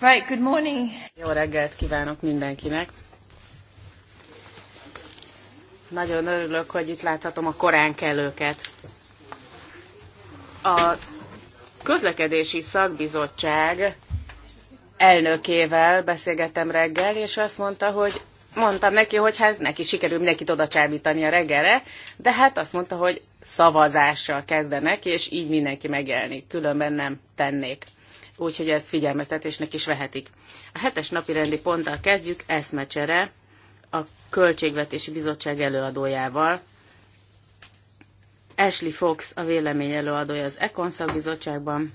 Right, good morning. Jó reggelt kívánok mindenkinek. Nagyon örülök, hogy itt láthatom a korán kellőket. A közlekedési szakbizottság elnökével beszélgettem reggel, és azt mondta, hogy mondtam neki, hogy hát neki sikerül mindenkit oda csábítani a reggelre, de hát azt mondta, hogy szavazással kezdenek, és így mindenki megjelenik, különben nem tennék úgyhogy ezt figyelmeztetésnek is vehetik. A hetes napi rendi ponttal kezdjük, eszmecsere a Költségvetési Bizottság előadójával. Ashley Fox a vélemény előadója az Econ szakbizottságban.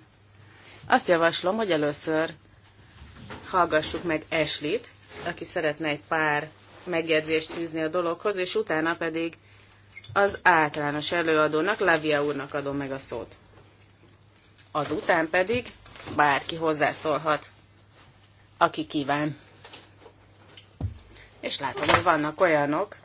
Azt javaslom, hogy először hallgassuk meg Ashley-t, aki szeretne egy pár megjegyzést fűzni a dologhoz, és utána pedig az általános előadónak, Lavia úrnak adom meg a szót. Azután pedig bárki hozzászólhat, aki kíván. És látom, hogy vannak olyanok,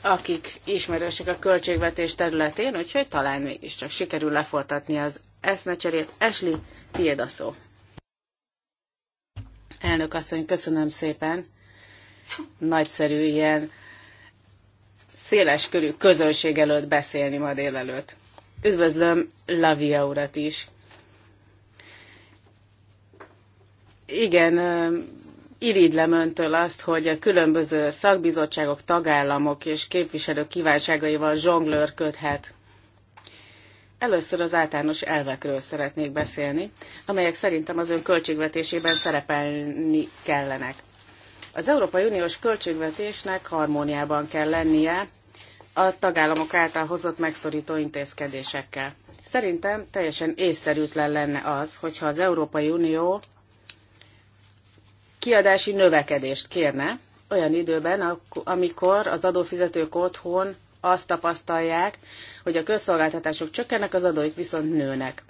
akik ismerősek a költségvetés területén, úgyhogy talán mégiscsak sikerül lefoltatni az eszmecserét. Esli, tiéd a szó. Elnök asszony, köszönöm szépen. Nagyszerű ilyen széles körű közönség előtt beszélni ma délelőtt. Üdvözlöm Lavia urat is, igen, irigylem öntől azt, hogy a különböző szakbizottságok, tagállamok és képviselők kívánságaival zsonglőrködhet. Először az általános elvekről szeretnék beszélni, amelyek szerintem az ön költségvetésében szerepelni kellenek. Az Európai Uniós költségvetésnek harmóniában kell lennie a tagállamok által hozott megszorító intézkedésekkel. Szerintem teljesen észszerűtlen lenne az, hogyha az Európai Unió kiadási növekedést kérne olyan időben, amikor az adófizetők otthon azt tapasztalják, hogy a közszolgáltatások csökkennek, az adóik viszont nőnek.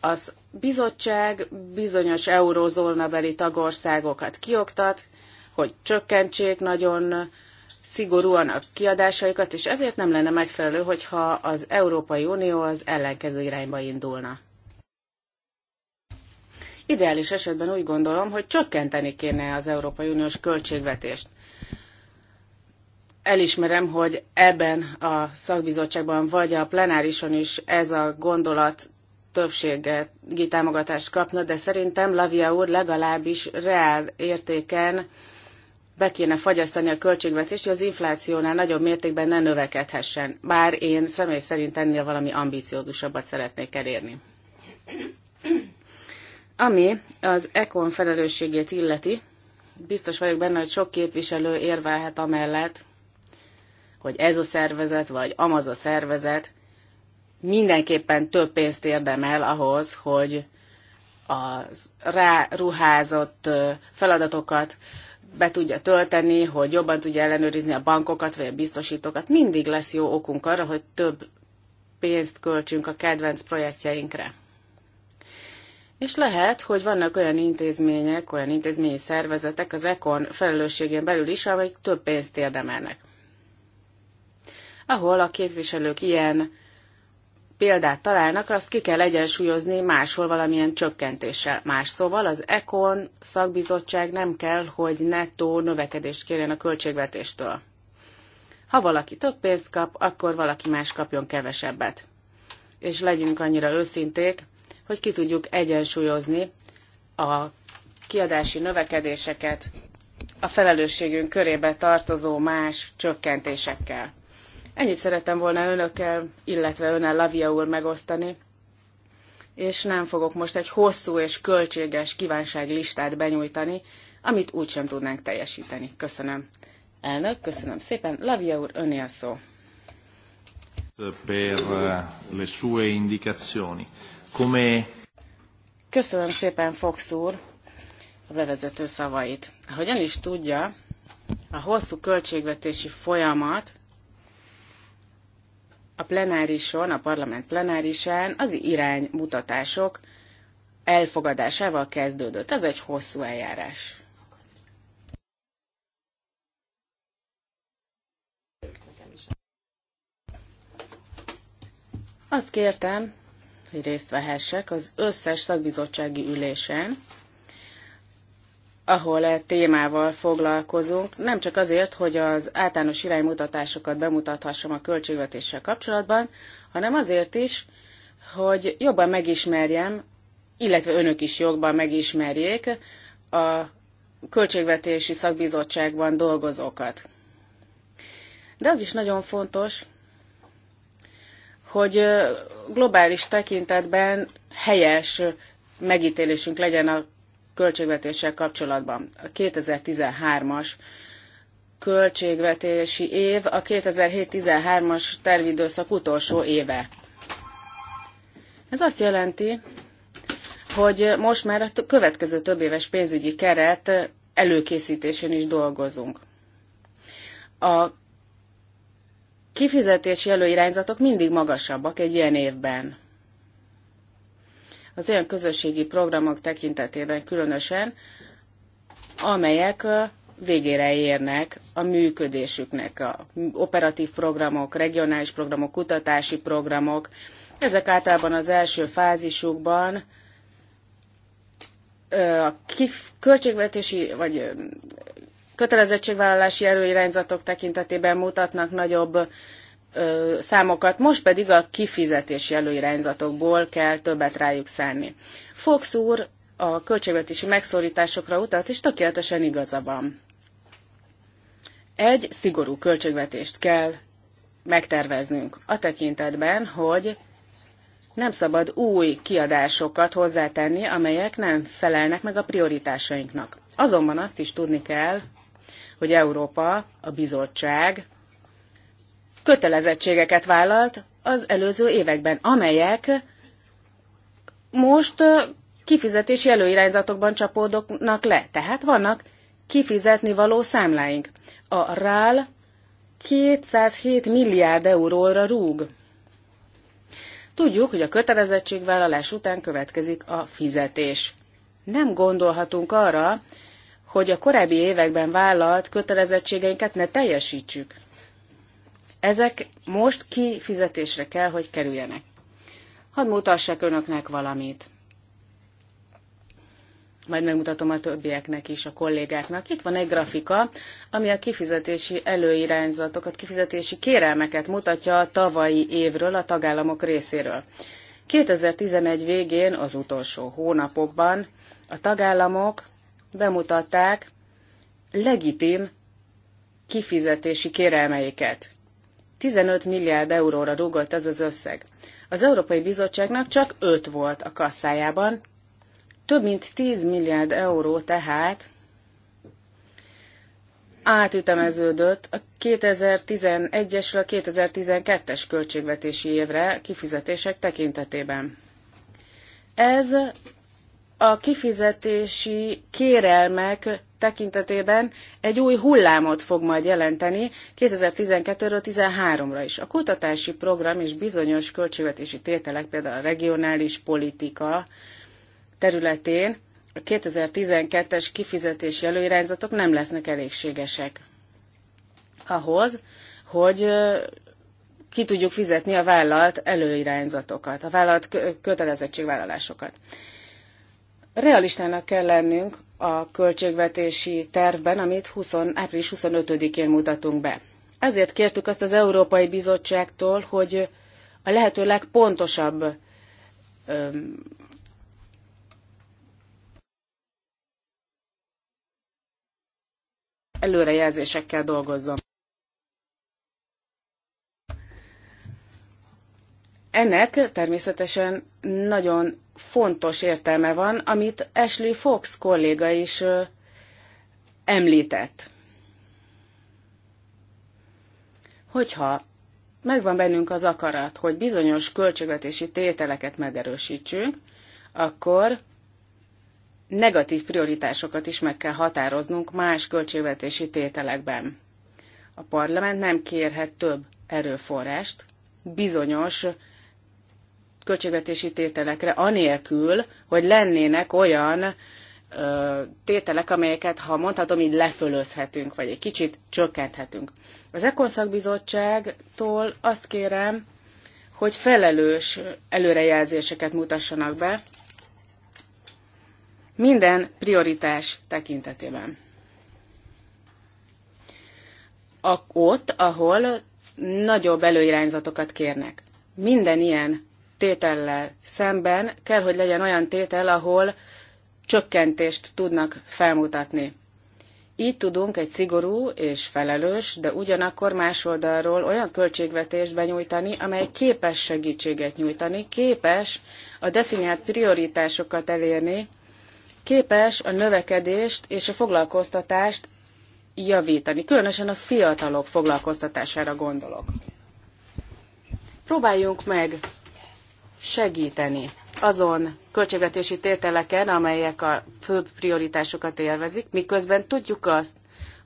Az bizottság bizonyos eurózónabeli tagországokat kioktat, hogy csökkentsék nagyon szigorúan a kiadásaikat, és ezért nem lenne megfelelő, hogyha az Európai Unió az ellenkező irányba indulna. Ideális esetben úgy gondolom, hogy csökkenteni kéne az Európai Uniós költségvetést. Elismerem, hogy ebben a szakbizottságban vagy a plenárison is ez a gondolat többségi támogatást kapna, de szerintem Lavia úr legalábbis reál értéken be kéne fagyasztani a költségvetést, hogy az inflációnál nagyobb mértékben ne növekedhessen. Bár én személy szerint ennél valami ambiciózusabbat szeretnék elérni. Ami az ECON felelősségét illeti, biztos vagyok benne, hogy sok képviselő érvelhet amellett, hogy ez a szervezet, vagy amaz a szervezet mindenképpen több pénzt érdemel ahhoz, hogy a ráruházott feladatokat be tudja tölteni, hogy jobban tudja ellenőrizni a bankokat vagy a biztosítókat. Mindig lesz jó okunk arra, hogy több pénzt költsünk a kedvenc projektjeinkre. És lehet, hogy vannak olyan intézmények, olyan intézményi szervezetek az ECON felelősségén belül is, amelyek több pénzt érdemelnek. Ahol a képviselők ilyen példát találnak, azt ki kell egyensúlyozni máshol valamilyen csökkentéssel. Más szóval az ECON szakbizottság nem kell, hogy nettó növekedést kérjen a költségvetéstől. Ha valaki több pénzt kap, akkor valaki más kapjon kevesebbet. És legyünk annyira őszinték, hogy ki tudjuk egyensúlyozni a kiadási növekedéseket a felelősségünk körébe tartozó más csökkentésekkel. Ennyit szerettem volna önökkel, illetve önnel Lavia úr megosztani, és nem fogok most egy hosszú és költséges kívánságlistát benyújtani, amit úgysem tudnánk teljesíteni. Köszönöm. Elnök, köszönöm szépen. Lavia úr, öné a szó. Per eh, le sue indicazioni come... Köszönöm szépen, Fox úr, a bevezető szavait. Ahogyan is tudja, a hosszú költségvetési folyamat a plenárison, a parlament plenárisán az iránymutatások elfogadásával kezdődött. Ez egy hosszú eljárás. Azt kértem, hogy részt vehessek az összes szakbizottsági ülésen, ahol e témával foglalkozunk, nem csak azért, hogy az általános iránymutatásokat bemutathassam a költségvetéssel kapcsolatban, hanem azért is, hogy jobban megismerjem, illetve önök is jobban megismerjék a költségvetési szakbizottságban dolgozókat. De az is nagyon fontos, hogy globális tekintetben helyes megítélésünk legyen a költségvetéssel kapcsolatban. A 2013-as költségvetési év a 2007-13-as tervidőszak utolsó éve. Ez azt jelenti, hogy most már a következő több éves pénzügyi keret előkészítésén is dolgozunk. A kifizetési előirányzatok mindig magasabbak egy ilyen évben. Az olyan közösségi programok tekintetében különösen, amelyek végére érnek a működésüknek, a operatív programok, regionális programok, kutatási programok. Ezek általában az első fázisukban a kif- költségvetési vagy kötelezettségvállalási előirányzatok tekintetében mutatnak nagyobb ö, számokat, most pedig a kifizetési előirányzatokból kell többet rájuk szánni. Fox úr a költségvetési megszorításokra utalt, és tökéletesen igaza van. Egy szigorú költségvetést kell megterveznünk a tekintetben, hogy nem szabad új kiadásokat hozzátenni, amelyek nem felelnek meg a prioritásainknak. Azonban azt is tudni kell, hogy Európa, a bizottság kötelezettségeket vállalt az előző években, amelyek most kifizetési előirányzatokban csapódoknak le. Tehát vannak kifizetni való számláink. A RAL 207 milliárd euróra rúg. Tudjuk, hogy a kötelezettségvállalás után következik a fizetés. Nem gondolhatunk arra, hogy a korábbi években vállalt kötelezettségeinket ne teljesítsük. Ezek most kifizetésre kell, hogy kerüljenek. Hadd mutassak önöknek valamit. Majd megmutatom a többieknek is, a kollégáknak. Itt van egy grafika, ami a kifizetési előirányzatokat, kifizetési kérelmeket mutatja a tavalyi évről a tagállamok részéről. 2011 végén, az utolsó hónapokban a tagállamok bemutatták legitim kifizetési kérelmeiket. 15 milliárd euróra rúgott ez az összeg. Az Európai Bizottságnak csak 5 volt a kasszájában, több mint 10 milliárd euró tehát átütemeződött a 2011-esre a 2012-es költségvetési évre kifizetések tekintetében. Ez a kifizetési kérelmek tekintetében egy új hullámot fog majd jelenteni 2012-ről 13-ra is. A kutatási program és bizonyos költségvetési tételek, például a regionális politika területén a 2012-es kifizetési előirányzatok nem lesznek elégségesek ahhoz, hogy ki tudjuk fizetni a vállalt előirányzatokat, a vállalt kötelezettségvállalásokat. Realistának kell lennünk a költségvetési tervben, amit 20, április 25-én mutatunk be. Ezért kértük azt az Európai Bizottságtól, hogy a lehető legpontosabb öm, előrejelzésekkel dolgozzon. Ennek természetesen nagyon fontos értelme van, amit Ashley Fox kolléga is említett. Hogyha megvan bennünk az akarat, hogy bizonyos költségvetési tételeket megerősítsünk, akkor negatív prioritásokat is meg kell határoznunk más költségvetési tételekben. A parlament nem kérhet több erőforrást bizonyos költségvetési tételekre, anélkül, hogy lennének olyan ö, tételek, amelyeket, ha mondhatom, így lefölözhetünk, vagy egy kicsit csökkenthetünk. Az Ekon szakbizottságtól azt kérem, hogy felelős előrejelzéseket mutassanak be minden prioritás tekintetében. A, ott, ahol nagyobb előirányzatokat kérnek. Minden ilyen tétellel szemben kell, hogy legyen olyan tétel, ahol csökkentést tudnak felmutatni. Így tudunk egy szigorú és felelős, de ugyanakkor más oldalról olyan költségvetést benyújtani, amely képes segítséget nyújtani, képes a definiált prioritásokat elérni, képes a növekedést és a foglalkoztatást javítani, különösen a fiatalok foglalkoztatására gondolok. Próbáljunk meg segíteni azon költségvetési tételeken, amelyek a fő prioritásokat élvezik, miközben tudjuk azt,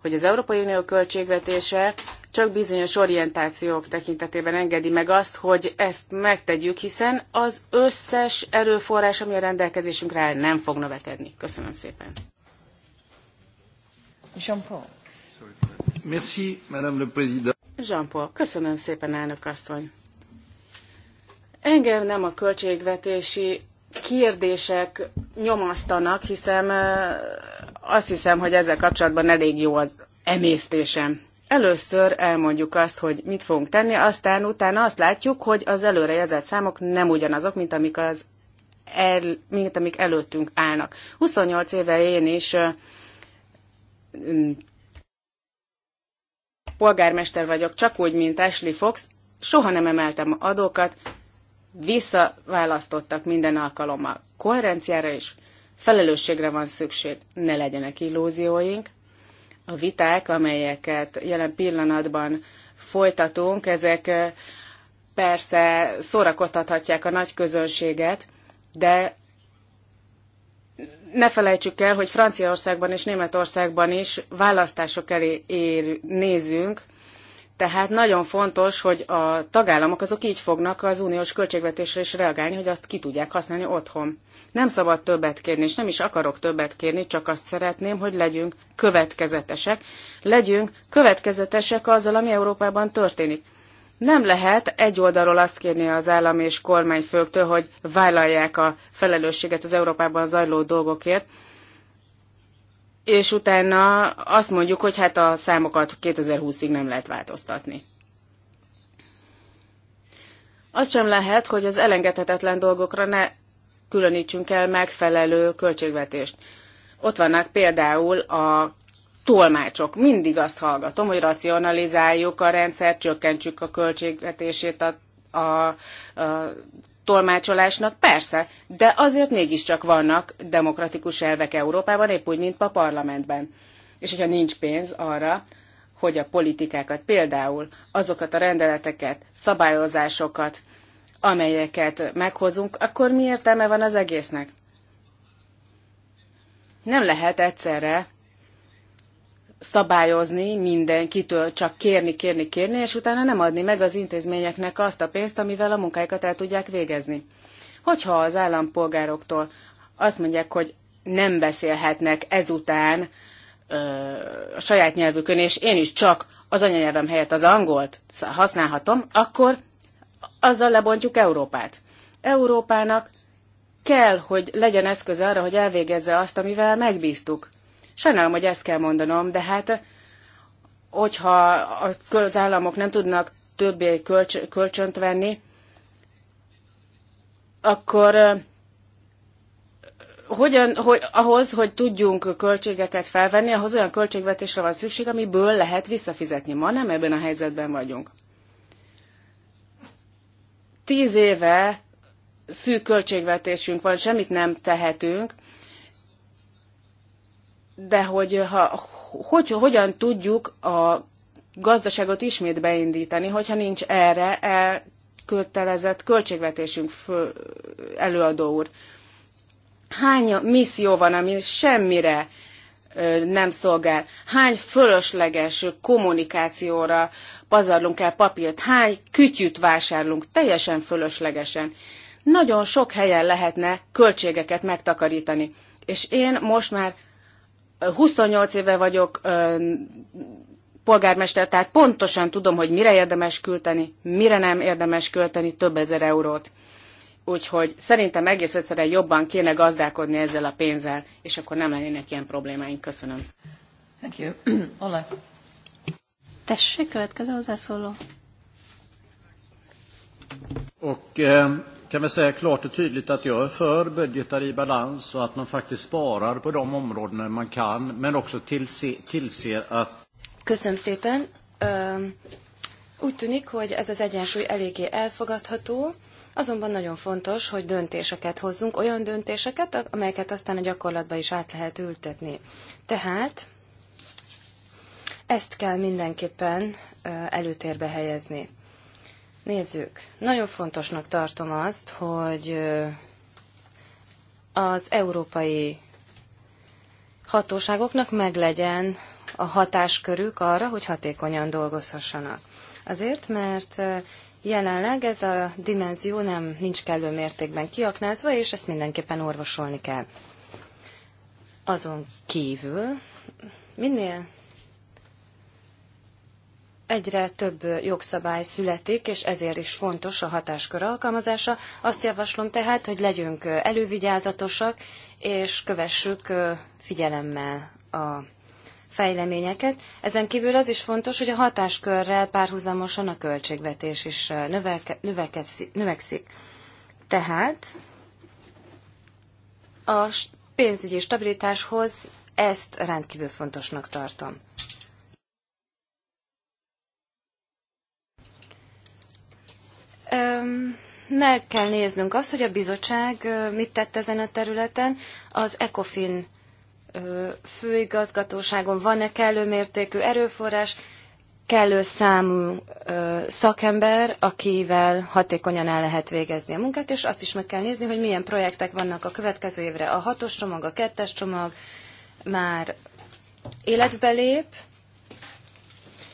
hogy az Európai Unió költségvetése csak bizonyos orientációk tekintetében engedi meg azt, hogy ezt megtegyük, hiszen az összes erőforrás, ami a rendelkezésünkre áll, nem fog növekedni. Köszönöm szépen. Jean-Paul. Merci, Madame le Président. Jean-Paul, köszönöm szépen, elnök asszony. Engem nem a költségvetési kérdések nyomasztanak, hiszen azt hiszem, hogy ezzel kapcsolatban elég jó az emésztésem. Először elmondjuk azt, hogy mit fogunk tenni, aztán utána azt látjuk, hogy az előrejelzett számok nem ugyanazok, mint amik, az el, mint amik előttünk állnak. 28 éve én is polgármester vagyok, csak úgy, mint Ashley Fox, soha nem emeltem adókat, visszaválasztottak minden alkalommal. Koherenciára és felelősségre van szükség, ne legyenek illúzióink. A viták, amelyeket jelen pillanatban folytatunk, ezek eh, persze szórakoztathatják a nagy közönséget, de ne felejtsük el, hogy Franciaországban és Németországban is választások elé ér, nézünk, tehát nagyon fontos, hogy a tagállamok azok így fognak az uniós költségvetésre is reagálni, hogy azt ki tudják használni otthon. Nem szabad többet kérni, és nem is akarok többet kérni, csak azt szeretném, hogy legyünk következetesek. Legyünk következetesek azzal, ami Európában történik. Nem lehet egy oldalról azt kérni az állam és kormányfőktől, hogy vállalják a felelősséget az Európában zajló dolgokért, és utána azt mondjuk, hogy hát a számokat 2020-ig nem lehet változtatni. Az sem lehet, hogy az elengedhetetlen dolgokra ne különítsünk el megfelelő költségvetést. Ott vannak például a tolmácsok. Mindig azt hallgatom, hogy racionalizáljuk a rendszert, csökkentsük a költségvetését a, a, a tolmácsolásnak, persze, de azért mégiscsak vannak demokratikus elvek Európában, épp úgy, mint a parlamentben. És hogyha nincs pénz arra, hogy a politikákat, például azokat a rendeleteket, szabályozásokat, amelyeket meghozunk, akkor mi értelme van az egésznek? Nem lehet egyszerre szabályozni mindenkitől, csak kérni, kérni, kérni, és utána nem adni meg az intézményeknek azt a pénzt, amivel a munkáikat el tudják végezni. Hogyha az állampolgároktól azt mondják, hogy nem beszélhetnek ezután ö, a saját nyelvükön, és én is csak az anyanyelvem helyett az angolt használhatom, akkor azzal lebontjuk Európát. Európának kell, hogy legyen eszköze arra, hogy elvégezze azt, amivel megbíztuk. Sajnálom, hogy ezt kell mondanom, de hát hogyha az államok nem tudnak többé kölcs, kölcsönt venni, akkor hogyan, hogy, ahhoz, hogy tudjunk költségeket felvenni, ahhoz olyan költségvetésre van szükség, amiből lehet visszafizetni. Ma nem ebben a helyzetben vagyunk. Tíz éve szűk költségvetésünk van, semmit nem tehetünk, de hogy, ha, hogy hogyan tudjuk a gazdaságot ismét beindítani, hogyha nincs erre elkötelezett költségvetésünk fő, előadó úr. Hány misszió van, ami semmire nem szolgál? Hány fölösleges kommunikációra pazarlunk el papírt? Hány kütyüt vásárlunk teljesen fölöslegesen? Nagyon sok helyen lehetne költségeket megtakarítani. És én most már 28 éve vagyok polgármester, tehát pontosan tudom, hogy mire érdemes költeni, mire nem érdemes költeni több ezer eurót. Úgyhogy szerintem egész egyszerűen jobban kéne gazdálkodni ezzel a pénzzel, és akkor nem lennének ilyen problémáink. Köszönöm. Thank you. Ola. Tessék, következő hozzászóló. Och, kan väl säga klart och tydligt att jag är för budgetar i balans och att man faktiskt sparar på de områden man kan, men också tillse, tillser att... Köszönöm szépen. Úgy tűnik, hogy ez az egyensúly eléggé elfogadható, azonban nagyon fontos, hogy döntéseket hozzunk, olyan döntéseket, amelyeket aztán a gyakorlatba is át lehet ültetni. Tehát ezt kell mindenképpen előtérbe helyezni. Nézzük. Nagyon fontosnak tartom azt, hogy az európai hatóságoknak meglegyen a hatáskörük arra, hogy hatékonyan dolgozhassanak. Azért, mert jelenleg ez a dimenzió nem nincs kellő mértékben kiaknázva, és ezt mindenképpen orvosolni kell. Azon kívül minél egyre több jogszabály születik, és ezért is fontos a hatáskör alkalmazása. Azt javaslom tehát, hogy legyünk elővigyázatosak, és kövessük figyelemmel a fejleményeket. Ezen kívül az is fontos, hogy a hatáskörrel párhuzamosan a költségvetés is növelke, növekszik. Tehát a pénzügyi stabilitáshoz ezt rendkívül fontosnak tartom. meg kell néznünk azt, hogy a bizottság mit tett ezen a területen. Az ECOFIN főigazgatóságon van-e kellő mértékű erőforrás, kellő számú szakember, akivel hatékonyan el lehet végezni a munkát, és azt is meg kell nézni, hogy milyen projektek vannak a következő évre. A hatos csomag, a kettes csomag már életbe lép,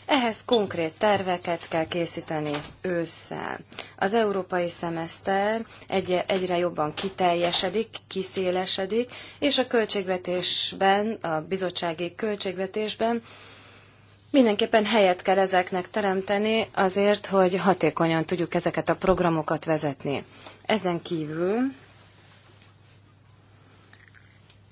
ehhez konkrét terveket kell készíteni ősszel. Az európai szemeszter egy, egyre jobban kiteljesedik, kiszélesedik, és a költségvetésben, a bizottsági költségvetésben mindenképpen helyet kell ezeknek teremteni azért, hogy hatékonyan tudjuk ezeket a programokat vezetni. Ezen kívül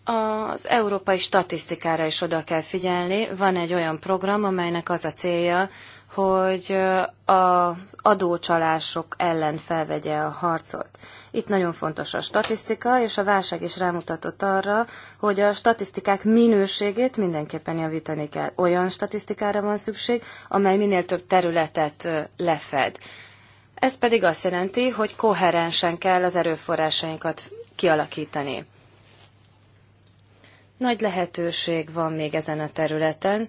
az európai statisztikára is oda kell figyelni. Van egy olyan program, amelynek az a célja, hogy az adócsalások ellen felvegye a harcot. Itt nagyon fontos a statisztika, és a válság is rámutatott arra, hogy a statisztikák minőségét mindenképpen javítani kell. Olyan statisztikára van szükség, amely minél több területet lefed. Ez pedig azt jelenti, hogy koherensen kell az erőforrásainkat kialakítani. Nagy lehetőség van még ezen a területen,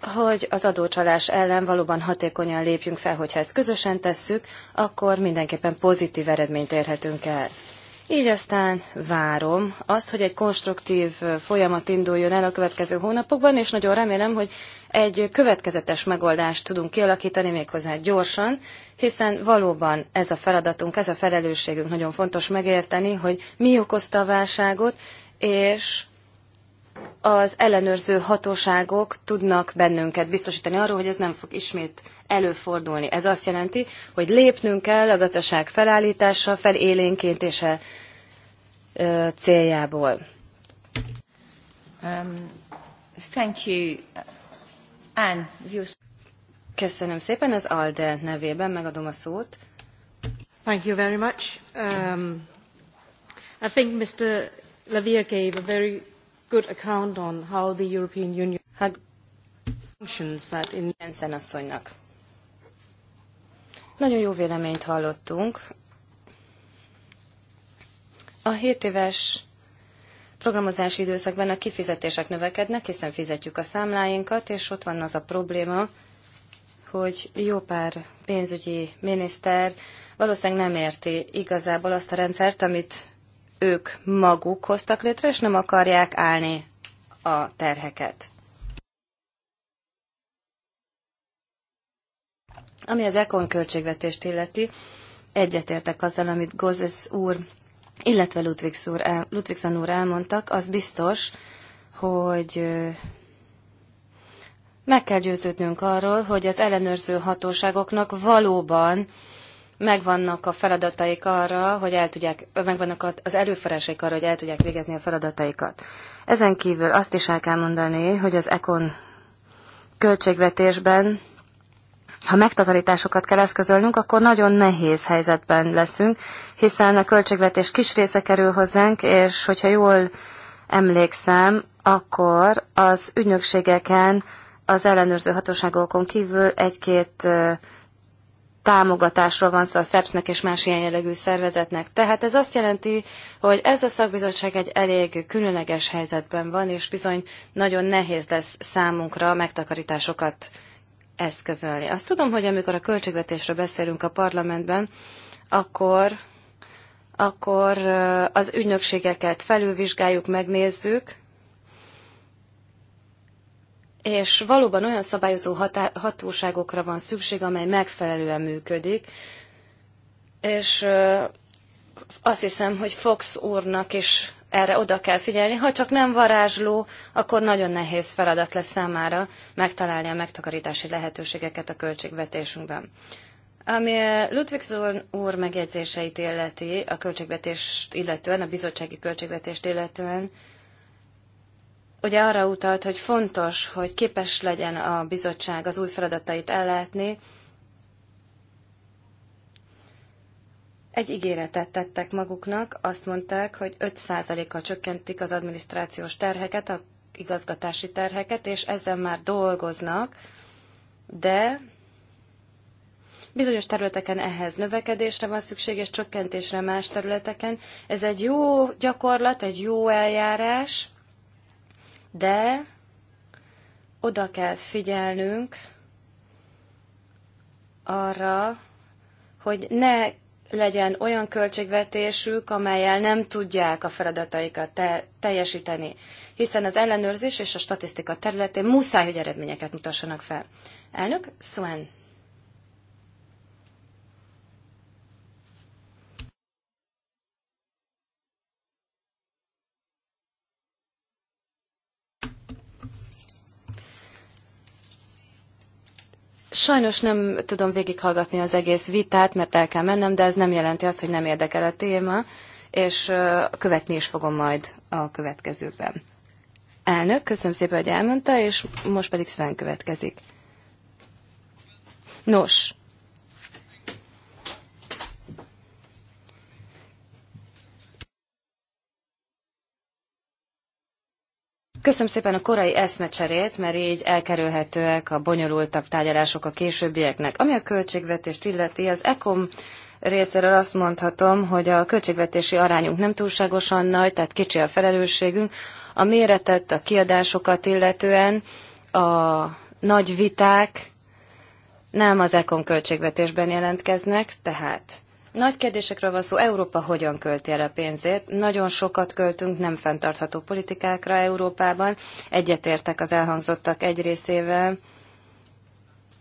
hogy az adócsalás ellen valóban hatékonyan lépjünk fel, hogyha ezt közösen tesszük, akkor mindenképpen pozitív eredményt érhetünk el. Így aztán várom azt, hogy egy konstruktív folyamat induljon el a következő hónapokban, és nagyon remélem, hogy egy következetes megoldást tudunk kialakítani méghozzá gyorsan, hiszen valóban ez a feladatunk, ez a felelősségünk nagyon fontos megérteni, hogy mi okozta a válságot, és az ellenőrző hatóságok tudnak bennünket biztosítani arról, hogy ez nem fog ismét előfordulni. Ez azt jelenti, hogy lépnünk kell a gazdaság felállítása, felélénkéntése céljából. Um, thank you. Anne, you... Köszönöm szépen, az ALDE nevében megadom a szót. Thank you very much. Um, I think Mr. Lavia gave a very good account on how the European Union had hát- functions that in Jensen asszonynak. Nagyon jó véleményt hallottunk. A 7 éves programozási időszakban a kifizetések növekednek, hiszen fizetjük a számláinkat, és ott van az a probléma, hogy jó pár pénzügyi miniszter valószínűleg nem érti igazából azt a rendszert, amit ők maguk hoztak létre, és nem akarják állni a terheket. Ami az ECON költségvetést illeti, egyetértek azzal, amit Gozes úr, illetve Ludvigson úr, el, úr elmondtak, az biztos, hogy meg kell győződnünk arról, hogy az ellenőrző hatóságoknak valóban megvannak a feladataik arra, hogy el tudják, megvannak az előforrásaik arra, hogy el tudják végezni a feladataikat. Ezen kívül azt is el kell mondani, hogy az ECON költségvetésben ha megtakarításokat kell eszközölnünk, akkor nagyon nehéz helyzetben leszünk, hiszen a költségvetés kis része kerül hozzánk, és hogyha jól emlékszem, akkor az ügynökségeken, az ellenőrző hatóságokon kívül egy-két támogatásról van szó a SZEPS-nek és más ilyen jellegű szervezetnek. Tehát ez azt jelenti, hogy ez a szakbizottság egy elég különleges helyzetben van, és bizony nagyon nehéz lesz számunkra megtakarításokat eszközölni. Azt tudom, hogy amikor a költségvetésről beszélünk a parlamentben, akkor, akkor az ügynökségeket felülvizsgáljuk, megnézzük, és valóban olyan szabályozó hatá- hatóságokra van szükség, amely megfelelően működik, és azt hiszem, hogy Fox úrnak is erre oda kell figyelni. Ha csak nem varázsló, akkor nagyon nehéz feladat lesz számára megtalálni a megtakarítási lehetőségeket a költségvetésünkben. Ami Ludwigson úr megjegyzéseit illeti, a költségvetést illetően, a bizottsági költségvetést illetően, ugye arra utalt, hogy fontos, hogy képes legyen a bizottság az új feladatait ellátni. Egy ígéretet tettek maguknak, azt mondták, hogy 5%-kal csökkentik az adminisztrációs terheket, a igazgatási terheket, és ezzel már dolgoznak, de bizonyos területeken ehhez növekedésre van szükség, és csökkentésre más területeken. Ez egy jó gyakorlat, egy jó eljárás, de oda kell figyelnünk arra, hogy ne legyen olyan költségvetésük, amelyel nem tudják a feladataikat te- teljesíteni, hiszen az ellenőrzés és a statisztika területén muszáj, hogy eredményeket mutassanak fel. Elnök, Swen Sajnos nem tudom végighallgatni az egész vitát, mert el kell mennem, de ez nem jelenti azt, hogy nem érdekel a téma, és követni is fogom majd a következőben. Elnök, köszönöm szépen, hogy elmondta, és most pedig Sven következik. Nos, Köszönöm szépen a korai eszmecserét, mert így elkerülhetőek a bonyolultabb tárgyalások a későbbieknek. Ami a költségvetést illeti, az ECOM részéről azt mondhatom, hogy a költségvetési arányunk nem túlságosan nagy, tehát kicsi a felelősségünk. A méretet, a kiadásokat illetően a nagy viták nem az ECOM költségvetésben jelentkeznek, tehát nagy kérdésekről van szó, Európa hogyan költi el a pénzét. Nagyon sokat költünk nem fenntartható politikákra Európában. Egyetértek az elhangzottak egy részével.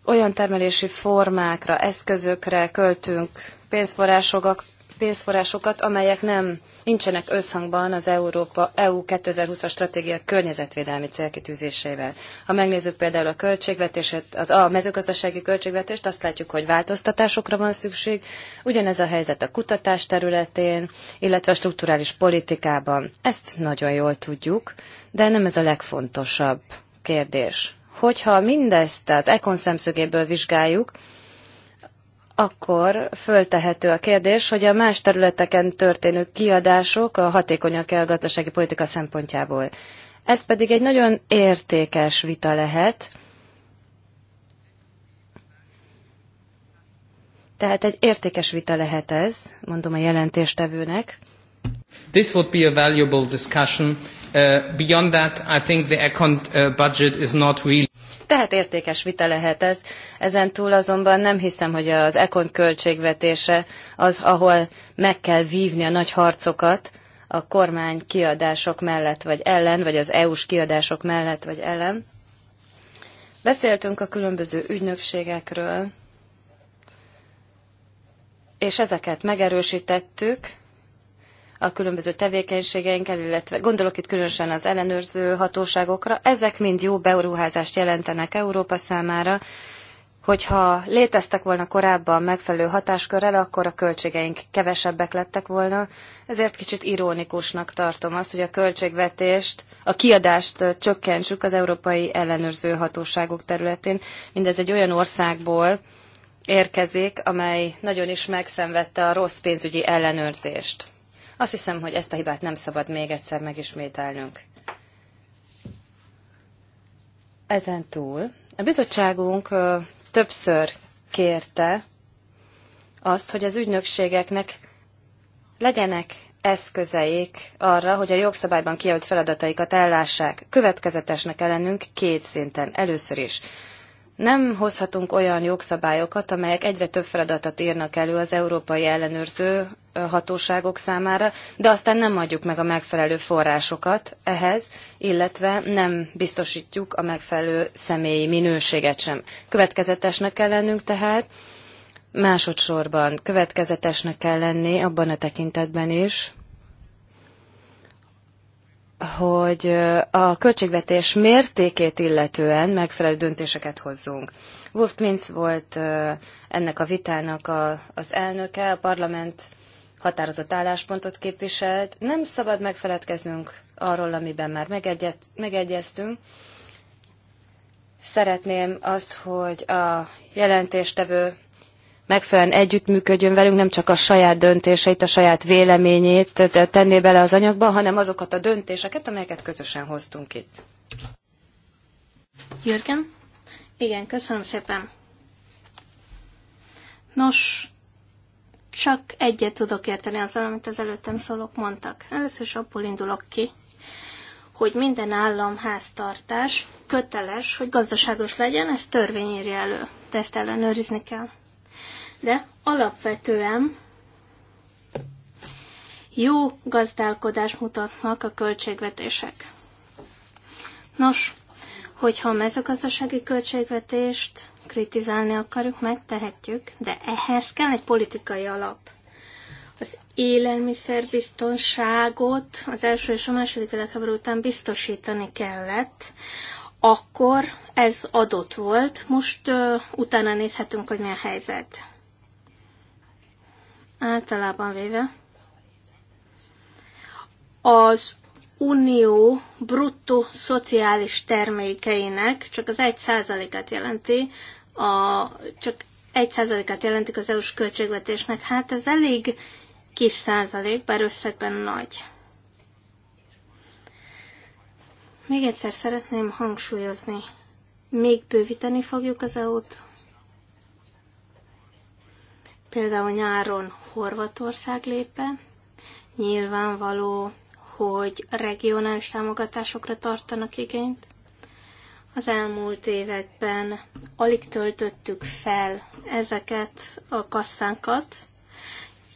Olyan termelési formákra, eszközökre költünk pénzforrásokat, pénzforrásokat amelyek nem nincsenek összhangban az Európa EU 2020-as stratégia környezetvédelmi célkitűzéseivel. Ha megnézzük például a költségvetést, az a mezőgazdasági költségvetést, azt látjuk, hogy változtatásokra van szükség. Ugyanez a helyzet a kutatás területén, illetve a strukturális politikában. Ezt nagyon jól tudjuk, de nem ez a legfontosabb kérdés. Hogyha mindezt az ekon szemszögéből vizsgáljuk, akkor föltehető a kérdés, hogy a más területeken történő kiadások a hatékonyak-e a gazdasági politika szempontjából. Ez pedig egy nagyon értékes vita lehet. Tehát egy értékes vita lehet ez, mondom a jelentéstevőnek. This would be a valuable discussion. Uh, beyond that, I think the econ uh, budget is not really tehát értékes vita lehet ez. Ezen túl azonban nem hiszem, hogy az ekon költségvetése az, ahol meg kell vívni a nagy harcokat a kormány kiadások mellett vagy ellen, vagy az EU-s kiadások mellett vagy ellen. Beszéltünk a különböző ügynökségekről, és ezeket megerősítettük, a különböző tevékenységeinkkel, illetve gondolok itt különösen az ellenőrző hatóságokra, ezek mind jó beruházást jelentenek Európa számára, hogyha léteztek volna korábban megfelelő hatáskörrel, akkor a költségeink kevesebbek lettek volna, ezért kicsit ironikusnak tartom azt, hogy a költségvetést, a kiadást csökkentsük az európai ellenőrző hatóságok területén. Mindez egy olyan országból érkezik, amely nagyon is megszenvedte a rossz pénzügyi ellenőrzést. Azt hiszem, hogy ezt a hibát nem szabad még egyszer megismételnünk. Ezen túl a bizottságunk többször kérte azt, hogy az ügynökségeknek legyenek eszközeik arra, hogy a jogszabályban kijelölt feladataikat ellássák. Következetesnek kell lennünk két szinten. Először is nem hozhatunk olyan jogszabályokat, amelyek egyre több feladatot írnak elő az európai ellenőrző hatóságok számára, de aztán nem adjuk meg a megfelelő forrásokat ehhez, illetve nem biztosítjuk a megfelelő személyi minőséget sem. Következetesnek kell lennünk tehát, másodszorban következetesnek kell lenni abban a tekintetben is, hogy a költségvetés mértékét illetően megfelelő döntéseket hozzunk. Wolf Klintz volt ennek a vitának az elnöke, a parlament határozott álláspontot képviselt. Nem szabad megfeledkeznünk arról, amiben már megegyet, megegyeztünk. Szeretném azt, hogy a jelentéstevő megfelelően együttműködjön velünk, nem csak a saját döntéseit, a saját véleményét tenné bele az anyagba, hanem azokat a döntéseket, amelyeket közösen hoztunk itt. Jürgen? Igen, köszönöm szépen. Nos, csak egyet tudok érteni azzal, amit az előttem szólók mondtak. Először is abból indulok ki, hogy minden állam háztartás köteles, hogy gazdaságos legyen, ez törvény írja elő, de ezt ellenőrizni kell. De alapvetően jó gazdálkodást mutatnak a költségvetések. Nos, hogyha a mezőgazdasági költségvetést kritizálni akarjuk, megtehetjük, de ehhez kell egy politikai alap. Az élelmiszerbiztonságot az első és a második világháború után biztosítani kellett, akkor ez adott volt, most ö, utána nézhetünk, hogy mi a helyzet. Általában véve az unió bruttó szociális termékeinek csak az 1%-át jelenti a, csak egy százalékát jelentik az EU-s költségvetésnek. Hát ez elég kis százalék, bár összegben nagy. Még egyszer szeretném hangsúlyozni. Még bővíteni fogjuk az EU-t. Például nyáron Horvatország lép be. Nyilvánvaló, hogy regionális támogatásokra tartanak igényt. Az elmúlt években alig töltöttük fel ezeket a kasszánkat,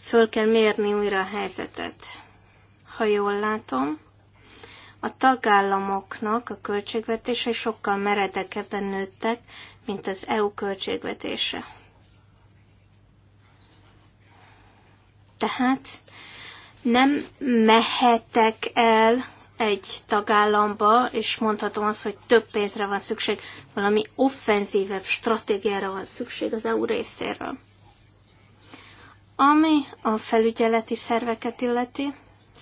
föl kell mérni újra a helyzetet. Ha jól látom, a tagállamoknak a költségvetése sokkal meredekebben nőttek, mint az EU költségvetése. Tehát nem mehetek el egy tagállamba, és mondhatom azt, hogy több pénzre van szükség, valami offenzívebb stratégiára van szükség az EU részéről. Ami a felügyeleti szerveket illeti,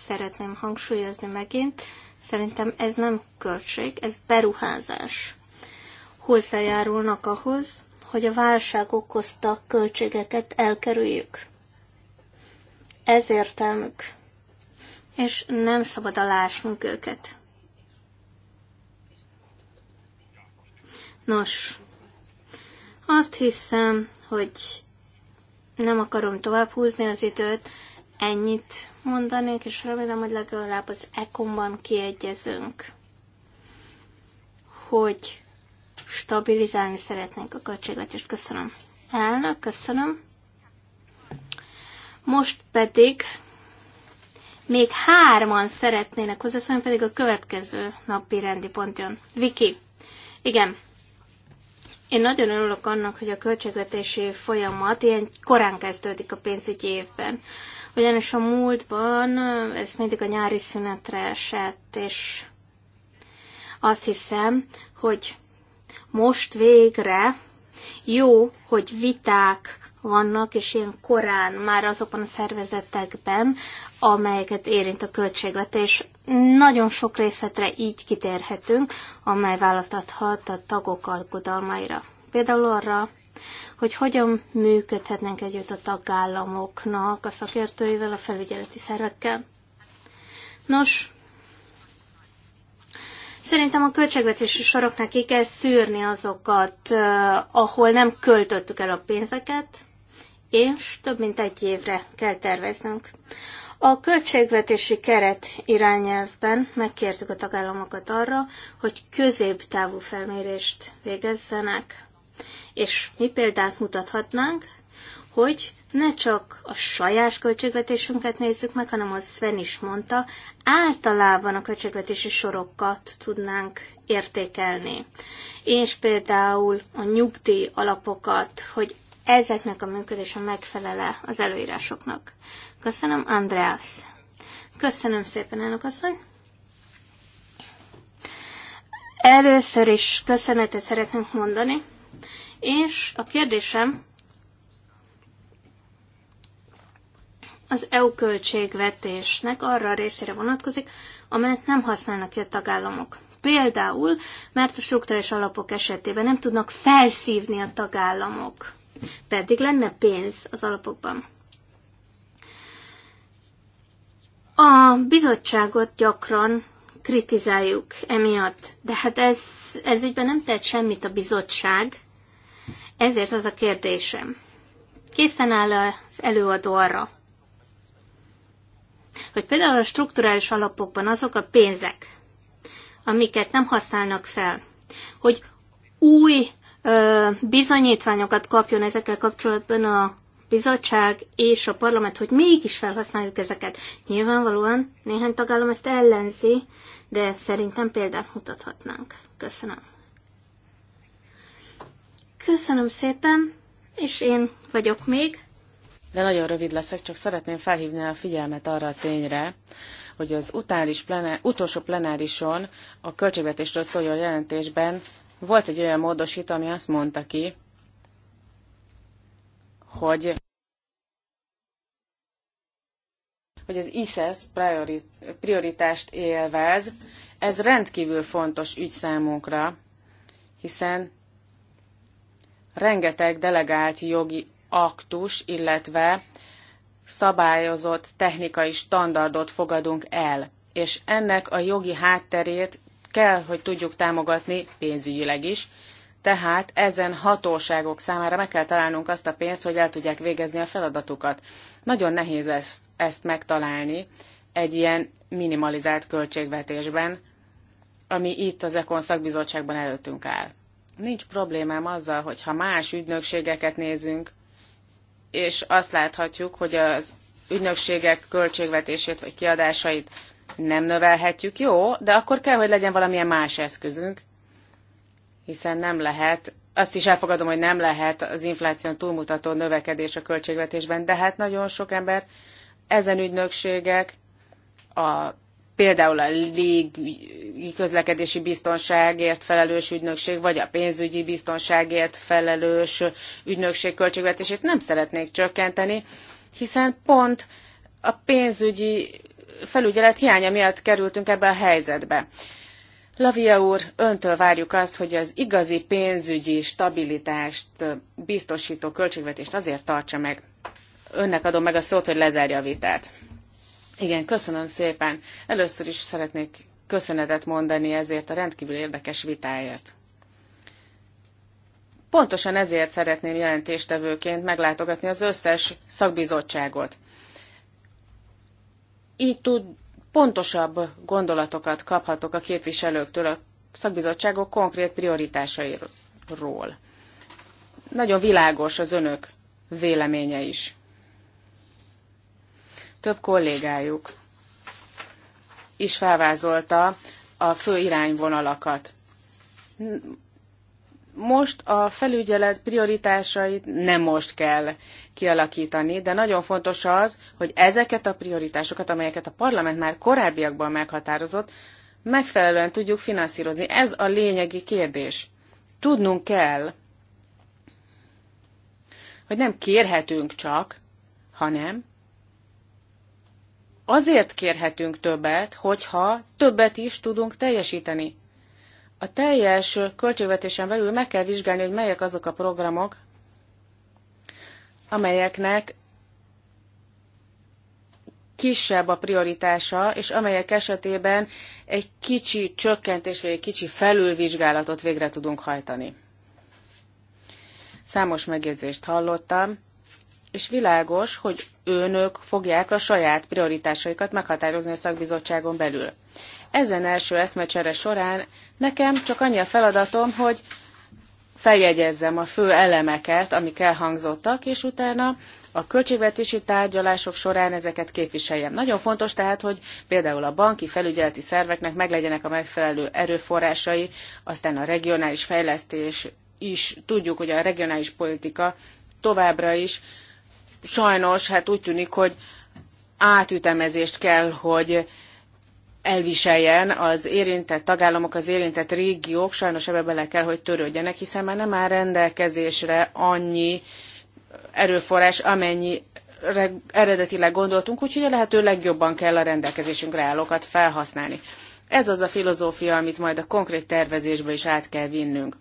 szeretném hangsúlyozni megint, szerintem ez nem költség, ez beruházás. Hozzájárulnak ahhoz, hogy a válság okozta költségeket elkerüljük. Ez értelmük és nem szabad alásnunk őket. Nos, azt hiszem, hogy nem akarom tovább húzni az időt, ennyit mondanék, és remélem, hogy legalább az ekonban kiegyezünk, hogy stabilizálni szeretnénk a És Köszönöm. Elnök, köszönöm. Most pedig még hárman szeretnének hozzászólni, pedig a következő napi rendi pont jön. Viki. Igen. Én nagyon örülök annak, hogy a költségvetési folyamat ilyen korán kezdődik a pénzügyi évben. Ugyanis a múltban eh, ez mindig a nyári szünetre esett, és azt hiszem, hogy most végre jó, hogy viták vannak, és ilyen korán már azokban a szervezetekben, amelyeket érint a költségvetés. Nagyon sok részletre így kitérhetünk, amely választathat a tagok alkodalmaira. Például arra, hogy hogyan működhetnek együtt a tagállamoknak, a szakértőivel, a felügyeleti szervekkel. Nos, szerintem a költségvetési soroknak ki kell szűrni azokat, ahol nem költöttük el a pénzeket, és több mint egy évre kell terveznünk. A költségvetési keret irányelvben megkértük a tagállamokat arra, hogy középtávú felmérést végezzenek. És mi példát mutathatnánk, hogy ne csak a saját költségvetésünket nézzük meg, hanem az Sven is mondta, általában a költségvetési sorokat tudnánk értékelni. És például a nyugdíj alapokat, hogy ezeknek a működése megfelele az előírásoknak. Köszönöm, Andreas. Köszönöm szépen, elnök asszony. Először is köszönetet szeretnénk mondani, és a kérdésem az EU költségvetésnek arra a részére vonatkozik, amelyet nem használnak ki a tagállamok. Például, mert a struktúrás alapok esetében nem tudnak felszívni a tagállamok pedig lenne pénz az alapokban. A bizottságot gyakran kritizáljuk emiatt, de hát ez, ez ügyben nem tett semmit a bizottság, ezért az a kérdésem. Készen áll az előadó arra, hogy például a strukturális alapokban azok a pénzek, amiket nem használnak fel, hogy új bizonyítványokat kapjon ezekkel kapcsolatban a bizottság és a parlament, hogy mégis felhasználjuk ezeket. Nyilvánvalóan néhány tagállam ezt ellenzi, de szerintem példát mutathatnánk. Köszönöm. Köszönöm szépen, és én vagyok még. De nagyon rövid leszek, csak szeretném felhívni a figyelmet arra a tényre, hogy az utális plenár, utolsó plenárison a költségvetésről szóló jelentésben volt egy olyan módosító, ami azt mondta ki, hogy hogy az ISIS e prioritást élvez. Ez rendkívül fontos ügy számunkra, hiszen rengeteg delegált jogi aktus, illetve szabályozott technikai standardot fogadunk el, és ennek a jogi hátterét kell, hogy tudjuk támogatni pénzügyileg is, tehát ezen hatóságok számára meg kell találnunk azt a pénzt, hogy el tudják végezni a feladatukat. Nagyon nehéz ezt, ezt megtalálni egy ilyen minimalizált költségvetésben, ami itt az Ekon szakbizottságban előttünk áll. Nincs problémám azzal, hogy ha más ügynökségeket nézünk, és azt láthatjuk, hogy az ügynökségek költségvetését vagy kiadásait nem növelhetjük, jó, de akkor kell, hogy legyen valamilyen más eszközünk, hiszen nem lehet, azt is elfogadom, hogy nem lehet az infláción túlmutató növekedés a költségvetésben, de hát nagyon sok ember, ezen ügynökségek, a, például a légi közlekedési biztonságért felelős ügynökség, vagy a pénzügyi biztonságért felelős ügynökség költségvetését nem szeretnék csökkenteni, hiszen pont a pénzügyi felügyelet hiánya miatt kerültünk ebbe a helyzetbe. Lavia úr, öntől várjuk azt, hogy az igazi pénzügyi stabilitást biztosító költségvetést azért tartsa meg. Önnek adom meg a szót, hogy lezárja a vitát. Igen, köszönöm szépen. Először is szeretnék köszönetet mondani ezért a rendkívül érdekes vitáért. Pontosan ezért szeretném jelentéstevőként meglátogatni az összes szakbizottságot így tud pontosabb gondolatokat kaphatok a képviselőktől a szakbizottságok konkrét prioritásairól. Nagyon világos az önök véleménye is. Több kollégájuk is felvázolta a fő irányvonalakat most a felügyelet prioritásait nem most kell kialakítani, de nagyon fontos az, hogy ezeket a prioritásokat, amelyeket a parlament már korábbiakban meghatározott, megfelelően tudjuk finanszírozni. Ez a lényegi kérdés. Tudnunk kell, hogy nem kérhetünk csak, hanem azért kérhetünk többet, hogyha többet is tudunk teljesíteni. A teljes költségvetésen belül meg kell vizsgálni, hogy melyek azok a programok, amelyeknek kisebb a prioritása, és amelyek esetében egy kicsi csökkentés vagy egy kicsi felülvizsgálatot végre tudunk hajtani. Számos megjegyzést hallottam, és világos, hogy önök fogják a saját prioritásaikat meghatározni a szakbizottságon belül. Ezen első eszmecsere során Nekem csak annyi a feladatom, hogy feljegyezzem a fő elemeket, amik elhangzottak, és utána a költségvetési tárgyalások során ezeket képviseljem. Nagyon fontos tehát, hogy például a banki felügyeleti szerveknek meglegyenek a megfelelő erőforrásai, aztán a regionális fejlesztés is, tudjuk, hogy a regionális politika továbbra is sajnos, hát úgy tűnik, hogy átütemezést kell, hogy elviseljen az érintett tagállamok, az érintett régiók, sajnos ebbe bele kell, hogy törődjenek, hiszen már nem áll rendelkezésre annyi erőforrás, amennyi eredetileg gondoltunk, úgyhogy a lehető legjobban kell a rendelkezésünkre állókat felhasználni. Ez az a filozófia, amit majd a konkrét tervezésbe is át kell vinnünk.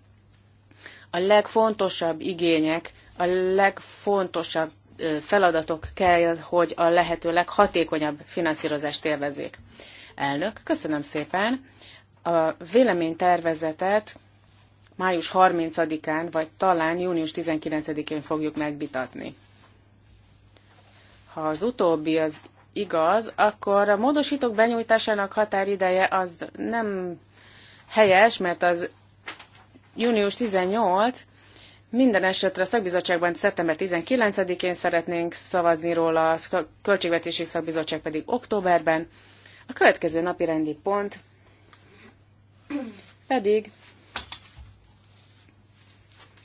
A legfontosabb igények, a legfontosabb feladatok kell, hogy a lehető leghatékonyabb finanszírozást élvezzék. Elnök, köszönöm szépen. A véleménytervezetet május 30-án, vagy talán június 19-én fogjuk megvitatni. Ha az utóbbi az igaz, akkor a módosítók benyújtásának határideje az nem helyes, mert az június 18, minden esetre a szakbizottságban szeptember 19-én szeretnénk szavazni róla, a költségvetési szakbizottság pedig októberben. A következő napi rendi pont pedig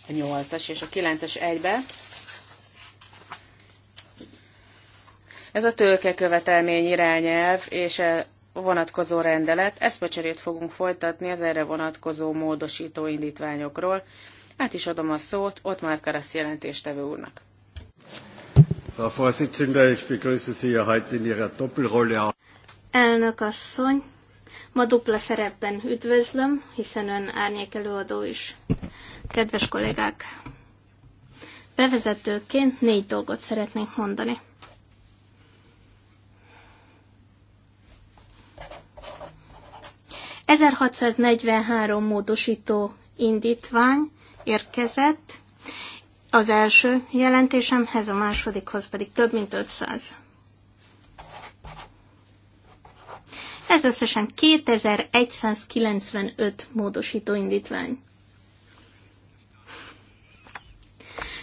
a 8-as és a 9-es egybe. Ez a követelmény irányelv és a e vonatkozó rendelet. Eszmecserét fogunk folytatni az erre vonatkozó módosító indítványokról. Át is adom a szót ott már Karasz jelentéstevő úrnak. Frau Vorsitzende, ich begrüße Sie heute in Ihrer Doppelrolle. Elnök asszony, ma dupla szerepben üdvözlöm, hiszen ön árnyék előadó is. Kedves kollégák, bevezetőként négy dolgot szeretnék mondani. ...1643 módosító indítvány érkezett, az első jelentésemhez, a másodikhoz pedig több mint 500. Ez összesen 2195 módosító indítvány.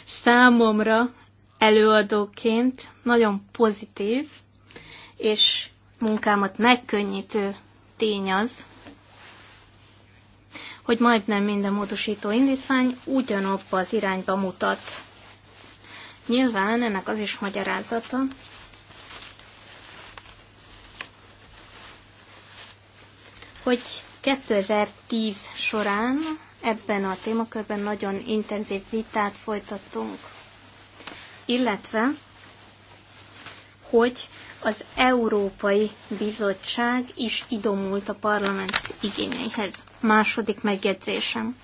Számomra előadóként nagyon pozitív és munkámat megkönnyítő tény az, hogy majdnem minden módosító indítvány ugyanabba az irányba mutat. Nyilván ennek az is magyarázata, hogy 2010 során ebben a témakörben nagyon intenzív vitát folytattunk, illetve hogy az Európai Bizottság is idomult a parlament igényeihez. Második megjegyzésem.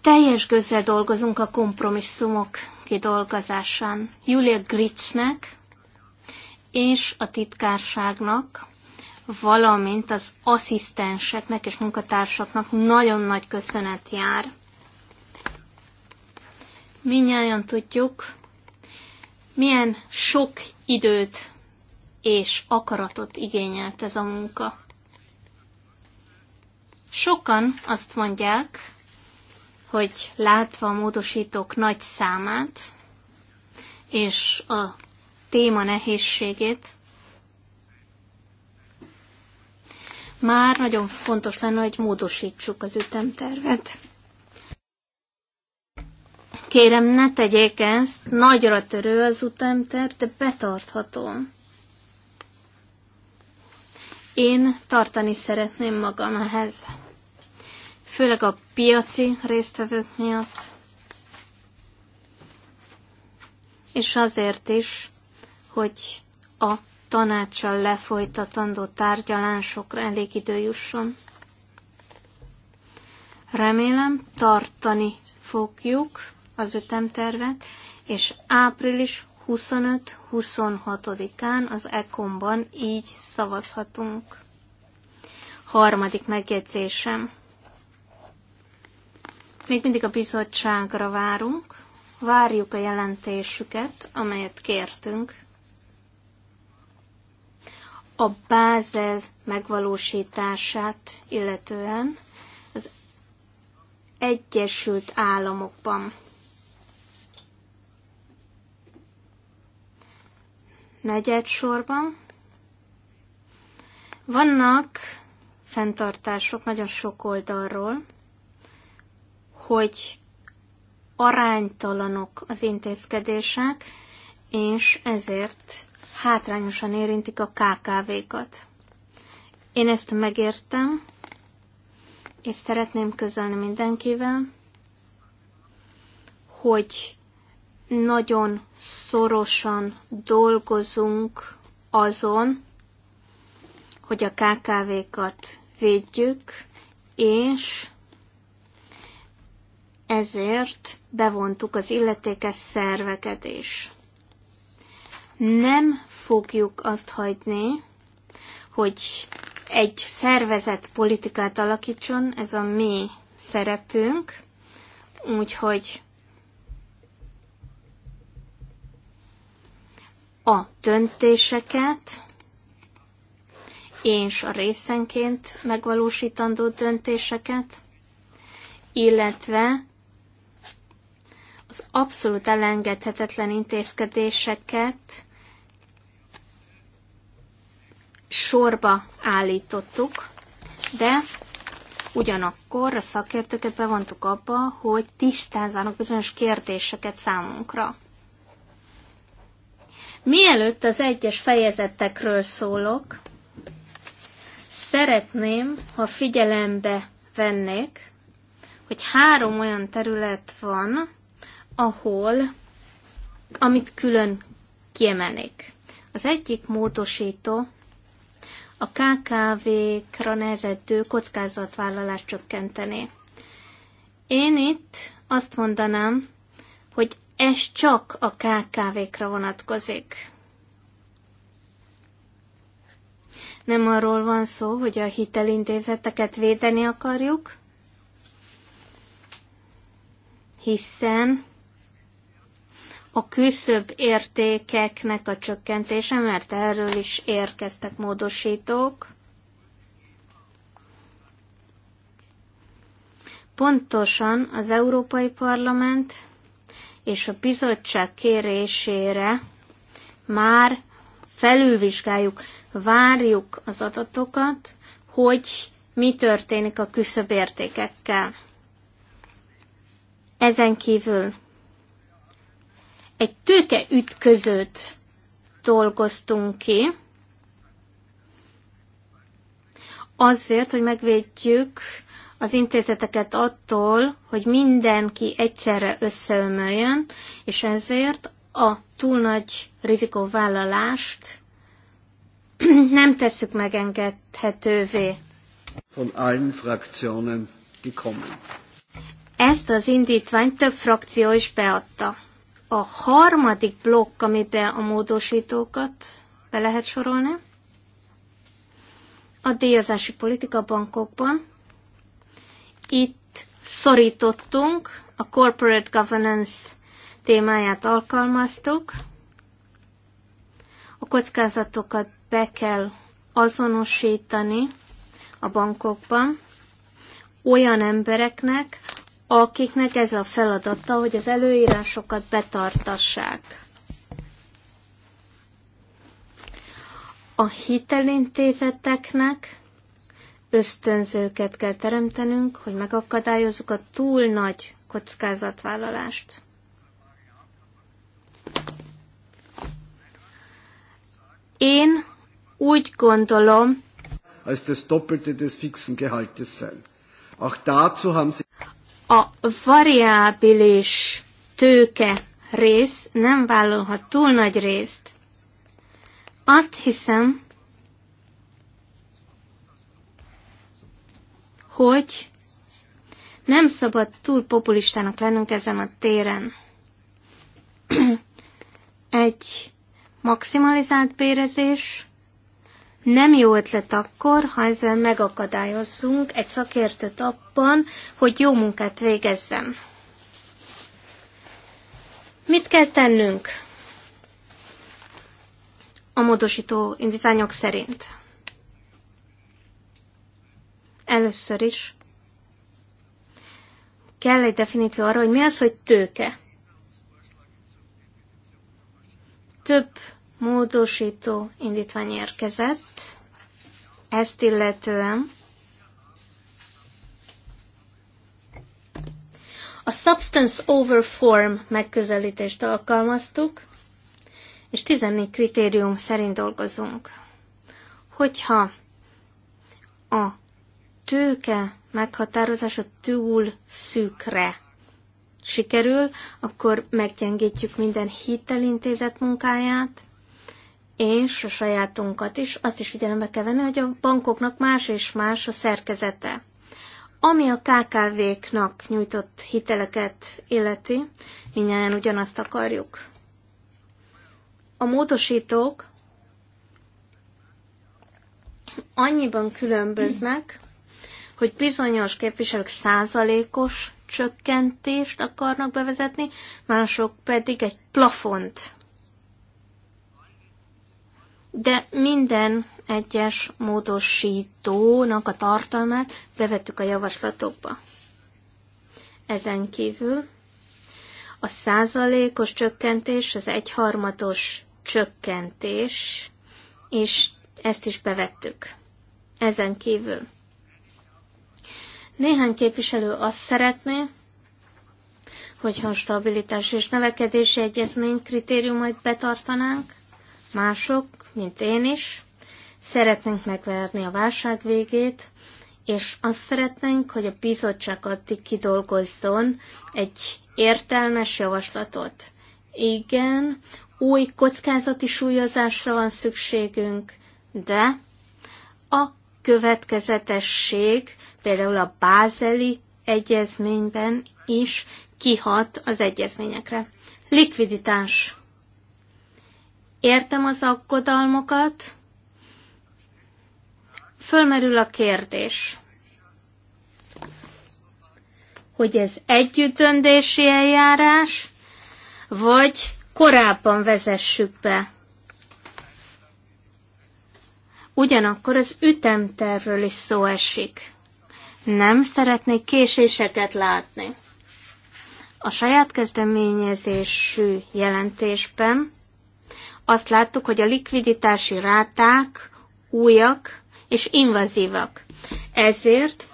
Teljes gőzzel dolgozunk a kompromisszumok kidolgozásán. Julia Gritznek és a titkárságnak valamint az asszisztenseknek és munkatársaknak nagyon nagy köszönet jár. Minnyáján tudjuk, milyen sok időt és akaratot igényelt ez a munka. Sokan azt mondják, hogy látva a módosítók nagy számát és a téma nehézségét, már nagyon fontos lenne, hogy módosítsuk az ütemtervet. Kérem, ne tegyék ezt, nagyra törő az ütemterv, de betartható. Én tartani szeretném magam ehhez. Főleg a piaci résztvevők miatt. És azért is, hogy a tanácssal lefolytatandó tárgyalásokra elég idő jusson. Remélem, tartani fogjuk az ütemtervet, és április 25-26-án az ECOM-ban így szavazhatunk. Harmadik megjegyzésem. Még mindig a bizottságra várunk, várjuk a jelentésüket, amelyet kértünk, a Bázel megvalósítását illetően az Egyesült Államokban. Negyed sorban vannak fenntartások nagyon sok oldalról, hogy aránytalanok az intézkedések, és ezért hátrányosan érintik a KKV-kat. Én ezt megértem, és szeretném közölni mindenkivel, hogy nagyon szorosan dolgozunk azon, hogy a KKV-kat védjük, és ezért bevontuk az illetékes szerveket is nem fogjuk azt hagyni, hogy egy szervezet politikát alakítson, ez a mi szerepünk, úgyhogy a döntéseket és a részenként megvalósítandó döntéseket, illetve az abszolút elengedhetetlen intézkedéseket sorba állítottuk, de ugyanakkor a szakértőket bevontuk abba, hogy tisztázzanak bizonyos kérdéseket számunkra. Mielőtt az egyes fejezetekről szólok, szeretném, ha figyelembe vennék, hogy három olyan terület van, ahol, amit külön kiemelnék. Az egyik módosító a KKV-kra nehezedő kockázatvállalás csökkenteni. Én itt azt mondanám, hogy ez csak a KKV-kra vonatkozik. Nem arról van szó, hogy a hitelintézeteket védeni akarjuk, hiszen a küszöbb értékeknek a csökkentése, mert erről is érkeztek módosítók. Pontosan az Európai Parlament és a bizottság kérésére már felülvizsgáljuk, várjuk az adatokat, hogy mi történik a értékekkel. Ezen kívül egy tőkeütközőt dolgoztunk ki, azért, hogy megvédjük az intézeteket attól, hogy mindenki egyszerre összeömöljön, és ezért a túl nagy rizikóvállalást nem tesszük megengedhetővé. Von allen Fraktionen gekommen. Ezt az indítványt több frakció is beadta. A harmadik blokk, amiben a módosítókat be lehet sorolni, a díjazási politika bankokban. Itt szorítottunk, a corporate governance témáját alkalmaztuk. A kockázatokat be kell azonosítani a bankokban olyan embereknek, akiknek ez a feladata, hogy az előírásokat betartassák. A hitelintézeteknek ösztönzőket kell teremtenünk, hogy megakadályozzuk a túl nagy kockázatvállalást. Én úgy gondolom, als das Doppelte des fixen Gehaltes sein. Auch dazu haben sie a variábilis tőke rész nem vállalhat túl nagy részt. Azt hiszem, hogy nem szabad túl populistának lennünk ezen a téren. Egy maximalizált bérezés, nem jó ötlet akkor, ha ezzel megakadályozzunk egy szakértőt abban, hogy jó munkát végezzen. Mit kell tennünk a módosító indítványok szerint? Először is kell egy definíció arra, hogy mi az, hogy tőke. Több módosító indítvány érkezett, ezt illetően a substance over form megközelítést alkalmaztuk, és 14 kritérium szerint dolgozunk. Hogyha a tőke meghatározása túl szűkre sikerül, akkor meggyengítjük minden hitelintézet munkáját, és a sajátunkat is, azt is figyelembe kell venni, hogy a bankoknak más és más a szerkezete. Ami a KKV-knak nyújtott hiteleket illeti, minnyáján ugyanazt akarjuk. A módosítók annyiban különböznek, hogy bizonyos képviselők százalékos csökkentést akarnak bevezetni, mások pedig egy plafont de minden egyes módosítónak a tartalmát bevettük a javaslatokba. Ezen kívül a százalékos csökkentés, az egyharmatos csökkentés, és ezt is bevettük. Ezen kívül. Néhány képviselő azt szeretné, hogyha a stabilitás és növekedési egyezmény kritériumait betartanánk, mások mint én is. Szeretnénk megverni a válság végét, és azt szeretnénk, hogy a bizottság addig kidolgozzon egy értelmes javaslatot. Igen, új kockázati súlyozásra van szükségünk, de a következetesség például a bázeli egyezményben is kihat az egyezményekre. Likviditás. Értem az aggodalmokat. Fölmerül a kérdés, hogy ez együttdöntési eljárás, vagy korábban vezessük be. Ugyanakkor az ütemtervről is szó esik. Nem szeretnék késéseket látni. A saját kezdeményezésű jelentésben azt láttuk, hogy a likviditási ráták újak és invazívak. Ezért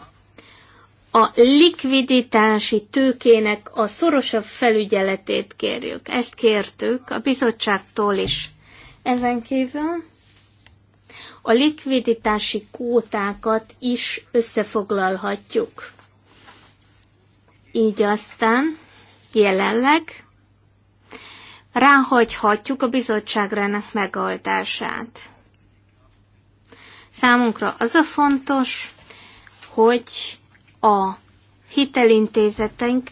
a likviditási tőkének a szorosabb felügyeletét kérjük. Ezt kértük a bizottságtól is. Ezen kívül a likviditási kótákat is összefoglalhatjuk. Így aztán jelenleg ráhagyhatjuk a bizottságra ennek megoldását. Számunkra az a fontos, hogy a hitelintézeteink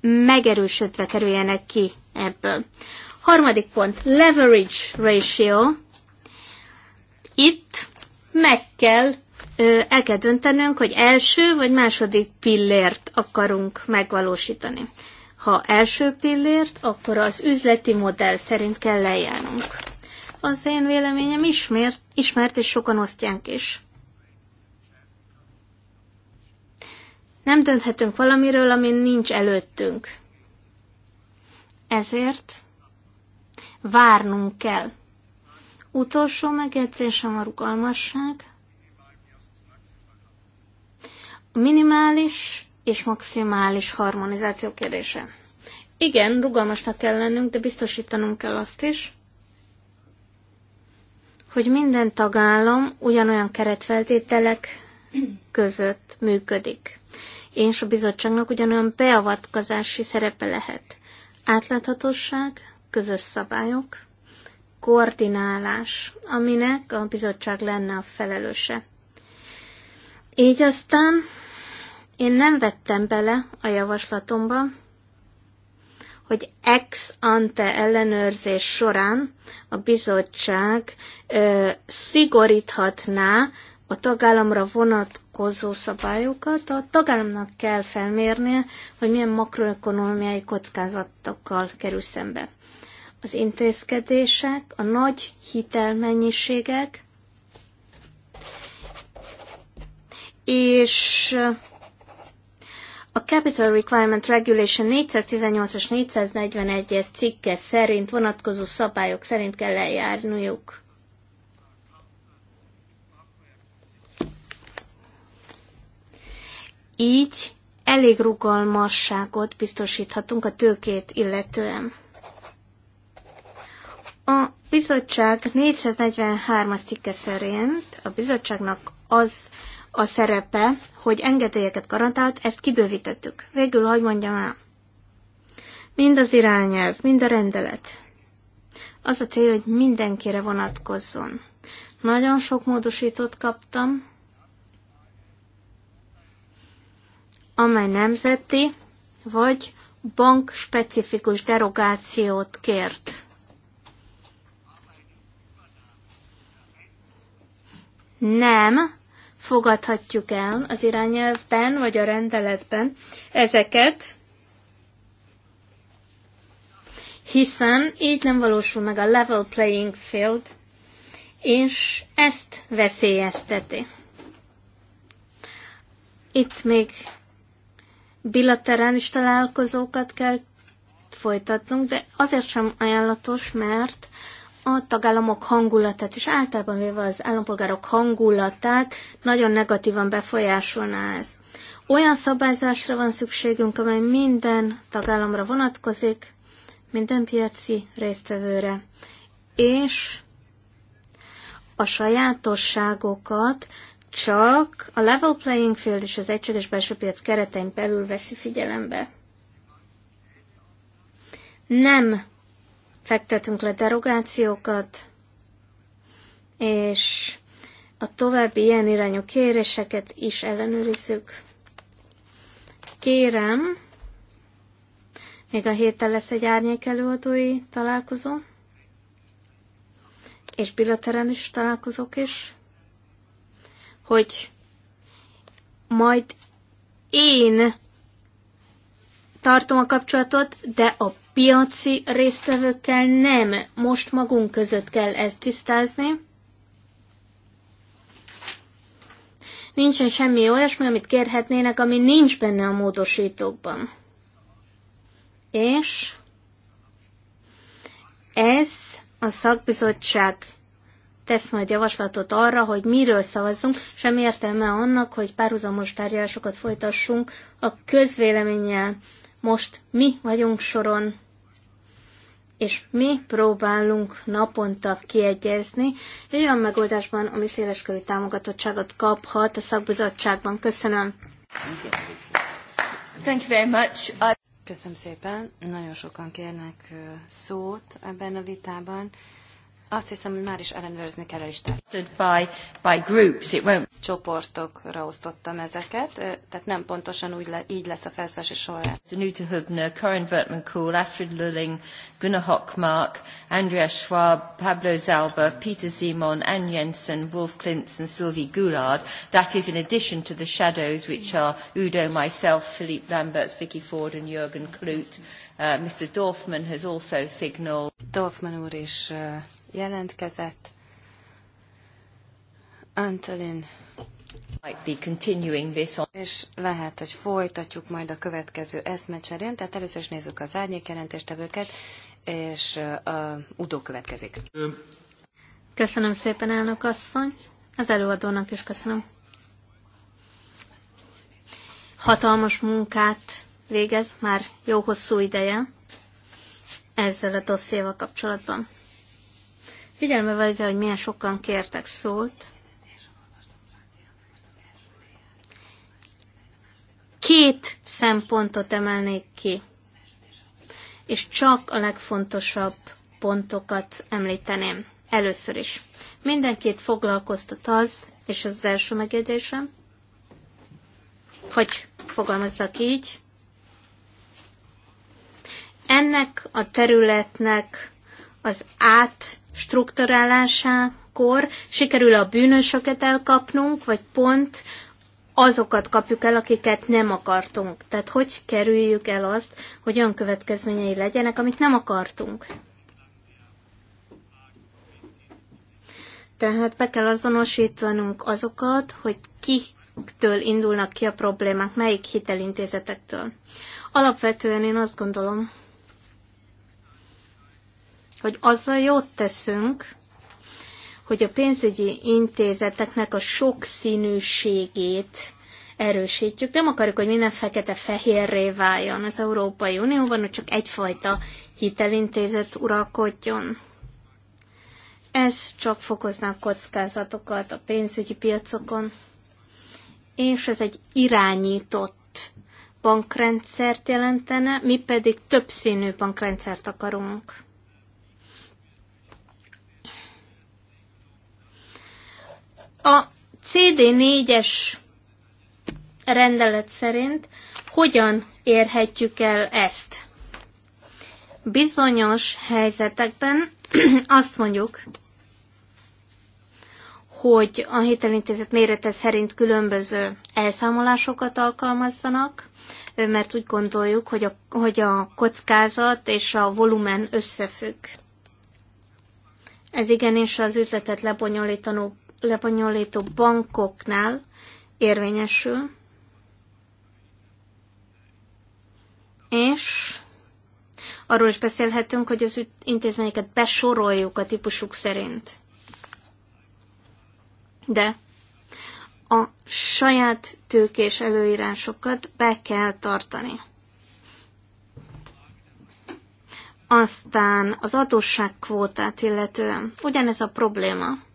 megerősödve kerüljenek ki ebből. Harmadik pont, leverage ratio. Itt meg kell, el kell döntenünk, hogy első vagy második pillért akarunk megvalósítani. Ha első pillért, akkor az üzleti modell szerint kell lejárnunk. Az én véleményem ismert, ismert és sokan osztják is. Nem dönthetünk valamiről, amin nincs előttünk. Ezért várnunk kell. Utolsó megjegyzésem a rugalmasság. minimális és maximális harmonizáció kérdése. Igen, rugalmasnak kell lennünk, de biztosítanunk kell azt is, hogy minden tagállam ugyanolyan keretfeltételek között működik, és a bizottságnak ugyanolyan beavatkozási szerepe lehet. Átláthatóság, közös szabályok, koordinálás, aminek a bizottság lenne a felelőse. Így aztán én nem vettem bele a javaslatomba, hogy ex ante ellenőrzés során a bizottság ö, szigoríthatná a tagállamra vonatkozó szabályokat. A tagállamnak kell felmérnie, hogy milyen makroökonomiai kockázatokkal kerül szembe. Az intézkedések, a nagy hitelmennyiségek, és a Capital Requirement Regulation 418-as 441-es cikke szerint vonatkozó szabályok szerint kell eljárniuk. Így elég rugalmasságot biztosíthatunk a tőkét illetően. A bizottság 443-as cikke szerint a bizottságnak az a szerepe, hogy engedélyeket garantált, ezt kibővítettük. Végül, hogy mondjam el, mind az irányelv, mind a rendelet. Az a cél, hogy mindenkire vonatkozzon. Nagyon sok módosítót kaptam, amely nemzeti vagy bank specifikus derogációt kért. Nem fogadhatjuk el az irányelvben vagy a rendeletben ezeket, hiszen így nem valósul meg a level playing field, és ezt veszélyezteti. Itt még bilaterális találkozókat kell folytatnunk, de azért sem ajánlatos, mert a tagállamok hangulatát, és általában véve az állampolgárok hangulatát nagyon negatívan befolyásolná ez. Olyan szabályzásra van szükségünk, amely minden tagállamra vonatkozik, minden piaci résztvevőre, és a sajátosságokat csak a level playing field és az egységes belső piac keretein belül veszi figyelembe. Nem fektetünk le derogációkat, és a további ilyen irányú kéréseket is ellenőrizzük. Kérem, még a héten lesz egy árnyék előadói találkozó, és bilaterális találkozók is, hogy majd én tartom a kapcsolatot, de a piaci résztvevőkkel nem. Most magunk között kell ezt tisztázni. Nincsen semmi olyasmi, amit kérhetnének, ami nincs benne a módosítókban. És ez a szakbizottság tesz majd javaslatot arra, hogy miről szavazzunk, sem értelme annak, hogy párhuzamos tárgyalásokat folytassunk a közvéleménnyel. Most mi vagyunk soron és mi próbálunk naponta kiegyezni egy olyan megoldásban, ami széleskörű támogatottságot kaphat a szakbizottságban. Köszönöm. Thank you very much. Köszönöm szépen. Nagyon sokan kérnek szót ebben a vitában. Azt hiszem, hogy már is ellenőrizni kell a listát. By, by groups, it won't. Csoportokra osztottam ezeket, tehát nem pontosan úgy le, így lesz a felszólási sorrend. Danuta Hübner, Corinne Wertmann Kool, Astrid Lulling, Gunnar Hockmark, Andreas Schwab, Pablo Zalba, Peter Simon, Anne Jensen, Wolf Klintz and Sylvie Goulard. That is in addition to the shadows which are Udo, myself, Philippe Lamberts, Vicky Ford and Jürgen Klute. Uh, Mr. Dorfman has also signaled. Dorfman úr is uh jelentkezett. Antolin. És lehet, hogy folytatjuk majd a következő eszmecserén, tehát először is nézzük az árnyék jelentéstevőket, és a udó következik. Köszönöm szépen, elnök asszony. Az előadónak is köszönöm. Hatalmas munkát végez már jó hosszú ideje ezzel a dossziéval kapcsolatban. Figyelme vegyve, hogy milyen sokan kértek szót. Két szempontot emelnék ki, és csak a legfontosabb pontokat említeném. Először is. Mindenkit foglalkoztat az, és az első megjegyzésem, hogy fogalmazzak így, ennek a területnek az átstruktúrálásákor sikerül a bűnösöket elkapnunk, vagy pont azokat kapjuk el, akiket nem akartunk. Tehát hogy kerüljük el azt, hogy olyan következményei legyenek, amit nem akartunk. Tehát be kell azonosítanunk azokat, hogy kiktől indulnak ki a problémák, melyik hitelintézetektől. Alapvetően én azt gondolom, hogy azzal jót teszünk, hogy a pénzügyi intézeteknek a sokszínűségét erősítjük. Nem akarjuk, hogy minden fekete-fehérré váljon az Európai Unióban, hogy csak egyfajta hitelintézet uralkodjon. Ez csak fokozná a kockázatokat a pénzügyi piacokon, és ez egy irányított bankrendszert jelentene, mi pedig többszínű bankrendszert akarunk. A CD4-es rendelet szerint hogyan érhetjük el ezt? Bizonyos helyzetekben azt mondjuk, hogy a hitelintézet mérete szerint különböző elszámolásokat alkalmazzanak, mert úgy gondoljuk, hogy a, hogy a kockázat és a volumen összefügg. Ez igenis az üzletet lebonyolítanó lebonyolító bankoknál érvényesül, és arról is beszélhetünk, hogy az intézményeket besoroljuk a típusuk szerint. De a saját tőkés előírásokat be kell tartani. Aztán az adósságkvótát illetően ugyanez a probléma.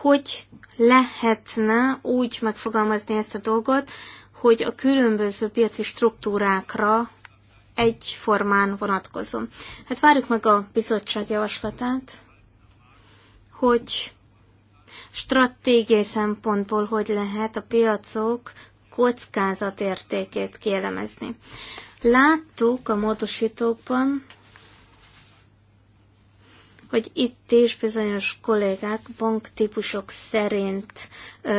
hogy lehetne úgy megfogalmazni ezt a dolgot, hogy a különböző piaci struktúrákra egyformán vonatkozom. Hát várjuk meg a bizottság javaslatát, hogy stratégiai szempontból hogy lehet a piacok kockázatértékét kielemezni. Láttuk a módosítókban, hogy itt is bizonyos kollégák banktípusok szerint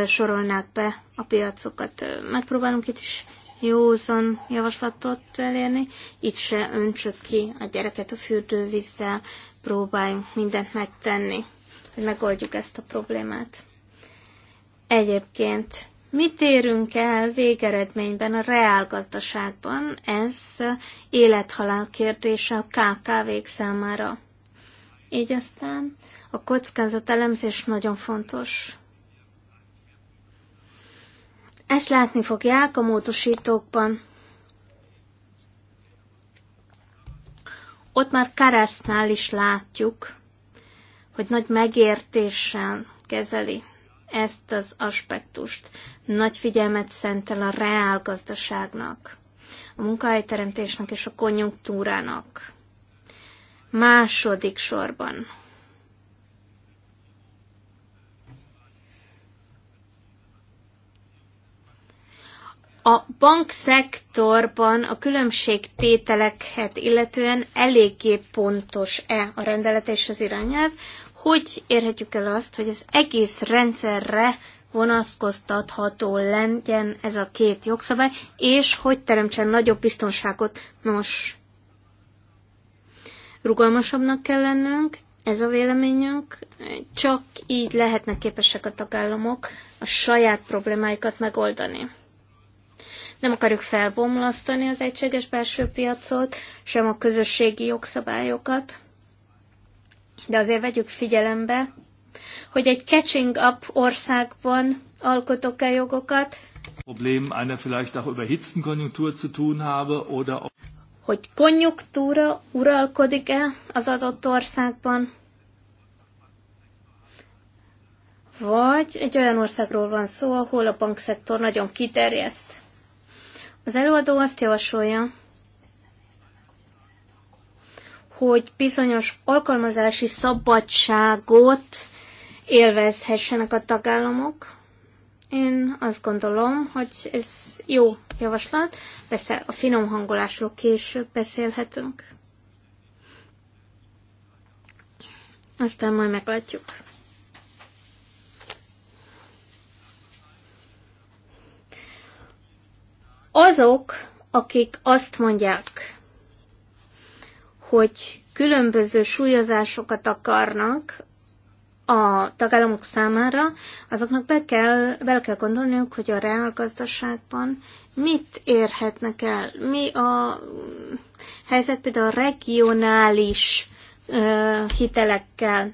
sorolnák be a piacokat. Megpróbálunk itt is józan javaslatot elérni, itt se öntsük ki a gyereket a fürdővízzel, próbáljunk mindent megtenni, hogy megoldjuk ezt a problémát. Egyébként mit érünk el végeredményben a reálgazdaságban? Ez élethalál kérdése a KKV-k számára. Így aztán a elemzés nagyon fontos. Ezt látni fogják a módosítókban. Ott már Karasznál is látjuk, hogy nagy megértéssel kezeli ezt az aspektust. Nagy figyelmet szentel a reálgazdaságnak, a munkahelyteremtésnek és a konjunktúrának. Második sorban. A bankszektorban a különbségtételeket illetően eléggé pontos-e a rendelet és az irányelv, hogy érhetjük el azt, hogy az egész rendszerre vonatkoztatható legyen ez a két jogszabály, és hogy teremtsen nagyobb biztonságot. Nos, Rugalmasabbnak kell lennünk, ez a véleményünk, csak így lehetnek képesek a tagállamok a saját problémáikat megoldani. Nem akarjuk felbomlasztani az egységes belső piacot, sem a közösségi jogszabályokat, de azért vegyük figyelembe, hogy egy catching up országban alkotok-e jogokat, Problem einer vielleicht auch überhitzten Konjunktur zu tun habe oder hogy konjunktúra uralkodik-e az adott országban, vagy egy olyan országról van szó, ahol a bankszektor nagyon kiterjeszt. Az előadó azt javasolja, hogy bizonyos alkalmazási szabadságot élvezhessenek a tagállamok, én azt gondolom, hogy ez jó javaslat, persze a finom hangolásról később beszélhetünk. Aztán majd meglátjuk. Azok, akik azt mondják, hogy különböző súlyozásokat akarnak, a tagállamok számára, azoknak be kell, be kell gondolniuk, hogy a reálgazdaságban mit érhetnek el, mi a mm, helyzet például a regionális ö, hitelekkel,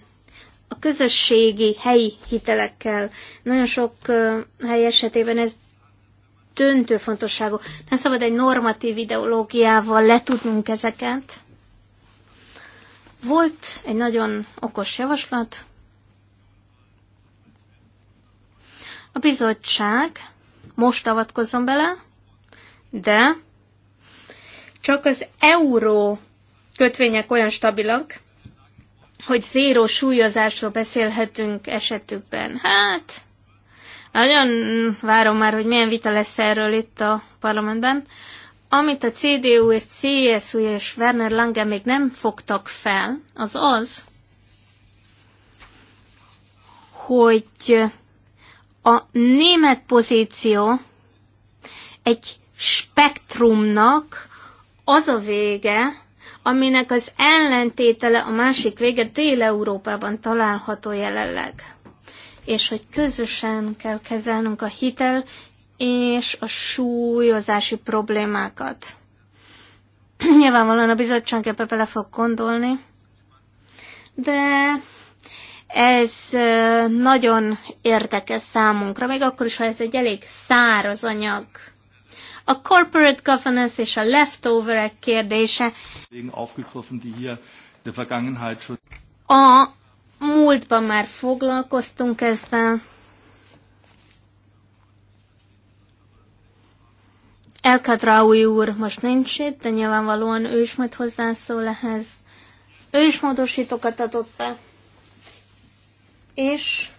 a közösségi helyi hitelekkel. Nagyon sok ö, hely esetében ez döntő fontosságú. Nem szabad egy normatív ideológiával letudnunk ezeket. Volt egy nagyon okos javaslat, A bizottság most avatkozom bele, de csak az euró kötvények olyan stabilak, hogy zéró súlyozásról beszélhetünk esetükben. Hát, nagyon várom már, hogy milyen vita lesz erről itt a parlamentben. Amit a CDU és CSU és Werner Lange még nem fogtak fel, az az, hogy a német pozíció egy spektrumnak az a vége, aminek az ellentétele a másik vége Dél-Európában található jelenleg. És hogy közösen kell kezelnünk a hitel és a súlyozási problémákat. Nyilvánvalóan a bizottság ebbe bele fog gondolni, de ez nagyon érdekes számunkra, még akkor is, ha ez egy elég száraz anyag. A corporate governance és a leftoverek kérdése a múltban már foglalkoztunk ezzel. Elkadraui úr most nincs itt, de nyilvánvalóan ő is majd hozzászól ehhez. Ő is módosítókat adott be. És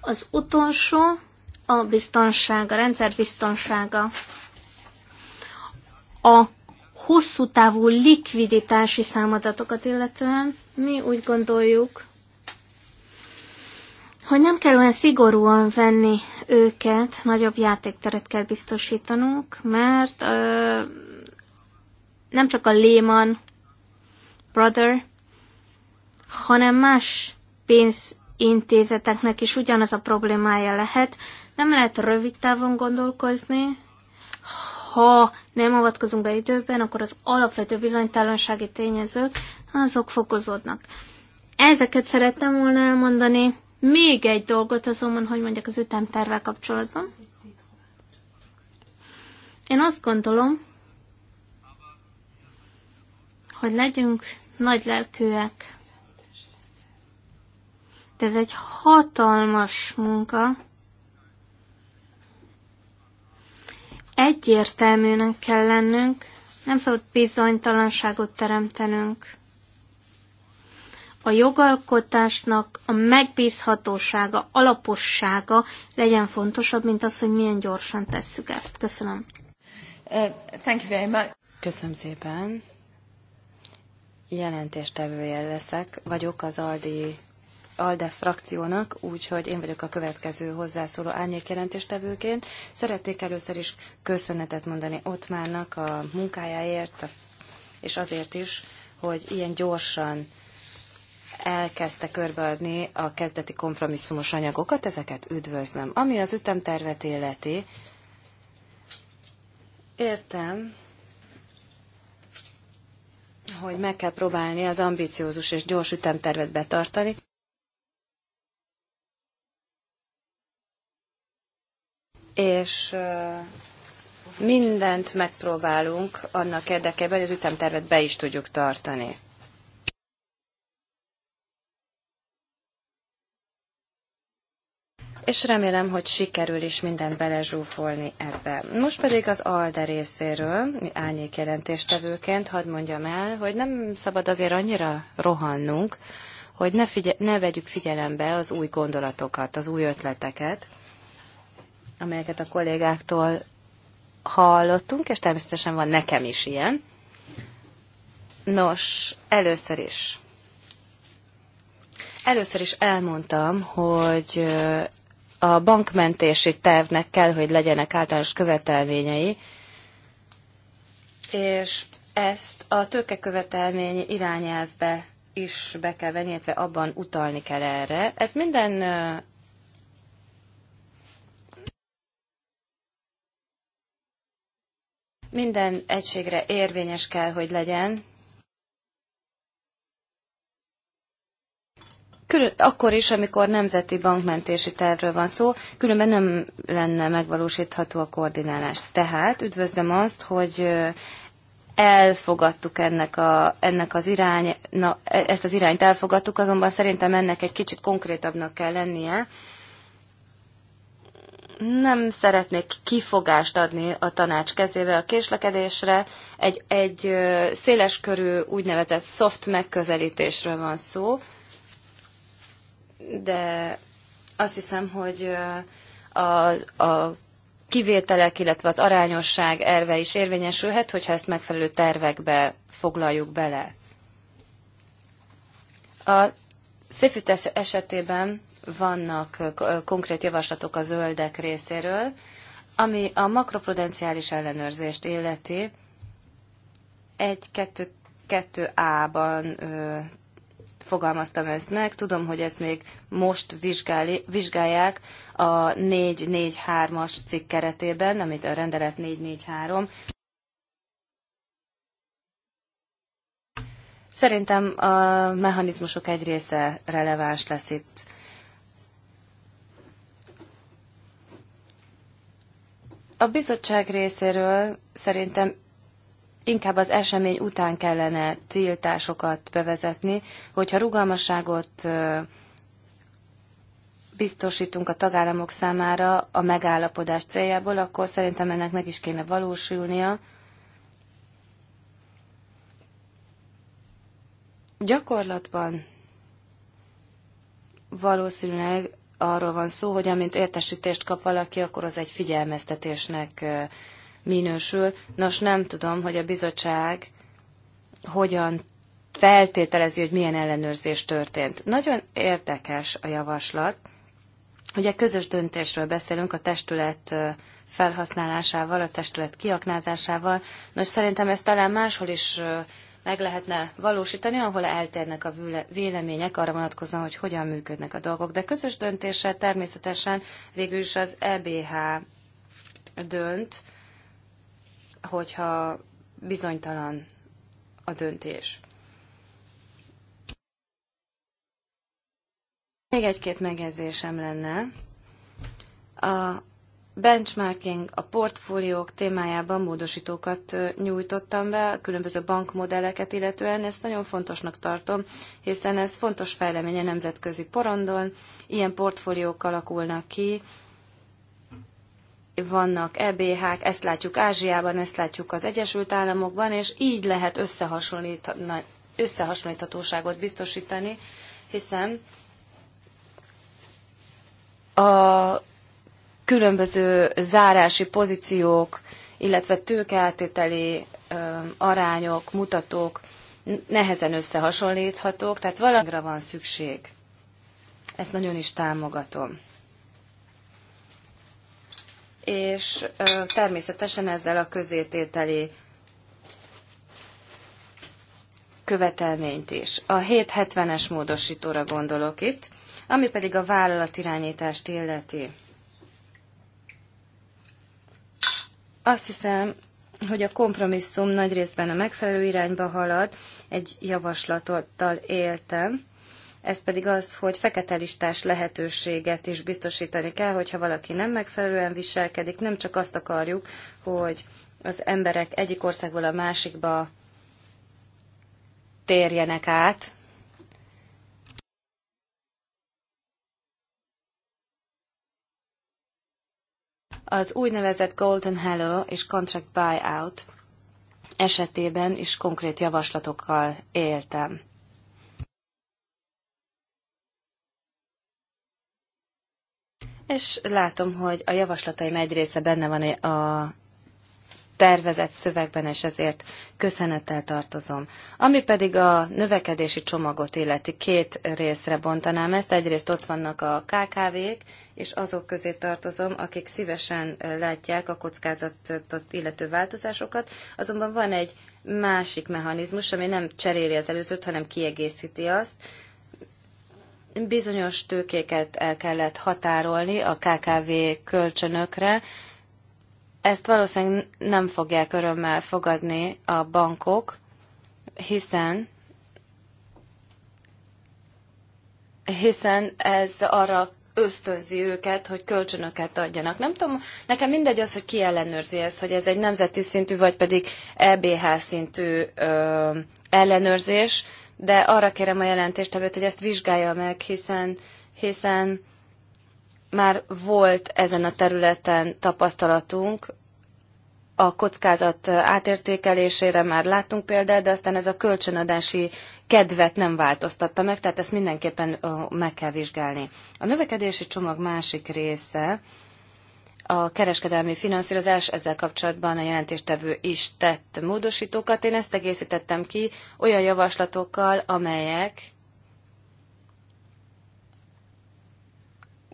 az utolsó a biztonsága, a rendszer biztonsága. A hosszú távú likviditási számadatokat illetően mi úgy gondoljuk, hogy nem kell olyan szigorúan venni őket, nagyobb játékteret kell biztosítanunk, mert ö, nem csak a Lehman Brother, hanem más pénz intézeteknek is ugyanaz a problémája lehet. Nem lehet rövid távon gondolkozni, ha nem avatkozunk be időben, akkor az alapvető bizonytalansági tényezők azok fokozódnak. Ezeket szerettem volna elmondani. Még egy dolgot azonban, hogy mondjak az ütemtervel kapcsolatban. Én azt gondolom, hogy legyünk nagy lelkűek. De ez egy hatalmas munka. Egyértelműnek kell lennünk, nem szabad bizonytalanságot teremtenünk. A jogalkotásnak a megbízhatósága, alapossága legyen fontosabb, mint az, hogy milyen gyorsan tesszük ezt. Köszönöm. Uh, thank you very much. Köszönöm szépen. Jelentéstevője leszek, vagyok az Aldi ALDE frakciónak, úgyhogy én vagyok a következő hozzászóló árnyékjelentéstevőként. Szeretnék először is köszönetet mondani Ottmárnak a munkájáért, és azért is, hogy ilyen gyorsan elkezdte körbeadni a kezdeti kompromisszumos anyagokat, ezeket üdvözlöm. Ami az ütemtervet illeti, értem, hogy meg kell próbálni az ambiciózus és gyors ütemtervet betartani. és mindent megpróbálunk annak érdekében, hogy az ütemtervet be is tudjuk tartani. és remélem, hogy sikerül is mindent belezsúfolni ebbe. Most pedig az ALDE részéről, árnyék jelentéstevőként, hadd mondjam el, hogy nem szabad azért annyira rohannunk, hogy ne, figye- ne vegyük figyelembe az új gondolatokat, az új ötleteket, amelyeket a kollégáktól hallottunk, és természetesen van nekem is ilyen. Nos, először is. Először is elmondtam, hogy a bankmentési tervnek kell, hogy legyenek általános követelményei, és ezt a tőkekövetelmény irányelvbe is be kell venni, illetve abban utalni kell erre. Ez minden minden egységre érvényes kell, hogy legyen, Külön, akkor is, amikor nemzeti bankmentési tervről van szó, különben nem lenne megvalósítható a koordinálás. Tehát üdvözlöm azt, hogy elfogadtuk ennek, a, ennek az irány, na, e, ezt az irányt elfogadtuk, azonban szerintem ennek egy kicsit konkrétabbnak kell lennie, nem szeretnék kifogást adni a tanács kezébe a késlekedésre. Egy, egy körű, úgynevezett soft megközelítésről van szó, de azt hiszem, hogy a, a kivételek, illetve az arányosság erve is érvényesülhet, hogyha ezt megfelelő tervekbe foglaljuk bele. A Szifit esetében vannak konkrét javaslatok a zöldek részéről, ami a makroprudenciális ellenőrzést illeti, 1-2-2A-ban fogalmaztam ezt meg. Tudom, hogy ezt még most vizsgáli, vizsgálják a 4-4-3-as cikk keretében, amit a rendelet 4-4-3. Szerintem a mechanizmusok egy része releváns lesz itt. A bizottság részéről szerintem inkább az esemény után kellene tiltásokat bevezetni, hogyha rugalmasságot biztosítunk a tagállamok számára a megállapodás céljából, akkor szerintem ennek meg is kéne valósulnia. Gyakorlatban valószínűleg arról van szó, hogy amint értesítést kap valaki, akkor az egy figyelmeztetésnek minősül. Nos, nem tudom, hogy a bizottság hogyan feltételezi, hogy milyen ellenőrzés történt. Nagyon érdekes a javaslat. Ugye közös döntésről beszélünk a testület felhasználásával, a testület kiaknázásával. Nos, szerintem ez talán máshol is meg lehetne valósítani, ahol eltérnek a vélemények arra vonatkozóan, hogy hogyan működnek a dolgok. De közös döntése természetesen végül is az EBH dönt, hogyha bizonytalan a döntés. Még egy-két megjegyzésem lenne. A benchmarking a portfóliók témájában módosítókat nyújtottam be, a különböző bankmodelleket illetően, ezt nagyon fontosnak tartom, hiszen ez fontos fejleménye nemzetközi porondon, ilyen portfóliók alakulnak ki, vannak EBH-k, ezt látjuk Ázsiában, ezt látjuk az Egyesült Államokban, és így lehet összehasonlíthatóságot biztosítani, hiszen a különböző zárási pozíciók, illetve tőkeáttételi arányok, mutatók nehezen összehasonlíthatók, tehát valamire van szükség. Ezt nagyon is támogatom. És ö, természetesen ezzel a közétételi követelményt is. A 770-es módosítóra gondolok itt, ami pedig a vállalatirányítást illeti. Azt hiszem, hogy a kompromisszum nagy részben a megfelelő irányba halad, egy javaslatottal éltem, ez pedig az, hogy fekete listás lehetőséget is biztosítani kell, hogyha valaki nem megfelelően viselkedik, nem csak azt akarjuk, hogy az emberek egyik országból a másikba térjenek át, Az úgynevezett Golden Hello és Contract Buyout esetében is konkrét javaslatokkal éltem. És látom, hogy a javaslataim egy része benne van a tervezett szövegben, és ezért köszönettel tartozom. Ami pedig a növekedési csomagot illeti, két részre bontanám ezt. Egyrészt ott vannak a KKV-k, és azok közé tartozom, akik szívesen látják a kockázatot illető változásokat, azonban van egy másik mechanizmus, ami nem cseréli az előzőt, hanem kiegészíti azt, bizonyos tőkéket el kellett határolni a KKV kölcsönökre, ezt valószínűleg nem fogják örömmel fogadni a bankok, hiszen hiszen ez arra ösztönzi őket, hogy kölcsönöket adjanak. Nem tudom, nekem mindegy az, hogy ki ellenőrzi ezt, hogy ez egy nemzeti szintű, vagy pedig EBH szintű ö, ellenőrzés, de arra kérem a jelentést, hogy ezt vizsgálja meg, hiszen, hiszen már volt ezen a területen tapasztalatunk, a kockázat átértékelésére már láttunk példát, de aztán ez a kölcsönadási kedvet nem változtatta meg, tehát ezt mindenképpen meg kell vizsgálni. A növekedési csomag másik része a kereskedelmi finanszírozás, ezzel kapcsolatban a jelentéstevő is tett módosítókat. Én ezt egészítettem ki olyan javaslatokkal, amelyek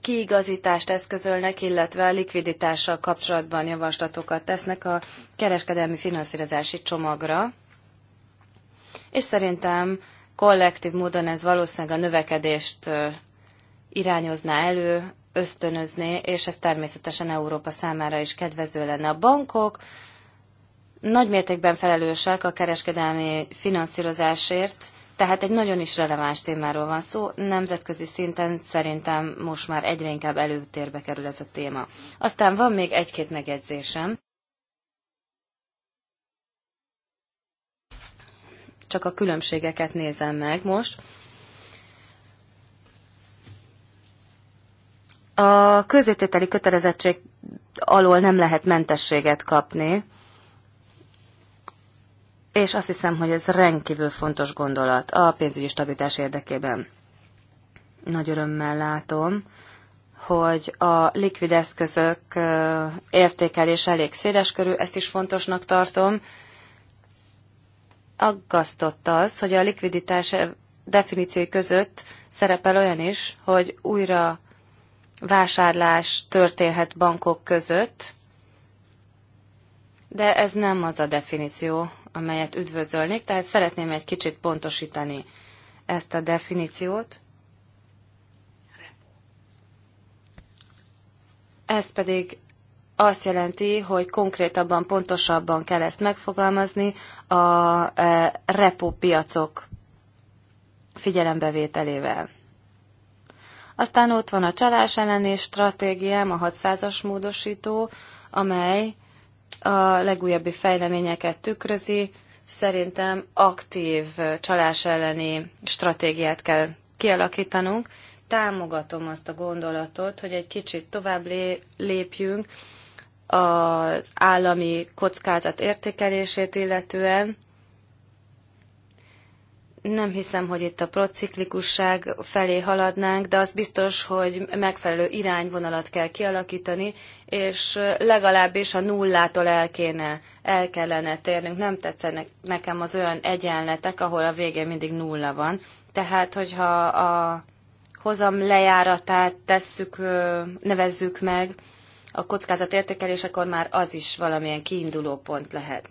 kiigazítást eszközölnek, illetve a likviditással kapcsolatban javaslatokat tesznek a kereskedelmi finanszírozási csomagra. És szerintem kollektív módon ez valószínűleg a növekedést irányozná elő, ösztönözné, és ez természetesen Európa számára is kedvező lenne. A bankok nagymértékben felelősek a kereskedelmi finanszírozásért, tehát egy nagyon is releváns témáról van szó, nemzetközi szinten szerintem most már egyre inkább előtérbe kerül ez a téma. Aztán van még egy-két megjegyzésem. Csak a különbségeket nézem meg most. A közétételi kötelezettség alól nem lehet mentességet kapni és azt hiszem, hogy ez rendkívül fontos gondolat a pénzügyi stabilitás érdekében. Nagy örömmel látom, hogy a likvid eszközök értékelés elég körül, ezt is fontosnak tartom. Aggasztott az, hogy a likviditás definíciói között szerepel olyan is, hogy újra vásárlás történhet bankok között, de ez nem az a definíció, amelyet üdvözölnék, tehát szeretném egy kicsit pontosítani ezt a definíciót. Ez pedig azt jelenti, hogy konkrétabban, pontosabban kell ezt megfogalmazni a e, repo piacok figyelembevételével. Aztán ott van a csalás elleni stratégiám, a 600-as módosító, amely a legújabbi fejleményeket tükrözi. Szerintem aktív csalás elleni stratégiát kell kialakítanunk. Támogatom azt a gondolatot, hogy egy kicsit tovább lépjünk az állami kockázat értékelését illetően, nem hiszem, hogy itt a prociklikusság felé haladnánk, de az biztos, hogy megfelelő irányvonalat kell kialakítani, és legalábbis a nullától el, kéne, el kellene térnünk. Nem tetszenek nekem az olyan egyenletek, ahol a végén mindig nulla van. Tehát, hogyha a hozam lejáratát tesszük, nevezzük meg, a kockázat akkor már az is valamilyen kiinduló pont lehet.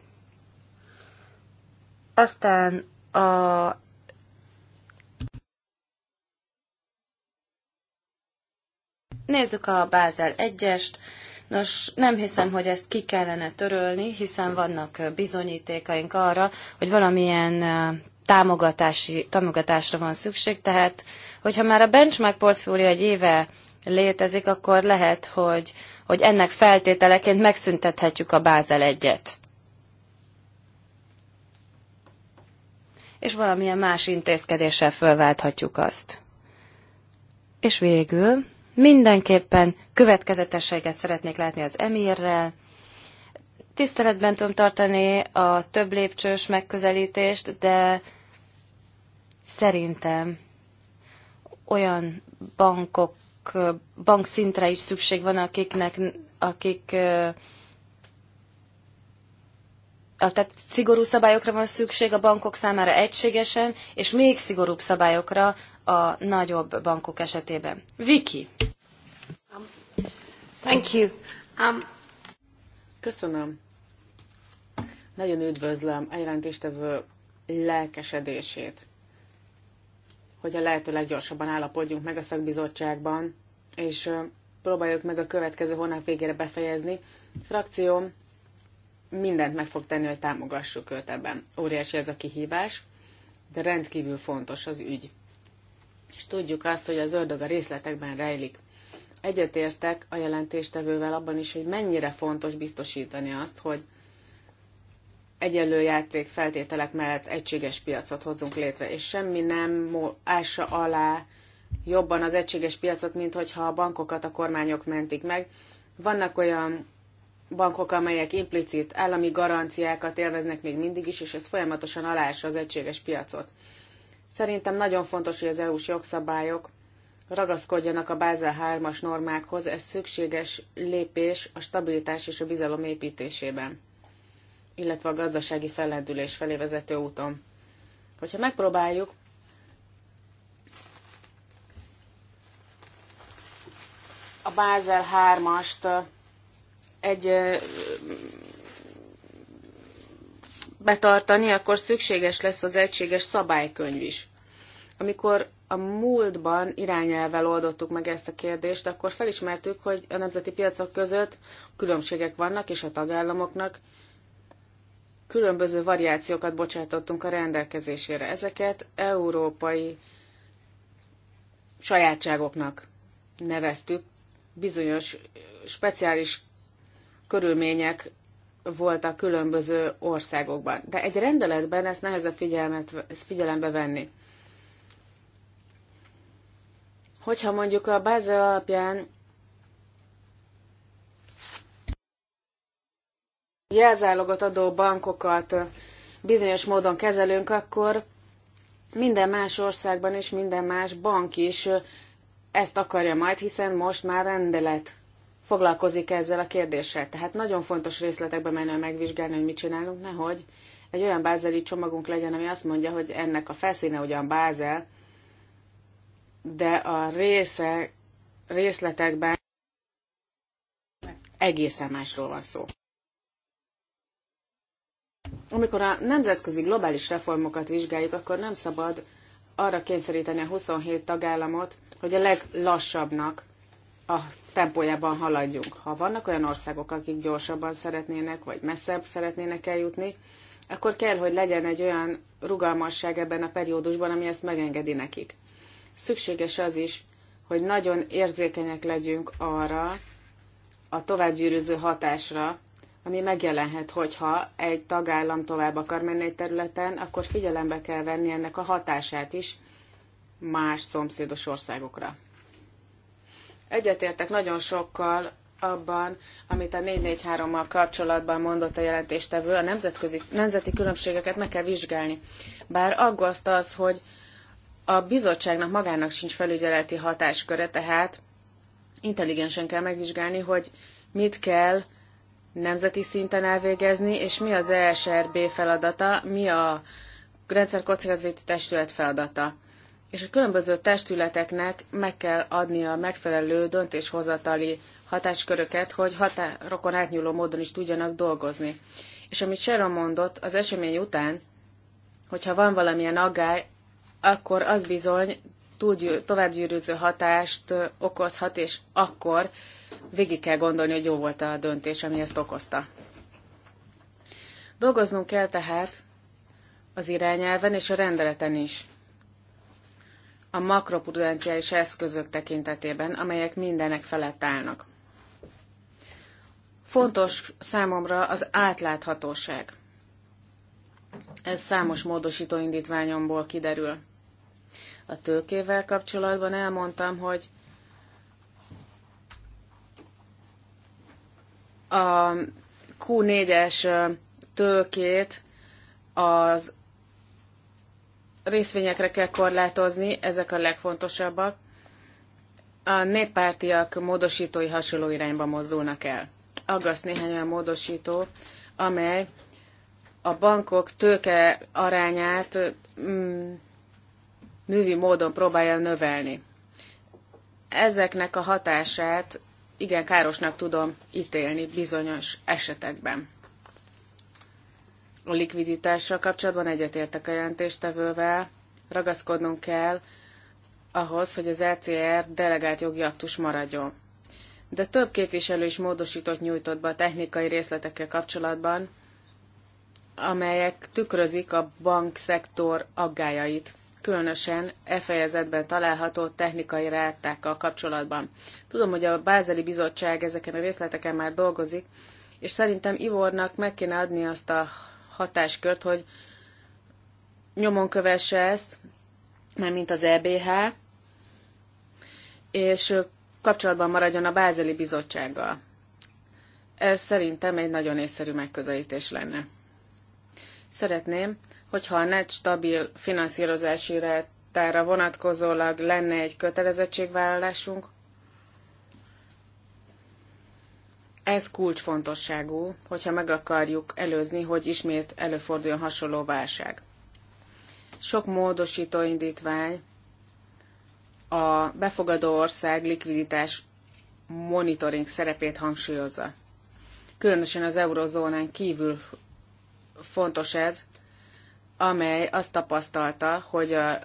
Aztán a Nézzük a Bázel 1-est. Nos, nem hiszem, hogy ezt ki kellene törölni, hiszen vannak bizonyítékaink arra, hogy valamilyen támogatási, támogatásra van szükség, tehát hogyha már a benchmark portfólió egy éve létezik, akkor lehet, hogy, hogy ennek feltételeként megszüntethetjük a Bázel 1-et. És valamilyen más intézkedéssel fölválthatjuk azt. És végül Mindenképpen következetességet szeretnék látni az emírrel, tiszteletben tudom tartani a több lépcsős megközelítést, de szerintem olyan bankok, bankszintre is szükség van, akiknek, akik tehát szigorú szabályokra van szükség a bankok számára egységesen, és még szigorúbb szabályokra a nagyobb bankok esetében. Viki. Thank you. Um, Köszönöm. Nagyon üdvözlöm a jelentéstevő lelkesedését, hogy a lehető leggyorsabban állapodjunk meg a szakbizottságban, és próbáljuk meg a következő hónap végére befejezni. Frakcióm mindent meg fog tenni, hogy támogassuk őt ebben. Óriási ez a kihívás, de rendkívül fontos az ügy és tudjuk azt, hogy az ördög a részletekben rejlik. Egyetértek a jelentéstevővel abban is, hogy mennyire fontos biztosítani azt, hogy egyenlő játék feltételek mellett egységes piacot hozzunk létre, és semmi nem ássa alá jobban az egységes piacot, mint hogyha a bankokat a kormányok mentik meg. Vannak olyan bankok, amelyek implicit állami garanciákat élveznek még mindig is, és ez folyamatosan alássa az egységes piacot. Szerintem nagyon fontos, hogy az EU-s jogszabályok ragaszkodjanak a Bázel 3-as normákhoz, ez szükséges lépés a stabilitás és a bizalom építésében, illetve a gazdasági fellendülés felé vezető úton. Hogyha megpróbáljuk a Bázel 3-ast egy betartani, akkor szükséges lesz az egységes szabálykönyv is. Amikor a múltban irányelvel oldottuk meg ezt a kérdést, akkor felismertük, hogy a nemzeti piacok között különbségek vannak, és a tagállamoknak különböző variációkat bocsátottunk a rendelkezésére. Ezeket európai sajátságoknak neveztük, bizonyos speciális körülmények voltak különböző országokban. De egy rendeletben ezt nehezebb figyelmet, ezt figyelembe venni. Hogyha mondjuk a Bázel alapján jelzálogot adó bankokat bizonyos módon kezelünk, akkor minden más országban és minden más bank is ezt akarja majd, hiszen most már rendelet foglalkozik ezzel a kérdéssel. Tehát nagyon fontos részletekbe menő megvizsgálni, hogy mit csinálunk, nehogy egy olyan bázeli csomagunk legyen, ami azt mondja, hogy ennek a felszíne ugyan bázel, de a része, részletekben egészen másról van szó. Amikor a nemzetközi globális reformokat vizsgáljuk, akkor nem szabad arra kényszeríteni a 27 tagállamot, hogy a leglassabbnak a tempójában haladjunk. Ha vannak olyan országok, akik gyorsabban szeretnének, vagy messzebb szeretnének eljutni, akkor kell, hogy legyen egy olyan rugalmasság ebben a periódusban, ami ezt megengedi nekik. Szükséges az is, hogy nagyon érzékenyek legyünk arra a továbbgyűrűző hatásra, ami megjelenhet, hogyha egy tagállam tovább akar menni egy területen, akkor figyelembe kell venni ennek a hatását is más szomszédos országokra. Egyetértek nagyon sokkal abban, amit a 443-mal kapcsolatban mondott a jelentéstevő, a nemzetközi, nemzeti különbségeket meg kell vizsgálni. Bár aggaszt az, hogy a bizottságnak magának sincs felügyeleti hatásköre, tehát intelligensen kell megvizsgálni, hogy mit kell nemzeti szinten elvégezni, és mi az ESRB feladata, mi a rendszerkockázati testület feladata és a különböző testületeknek meg kell adni a megfelelő döntéshozatali hatásköröket, hogy határokon átnyúló módon is tudjanak dolgozni. És amit Sharon mondott, az esemény után, hogyha van valamilyen aggály, akkor az bizony továbbgyűrűző hatást okozhat, és akkor végig kell gondolni, hogy jó volt a döntés, ami ezt okozta. Dolgoznunk kell tehát az irányelven és a rendeleten is a makroprudenciális eszközök tekintetében, amelyek mindenek felett állnak. Fontos számomra az átláthatóság. Ez számos módosító indítványomból kiderül. A tőkével kapcsolatban elmondtam, hogy a Q4-es tőkét az részvényekre kell korlátozni, ezek a legfontosabbak. A néppártiak módosítói hasonló irányba mozdulnak el. Aggaszt néhány olyan módosító, amely a bankok tőke arányát mm, művi módon próbálja növelni. Ezeknek a hatását igen károsnak tudom ítélni bizonyos esetekben. A likviditással kapcsolatban egyetértek a jelentéstevővel, ragaszkodnunk kell ahhoz, hogy az ECR delegált jogi aktus maradjon. De több képviselő is módosított nyújtott be a technikai részletekkel kapcsolatban, amelyek tükrözik a bankszektor aggájait, különösen e fejezetben található technikai rátákkal kapcsolatban. Tudom, hogy a Bázeli Bizottság ezeken a részleteken már dolgozik, és szerintem Ivornak meg kéne adni azt a hatáskört, hogy nyomon kövesse ezt, mert mint az EBH, és kapcsolatban maradjon a Bázeli Bizottsággal. Ez szerintem egy nagyon észszerű megközelítés lenne. Szeretném, hogyha a net stabil finanszírozási rátára vonatkozólag lenne egy kötelezettségvállalásunk, Ez kulcsfontosságú, hogyha meg akarjuk előzni, hogy ismét előforduljon hasonló válság. Sok módosító indítvány a befogadó ország likviditás monitoring szerepét hangsúlyozza. Különösen az eurozónán kívül fontos ez, amely azt tapasztalta, hogy a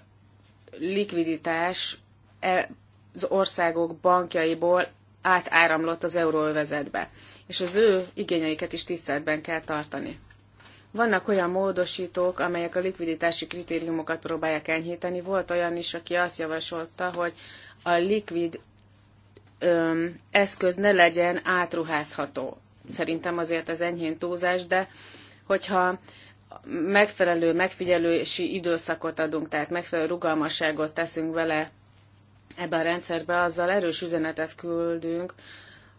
likviditás e- az országok bankjaiból átáramlott az euróövezetbe, és az ő igényeiket is tiszteletben kell tartani. Vannak olyan módosítók, amelyek a likviditási kritériumokat próbálják enyhíteni. Volt olyan is, aki azt javasolta, hogy a likvid öm, eszköz ne legyen átruházható. Szerintem azért ez enyhén túlzás, de hogyha megfelelő megfigyelési időszakot adunk, tehát megfelelő rugalmasságot teszünk vele ebben a rendszerben azzal erős üzenetet küldünk,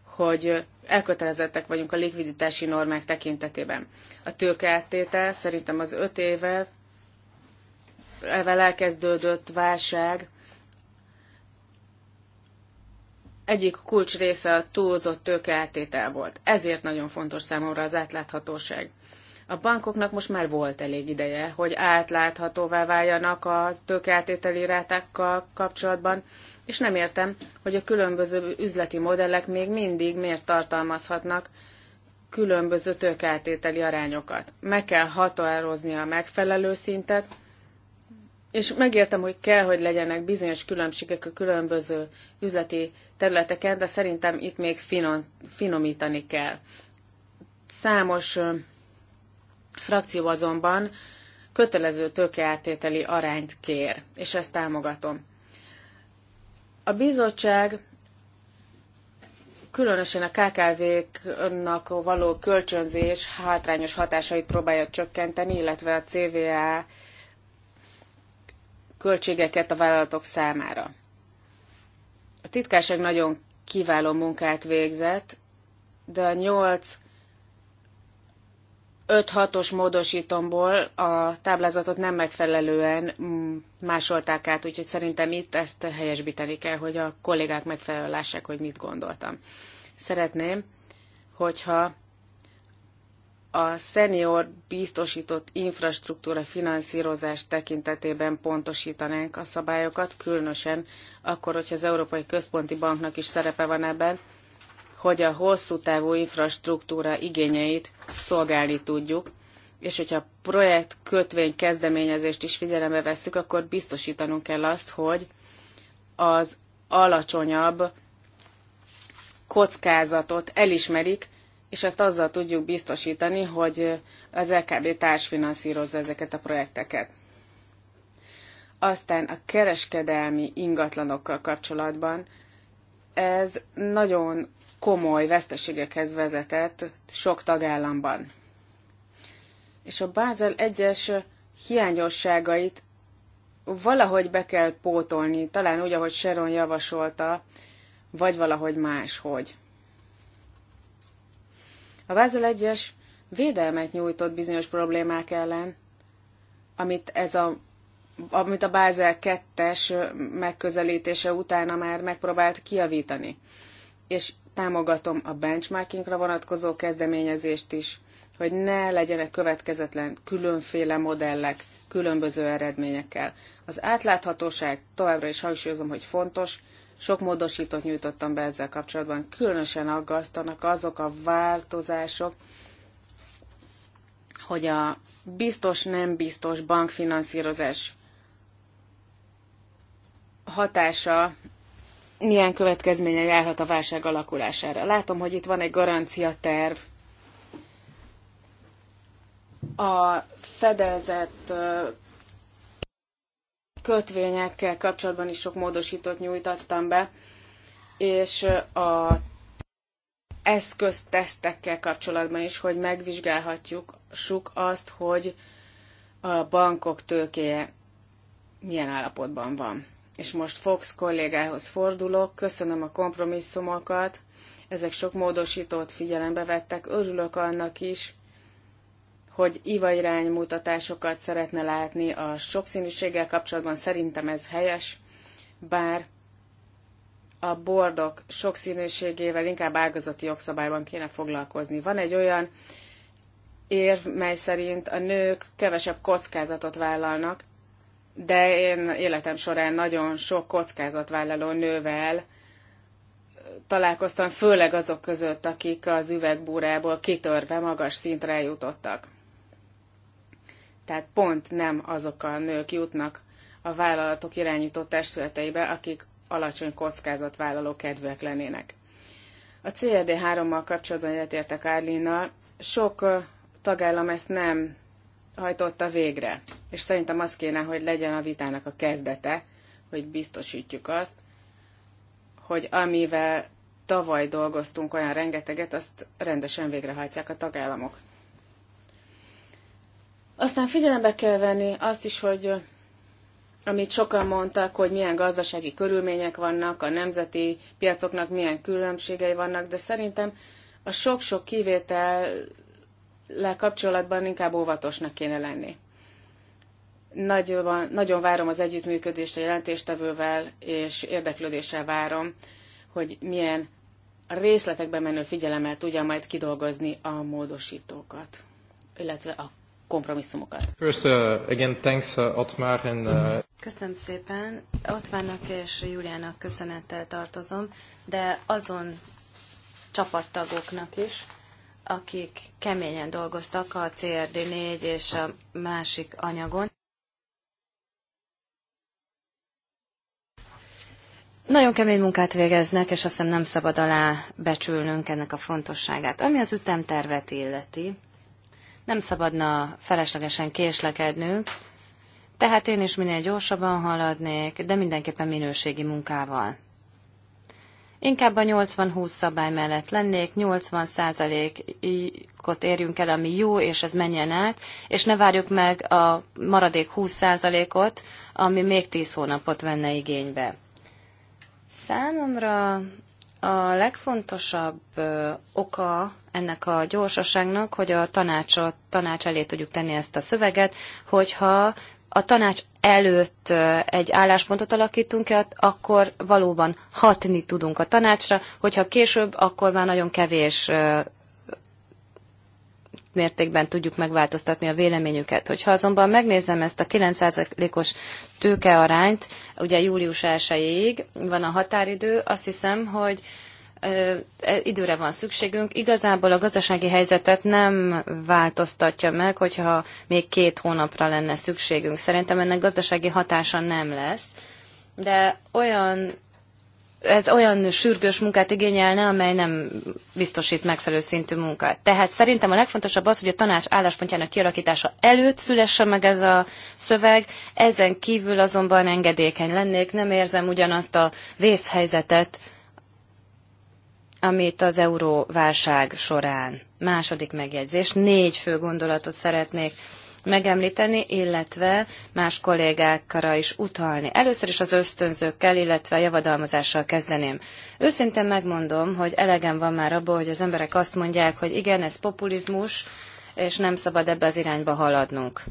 hogy elkötelezettek vagyunk a likviditási normák tekintetében. A tőkeáttétel szerintem az öt éve evel elkezdődött válság egyik kulcs része a túlzott tőkeáttétel volt. Ezért nagyon fontos számomra az átláthatóság. A bankoknak most már volt elég ideje, hogy átláthatóvá váljanak a tőkeátételi rátákkal kapcsolatban, és nem értem, hogy a különböző üzleti modellek még mindig miért tartalmazhatnak különböző tőkeátételi arányokat. Meg kell határozni a megfelelő szintet, és megértem, hogy kell, hogy legyenek bizonyos különbségek a különböző üzleti területeken, de szerintem itt még finom, finomítani kell. Számos frakció azonban kötelező tőkeáttételi arányt kér, és ezt támogatom. A bizottság különösen a KKV-knak való kölcsönzés hátrányos hatásait próbálja csökkenteni, illetve a CVA költségeket a vállalatok számára. A titkárság nagyon kiváló munkát végzett, de a nyolc 5-6-os módosítomból a táblázatot nem megfelelően mm, másolták át, úgyhogy szerintem itt ezt helyesbíteni kell, hogy a kollégák megfelelően lássák, hogy mit gondoltam. Szeretném, hogyha a szenior biztosított infrastruktúra finanszírozás tekintetében pontosítanánk a szabályokat, különösen akkor, hogyha az Európai Központi Banknak is szerepe van ebben, hogy a hosszú távú infrastruktúra igényeit szolgálni tudjuk, és hogyha projekt kötvény kezdeményezést is figyelembe vesszük, akkor biztosítanunk kell azt, hogy az alacsonyabb kockázatot elismerik, és ezt azzal tudjuk biztosítani, hogy az LKB társfinanszírozza ezeket a projekteket. Aztán a kereskedelmi ingatlanokkal kapcsolatban ez nagyon komoly veszteségekhez vezetett sok tagállamban. És a Bázel egyes hiányosságait valahogy be kell pótolni, talán úgy, ahogy Sharon javasolta, vagy valahogy máshogy. A Bázel egyes védelmet nyújtott bizonyos problémák ellen, amit, ez a, amit a Bázel 2-es megközelítése utána már megpróbált kiavítani. És támogatom a benchmarkingra vonatkozó kezdeményezést is, hogy ne legyenek következetlen különféle modellek különböző eredményekkel. Az átláthatóság továbbra is hangsúlyozom, hogy fontos, sok módosítót nyújtottam be ezzel kapcsolatban. Különösen aggasztanak azok a változások, hogy a biztos-nem biztos bankfinanszírozás hatása milyen következménye járhat a válság alakulására. Látom, hogy itt van egy garancia terv. A fedezett kötvényekkel kapcsolatban is sok módosítót nyújtattam be, és a eszköztesztekkel kapcsolatban is, hogy megvizsgálhatjuk sok azt, hogy a bankok tőkéje milyen állapotban van és most Fox kollégához fordulok, köszönöm a kompromisszumokat, ezek sok módosítót figyelembe vettek, örülök annak is, hogy IVA iránymutatásokat szeretne látni a sokszínűséggel kapcsolatban, szerintem ez helyes, bár a bordok sokszínűségével inkább ágazati jogszabályban kéne foglalkozni. Van egy olyan érv, mely szerint a nők kevesebb kockázatot vállalnak, de én életem során nagyon sok kockázatvállaló nővel találkoztam, főleg azok között, akik az üvegbúrából kitörve magas szintre jutottak. Tehát pont nem azok a nők jutnak a vállalatok irányító testületeibe, akik alacsony kockázatvállaló kedvek lennének. A CLD 3-mal kapcsolatban egyetértek Árlinnal, sok tagállam ezt nem hajtotta végre. És szerintem az kéne, hogy legyen a vitának a kezdete, hogy biztosítjuk azt, hogy amivel tavaly dolgoztunk olyan rengeteget, azt rendesen végrehajtják a tagállamok. Aztán figyelembe kell venni azt is, hogy amit sokan mondtak, hogy milyen gazdasági körülmények vannak, a nemzeti piacoknak milyen különbségei vannak, de szerintem a sok-sok kivétel le kapcsolatban inkább óvatosnak kéne lenni. Nagyon, nagyon várom az együttműködést a jelentéstevővel, és érdeklődéssel várom, hogy milyen részletekbe menő figyelemmel tudja majd kidolgozni a módosítókat, illetve a kompromisszumokat. First, uh, again, thanks, uh, Otmar and, uh... Köszönöm szépen. Ottvának és Juliának köszönettel tartozom, de azon csapattagoknak is, akik keményen dolgoztak a CRD4 és a másik anyagon. Nagyon kemény munkát végeznek, és azt hiszem nem szabad alá becsülnünk ennek a fontosságát. Ami az ütemtervet illeti, nem szabadna feleslegesen késlekednünk, tehát én is minél gyorsabban haladnék, de mindenképpen minőségi munkával. Inkább a 80-20 szabály mellett lennék, 80 százalékot érjünk el, ami jó, és ez menjen át, és ne várjuk meg a maradék 20 százalékot, ami még 10 hónapot venne igénybe. Számomra a legfontosabb oka ennek a gyorsaságnak, hogy a tanácsot, tanács elé tudjuk tenni ezt a szöveget, hogyha a tanács előtt egy álláspontot alakítunk ki, akkor valóban hatni tudunk a tanácsra, hogyha később, akkor már nagyon kevés mértékben tudjuk megváltoztatni a véleményüket. Hogyha azonban megnézem ezt a 9%-os tőkearányt, ugye július 1-ig van a határidő, azt hiszem, hogy E, időre van szükségünk. Igazából a gazdasági helyzetet nem változtatja meg, hogyha még két hónapra lenne szükségünk. Szerintem ennek gazdasági hatása nem lesz, de olyan ez olyan sürgős munkát igényelne, amely nem biztosít megfelelő szintű munkát. Tehát szerintem a legfontosabb az, hogy a tanács álláspontjának kialakítása előtt szülesse meg ez a szöveg, ezen kívül azonban engedékeny lennék, nem érzem ugyanazt a vészhelyzetet, amit az euróválság során. Második megjegyzés, négy fő gondolatot szeretnék megemlíteni, illetve más kollégákra is utalni. Először is az ösztönzőkkel, illetve a javadalmazással kezdeném. Őszintén megmondom, hogy elegem van már abból, hogy az emberek azt mondják, hogy igen, ez populizmus, és nem szabad ebbe az irányba haladnunk.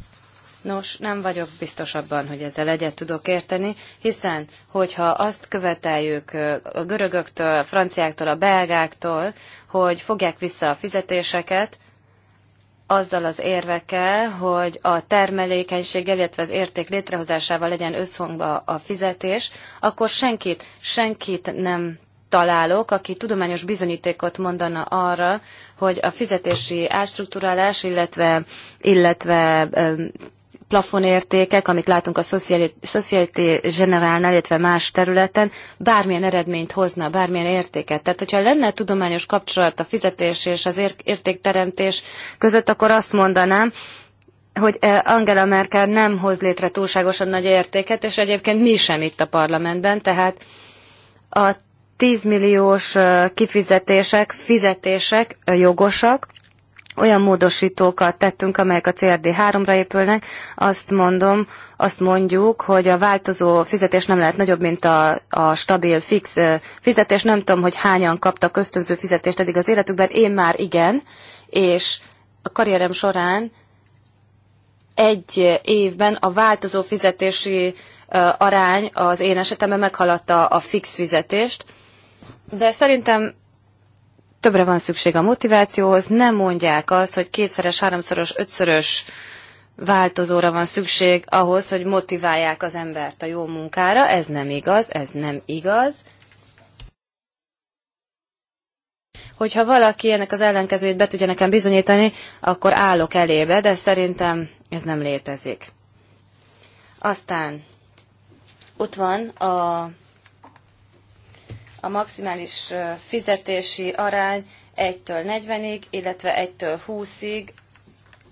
Nos, nem vagyok biztos abban, hogy ezzel egyet tudok érteni, hiszen hogyha azt követeljük a görögöktől, a franciáktól, a belgáktól, hogy fogják vissza a fizetéseket, azzal az érvekkel, hogy a termelékenység illetve az érték létrehozásával legyen összhangba a fizetés, akkor senkit, senkit nem találok, aki tudományos bizonyítékot mondana arra, hogy a fizetési ástruktúrálás, illetve, illetve plafonértékek, amit látunk a Société Generálnál, illetve más területen, bármilyen eredményt hozna, bármilyen értéket. Tehát, hogyha lenne tudományos kapcsolat a fizetés és az értékteremtés között, akkor azt mondanám, hogy eh, Angela Merkel nem hoz létre túlságosan nagy értéket, és egyébként mi sem itt a parlamentben, tehát a 10 milliós eh, kifizetések, fizetések eh, jogosak, olyan módosítókat tettünk, amelyek a CRD3-ra épülnek, azt mondom, azt mondjuk, hogy a változó fizetés nem lehet nagyobb, mint a, a stabil, fix fizetés. Nem tudom, hogy hányan kaptak ösztönző fizetést eddig az életükben, én már igen, és a karrierem során egy évben a változó fizetési arány az én esetemben meghaladta a fix fizetést, de szerintem többre van szükség a motivációhoz, nem mondják azt, hogy kétszeres, háromszoros, ötszörös változóra van szükség ahhoz, hogy motiválják az embert a jó munkára. Ez nem igaz, ez nem igaz. Hogyha valaki ennek az ellenkezőjét be tudja nekem bizonyítani, akkor állok elébe, de szerintem ez nem létezik. Aztán ott van a a maximális fizetési arány 1-től 40-ig, illetve 1-től 20-ig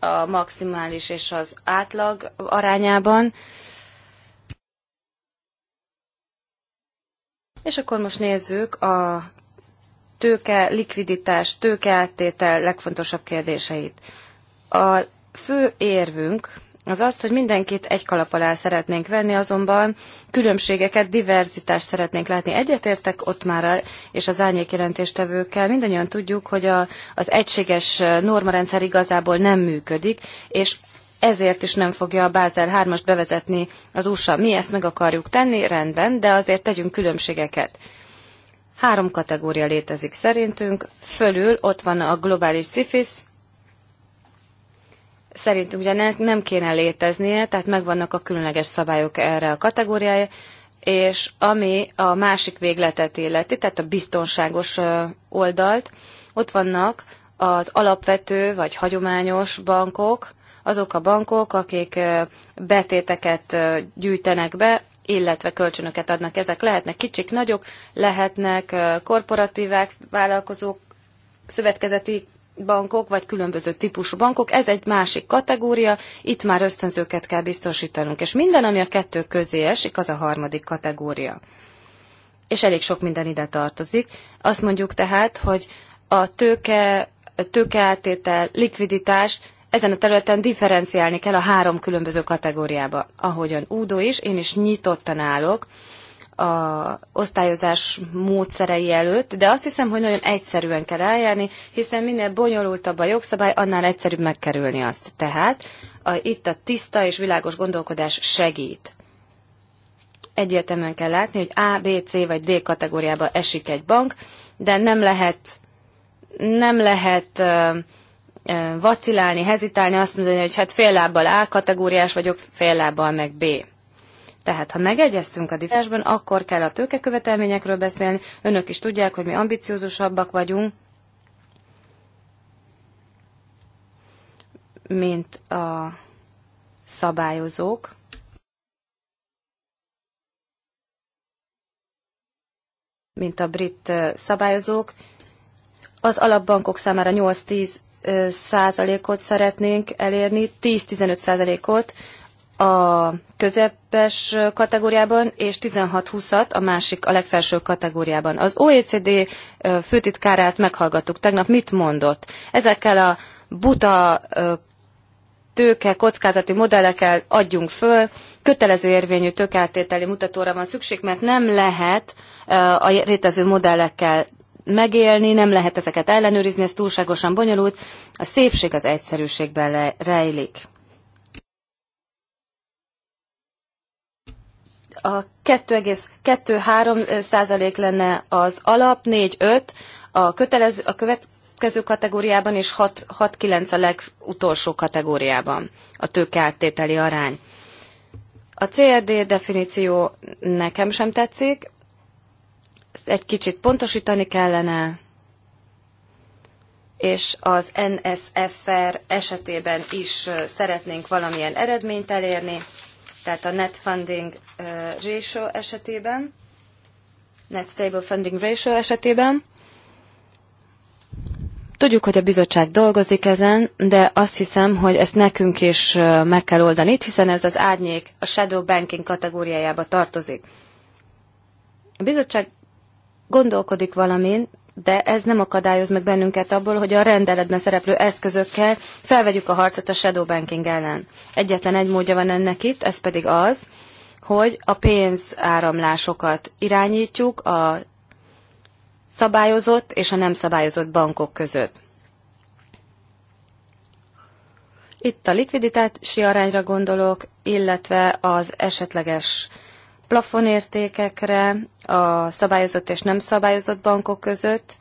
a maximális és az átlag arányában. És akkor most nézzük a tőke, likviditás, tőkeáttétel legfontosabb kérdéseit. A fő érvünk az az, hogy mindenkit egy kalap alá szeretnénk venni, azonban különbségeket, diverzitást szeretnénk látni. Egyetértek ott már és az árnyék jelentéstevőkkel. Mindannyian tudjuk, hogy a, az egységes normarendszer igazából nem működik, és ezért is nem fogja a Bázel 3-ast bevezetni az USA. Mi ezt meg akarjuk tenni, rendben, de azért tegyünk különbségeket. Három kategória létezik szerintünk. Fölül ott van a globális szifisz, szerintünk ugye nem kéne léteznie, tehát megvannak a különleges szabályok erre a kategóriája, és ami a másik végletet illeti, tehát a biztonságos oldalt, ott vannak az alapvető vagy hagyományos bankok, azok a bankok, akik betéteket gyűjtenek be, illetve kölcsönöket adnak. Ezek lehetnek kicsik, nagyok, lehetnek korporatívák, vállalkozók, szövetkezeti bankok, vagy különböző típusú bankok, ez egy másik kategória, itt már ösztönzőket kell biztosítanunk, és minden, ami a kettő közé esik, az a harmadik kategória. És elég sok minden ide tartozik. Azt mondjuk tehát, hogy a tőke, tőkeáttétel, likviditás, ezen a területen differenciálni kell a három különböző kategóriába. Ahogyan Údó is, én is nyitottan állok a osztályozás módszerei előtt, de azt hiszem, hogy nagyon egyszerűen kell eljárni, hiszen minél bonyolultabb a jogszabály, annál egyszerűbb megkerülni azt. Tehát a, itt a tiszta és világos gondolkodás segít. Egyértelműen kell látni, hogy A, B, C vagy D kategóriába esik egy bank, de nem lehet, nem lehet uh, vacilálni, hezitálni, azt mondani, hogy hát fél lábbal A kategóriás vagyok, fél lábbal meg B. Tehát, ha megegyeztünk a diversben, akkor kell a tőkekövetelményekről beszélni. Önök is tudják, hogy mi ambiciózusabbak vagyunk, mint a szabályozók. mint a brit szabályozók. Az alapbankok számára 8-10 százalékot szeretnénk elérni, 10-15 százalékot a közepes kategóriában, és 16-20-at a másik, a legfelső kategóriában. Az OECD főtitkárát meghallgattuk tegnap, mit mondott? Ezekkel a buta tőke kockázati modellekkel adjunk föl, kötelező érvényű tőkeáttételi mutatóra van szükség, mert nem lehet a létező modellekkel megélni, nem lehet ezeket ellenőrizni, ez túlságosan bonyolult. A szépség az egyszerűségben rejlik. a 2,23 százalék lenne az alap, 4-5 a, kötelező, a következő kategóriában, és 6-9 a legutolsó kategóriában a áttételi arány. A CRD definíció nekem sem tetszik, egy kicsit pontosítani kellene, és az NSFR esetében is szeretnénk valamilyen eredményt elérni tehát a net funding ratio esetében, net stable funding ratio esetében. Tudjuk, hogy a bizottság dolgozik ezen, de azt hiszem, hogy ezt nekünk is meg kell oldani, hiszen ez az árnyék a shadow banking kategóriájába tartozik. A bizottság gondolkodik valamin, de ez nem akadályoz meg bennünket abból, hogy a rendeletben szereplő eszközökkel felvegyük a harcot a shadow banking ellen. Egyetlen egy módja van ennek itt, ez pedig az, hogy a pénzáramlásokat irányítjuk a szabályozott és a nem szabályozott bankok között. Itt a likviditási arányra gondolok, illetve az esetleges plafonértékekre a szabályozott és nem szabályozott bankok között.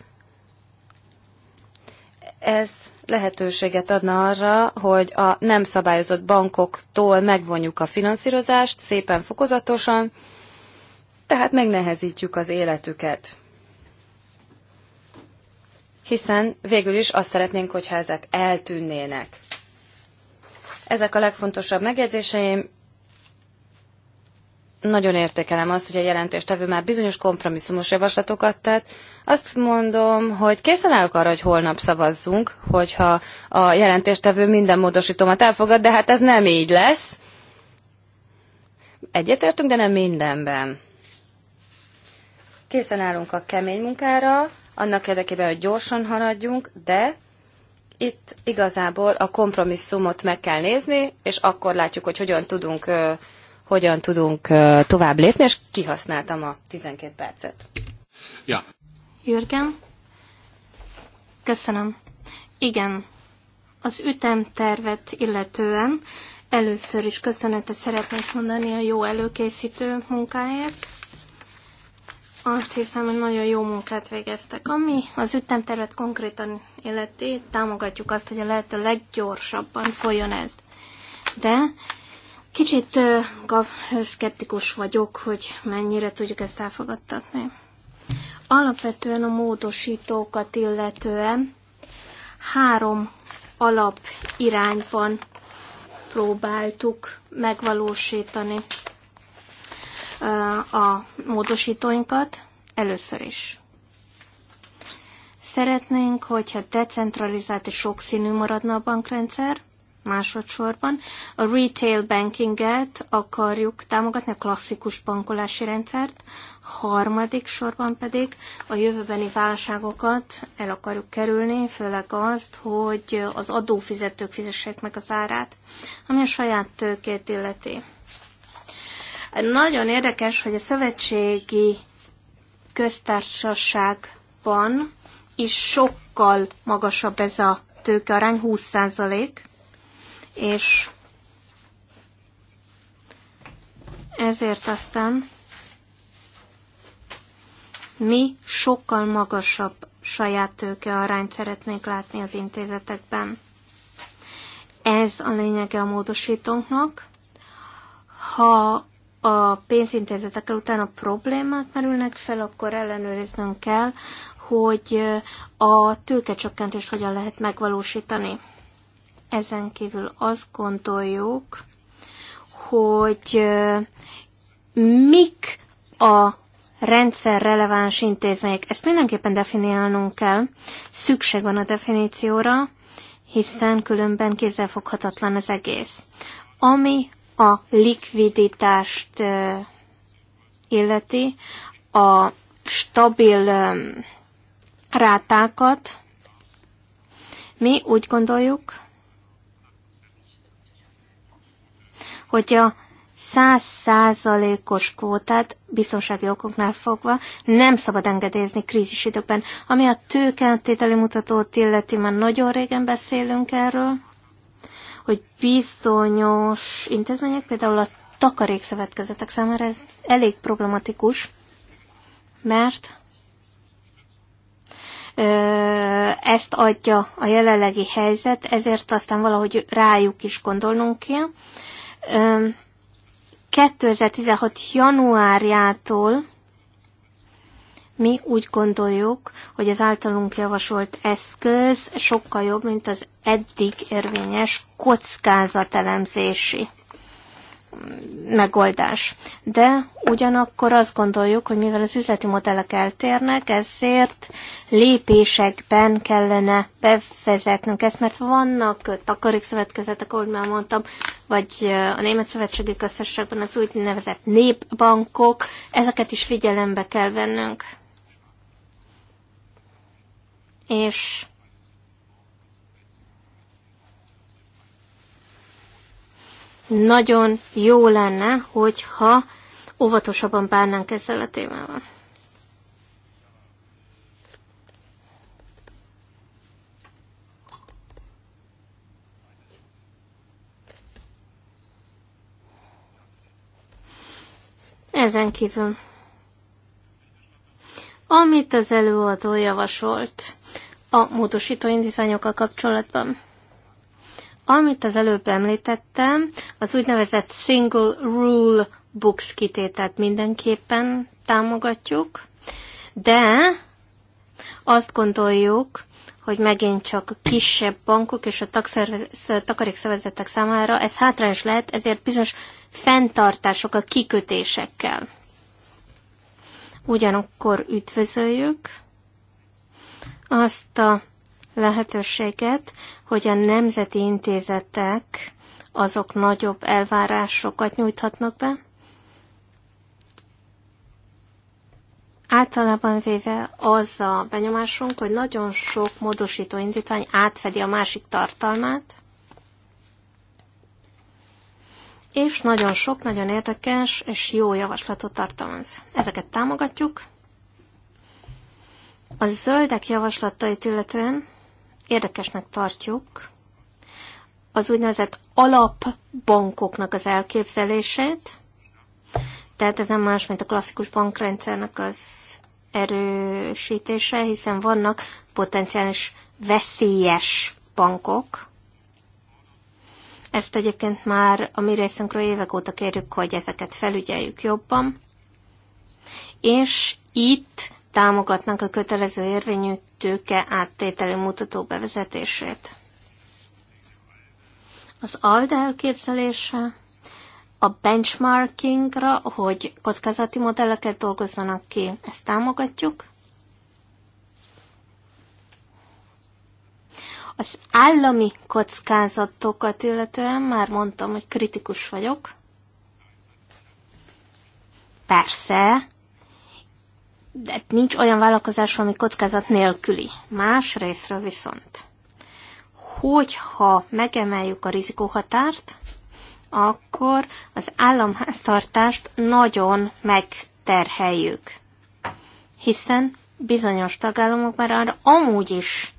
Ez lehetőséget adna arra, hogy a nem szabályozott bankoktól megvonjuk a finanszírozást szépen fokozatosan, tehát megnehezítjük az életüket. Hiszen végül is azt szeretnénk, hogyha ezek eltűnnének. Ezek a legfontosabb megjegyzéseim, nagyon értékelem azt, hogy a jelentéstevő már bizonyos kompromisszumos javaslatokat tett. Azt mondom, hogy készen állok arra, hogy holnap szavazzunk, hogyha a jelentéstevő minden módosítómat elfogad, de hát ez nem így lesz. Egyetértünk, de nem mindenben. Készen állunk a kemény munkára, annak érdekében, hogy gyorsan haladjunk, de itt igazából a kompromisszumot meg kell nézni, és akkor látjuk, hogy hogyan tudunk hogyan tudunk tovább lépni, és kihasználtam a 12 percet. Ja. Jürgen? Köszönöm. Igen, az ütemtervet illetően először is köszönetet szeretnék mondani a jó előkészítő munkáért. Azt hiszem, hogy nagyon jó munkát végeztek. Ami az ütemtervet konkrétan illeti, támogatjuk azt, hogy a lehető leggyorsabban folyjon ez. De Kicsit szkeptikus vagyok, hogy mennyire tudjuk ezt elfogadtatni. Alapvetően a módosítókat illetően három alap irányban próbáltuk megvalósítani a módosítóinkat először is. Szeretnénk, hogyha decentralizált és sokszínű maradna a bankrendszer, másodszorban. A retail bankinget akarjuk támogatni, a klasszikus bankolási rendszert, harmadik sorban pedig a jövőbeni válságokat el akarjuk kerülni, főleg azt, hogy az adófizetők fizessék meg az árát, ami a saját tőkét illeti. Nagyon érdekes, hogy a szövetségi köztársaságban is sokkal magasabb ez a tőkearány, 20 százalék, és ezért aztán mi sokkal magasabb saját tőke arányt szeretnénk látni az intézetekben. Ez a lényege a módosítónknak. Ha a pénzintézetekkel utána problémák merülnek fel, akkor ellenőriznünk kell, hogy a tőkecsökkentést hogyan lehet megvalósítani. Ezen kívül azt gondoljuk, hogy mik a rendszer releváns intézmények. Ezt mindenképpen definiálnunk kell. Szükség van a definícióra, hiszen különben kézzelfoghatatlan az egész. Ami a likviditást illeti, a stabil rátákat, mi úgy gondoljuk, hogy a száz százalékos kvótát biztonsági okoknál fogva nem szabad engedélyezni krízis időben, Ami a tőkeáttételi mutatót illeti, már nagyon régen beszélünk erről, hogy bizonyos intézmények, például a takarékszövetkezetek számára ez elég problematikus, mert ezt adja a jelenlegi helyzet, ezért aztán valahogy rájuk is gondolnunk kell. 2016. januárjától mi úgy gondoljuk, hogy az általunk javasolt eszköz sokkal jobb, mint az eddig érvényes kockázatelemzési megoldás. De ugyanakkor azt gondoljuk, hogy mivel az üzleti modellek eltérnek, ezért lépésekben kellene bevezetnünk ezt, mert vannak takarékszövetkezetek, ahogy már mondtam, vagy eh, a Német Szövetségi Köztársaságban az úgynevezett népbankok, ezeket is figyelembe kell vennünk. És nagyon jó lenne, hogyha óvatosabban bánnánk ezzel a témával. Ezen kívül. Amit az előadó javasolt a módosító indítványokkal kapcsolatban. Amit az előbb említettem, az úgynevezett Single Rule Books kitételt mindenképpen támogatjuk, de azt gondoljuk, hogy megint csak a kisebb bankok és a takarékszervezetek számára ez hátrányos lehet, ezért bizonyos fenntartások a kikötésekkel. Ugyanakkor üdvözöljük azt a lehetőséget, hogy a nemzeti intézetek azok nagyobb elvárásokat nyújthatnak be. Általában véve az a benyomásunk, hogy nagyon sok módosító indítvány átfedi a másik tartalmát, és nagyon sok, nagyon érdekes és jó javaslatot tartalmaz. Ezeket támogatjuk. A zöldek javaslatait illetően érdekesnek tartjuk az úgynevezett alapbankoknak az elképzelését, tehát ez nem más, mint a klasszikus bankrendszernek az erősítése, hiszen vannak potenciális veszélyes bankok. Ezt egyébként már a mi részünkről évek óta kérjük, hogy ezeket felügyeljük jobban. És itt támogatnak a kötelező érvényű tőke áttételi mutató bevezetését. Az ALDE elképzelése a benchmarkingra, hogy kockázati modelleket dolgozzanak ki, ezt támogatjuk. Az állami kockázatokat illetően már mondtam, hogy kritikus vagyok. Persze, de nincs olyan vállalkozás, ami kockázat nélküli. Más részről viszont, hogyha megemeljük a rizikóhatárt, akkor az államháztartást nagyon megterheljük. Hiszen bizonyos tagállamok már arra amúgy is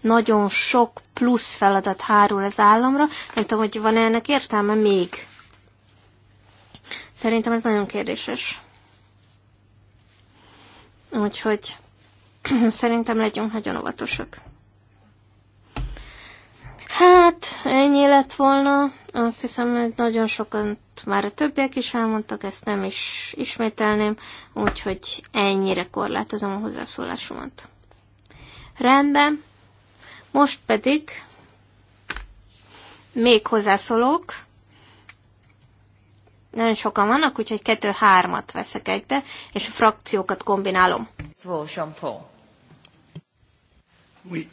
nagyon sok plusz feladat hárul az államra. Nem tudom, hogy van-e ennek értelme még. Szerintem ez nagyon kérdéses. Úgyhogy szerintem legyünk nagyon óvatosak. Hát, ennyi lett volna. Azt hiszem, hogy nagyon sokan már a többiek is elmondtak, ezt nem is ismételném, úgyhogy ennyire korlátozom a hozzászólásomat. Rendben, most pedig még hozzászólók nagyon sokan vannak, úgyhogy kettő-hármat veszek egybe, és a frakciókat kombinálom. Jean-Paul. Oui,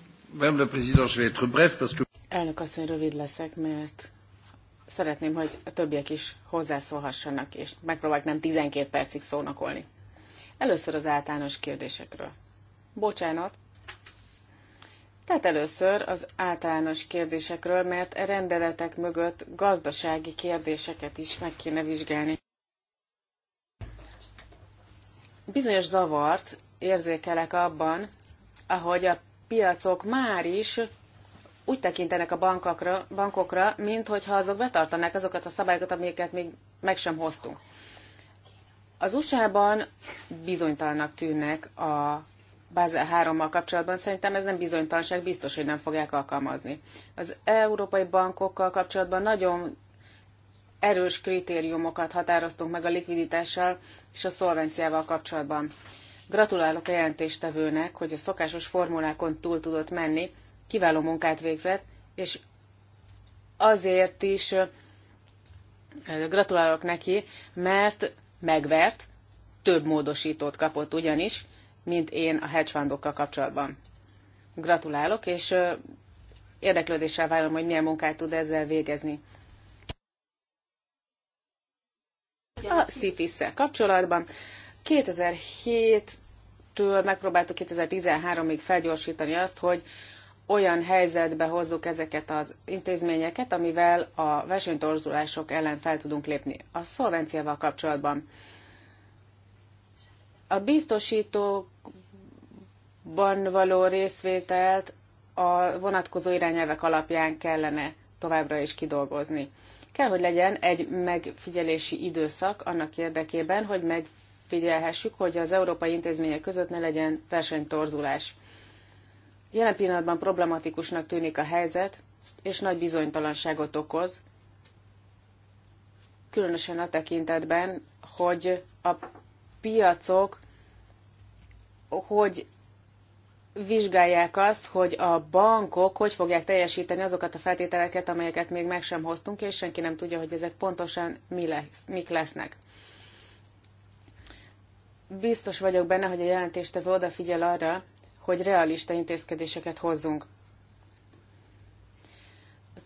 Elnök asszony, rövid leszek, mert szeretném, hogy a többiek is hozzászólhassanak, és megpróbálják nem 12 percig szónakolni. Először az általános kérdésekről. Bocsánat, tehát először az általános kérdésekről, mert e rendeletek mögött gazdasági kérdéseket is meg kéne vizsgálni. Bizonyos zavart érzékelek abban, ahogy a piacok már is úgy tekintenek a bankokra, bankokra mint hogyha azok betartanák azokat a szabályokat, amiket még meg sem hoztunk. Az USA-ban bizonytalnak tűnnek a Bázel 3-mal kapcsolatban szerintem ez nem bizonytalanság, biztos, hogy nem fogják alkalmazni. Az európai bankokkal kapcsolatban nagyon erős kritériumokat határoztunk meg a likviditással és a szolvenciával kapcsolatban. Gratulálok a jelentéstevőnek, hogy a szokásos formulákon túl tudott menni, kiváló munkát végzett, és azért is gratulálok neki, mert megvert, több módosítót kapott ugyanis, mint én a hedgefundokkal kapcsolatban. Gratulálok, és érdeklődéssel várom, hogy milyen munkát tud ezzel végezni. A CIFIS-szel kapcsolatban 2007-től megpróbáltuk 2013-ig felgyorsítani azt, hogy olyan helyzetbe hozzuk ezeket az intézményeket, amivel a versenytorzulások ellen fel tudunk lépni. A szolvenciával kapcsolatban a biztosítókban való részvételt a vonatkozó irányelvek alapján kellene továbbra is kidolgozni. Kell, hogy legyen egy megfigyelési időszak annak érdekében, hogy megfigyelhessük, hogy az európai intézmények között ne legyen versenytorzulás. Jelen pillanatban problematikusnak tűnik a helyzet, és nagy bizonytalanságot okoz, különösen a tekintetben, hogy a piacok hogy vizsgálják azt, hogy a bankok hogy fogják teljesíteni azokat a feltételeket, amelyeket még meg sem hoztunk, és senki nem tudja, hogy ezek pontosan mi lesz, mik lesznek. Biztos vagyok benne, hogy a jelentéstevő odafigyel arra, hogy realista intézkedéseket hozzunk.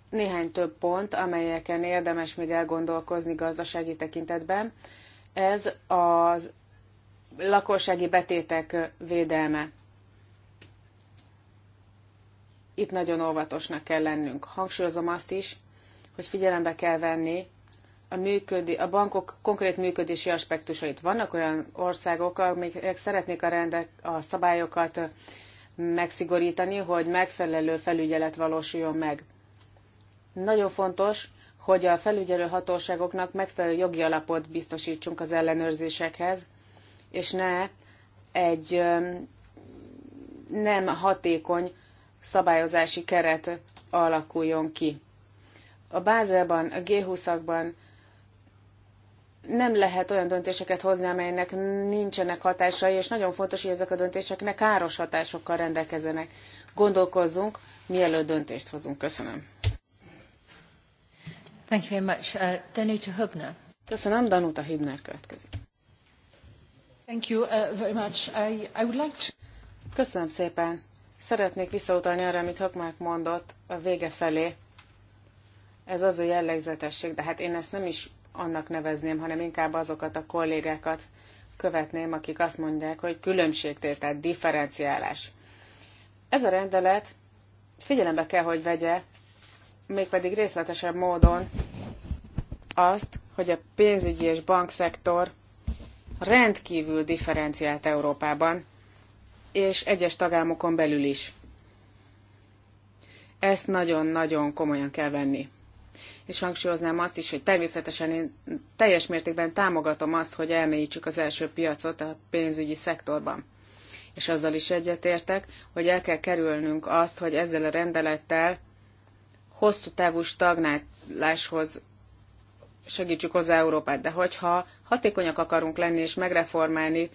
Néhány több pont, amelyeken érdemes még elgondolkozni gazdasági tekintetben, ez az lakossági betétek védelme. Itt nagyon óvatosnak kell lennünk. Hangsúlyozom azt is, hogy figyelembe kell venni a, működi, a bankok konkrét működési aspektusait. Vannak olyan országok, amik szeretnék a, rendek, a szabályokat megszigorítani, hogy megfelelő felügyelet valósuljon meg. Nagyon fontos, hogy a felügyelő hatóságoknak megfelelő jogi alapot biztosítsunk az ellenőrzésekhez, és ne egy nem hatékony szabályozási keret alakuljon ki. A Bázelban, a G20-akban nem lehet olyan döntéseket hozni, amelynek nincsenek hatásai, és nagyon fontos, hogy ezek a döntések ne káros hatásokkal rendelkezenek. Gondolkozzunk, mielőtt döntést hozunk. Köszönöm. Thank you very much. Uh, Danuta Hübner. Köszönöm, Danuta Hübner következik. Uh, Köszönöm szépen. Szeretnék visszautalni arra, amit Hakmák mondott a vége felé. Ez az a jellegzetesség, de hát én ezt nem is annak nevezném, hanem inkább azokat a kollégákat követném, akik azt mondják, hogy különbségtétel, differenciálás. Ez a rendelet figyelembe kell, hogy vegye, mégpedig részletesebb módon azt, hogy a pénzügyi és bankszektor rendkívül differenciált Európában, és egyes tagállamokon belül is. Ezt nagyon-nagyon komolyan kell venni. És hangsúlyoznám azt is, hogy természetesen én teljes mértékben támogatom azt, hogy elmélyítsük az első piacot a pénzügyi szektorban. És azzal is egyetértek, hogy el kell kerülnünk azt, hogy ezzel a rendelettel hosszú távú stagnáláshoz segítsük hozzá Európát, de hogyha hatékonyak akarunk lenni és megreformálni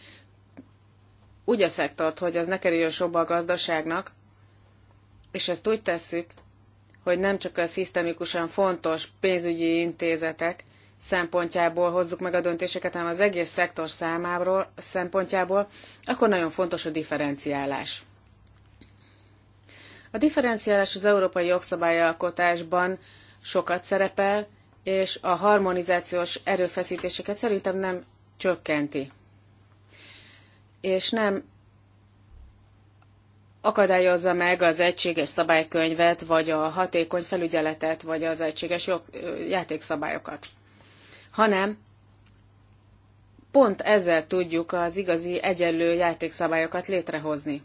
úgy a szektort, hogy az ne kerüljön sokba a gazdaságnak, és ezt úgy tesszük, hogy nem csak a szisztemikusan fontos pénzügyi intézetek szempontjából hozzuk meg a döntéseket, hanem az egész szektor számáról szempontjából, akkor nagyon fontos a differenciálás. A differenciálás az európai jogszabályalkotásban sokat szerepel, és a harmonizációs erőfeszítéseket szerintem nem csökkenti. És nem akadályozza meg az egységes szabálykönyvet, vagy a hatékony felügyeletet, vagy az egységes jog, játékszabályokat. Hanem pont ezzel tudjuk az igazi egyenlő játékszabályokat létrehozni.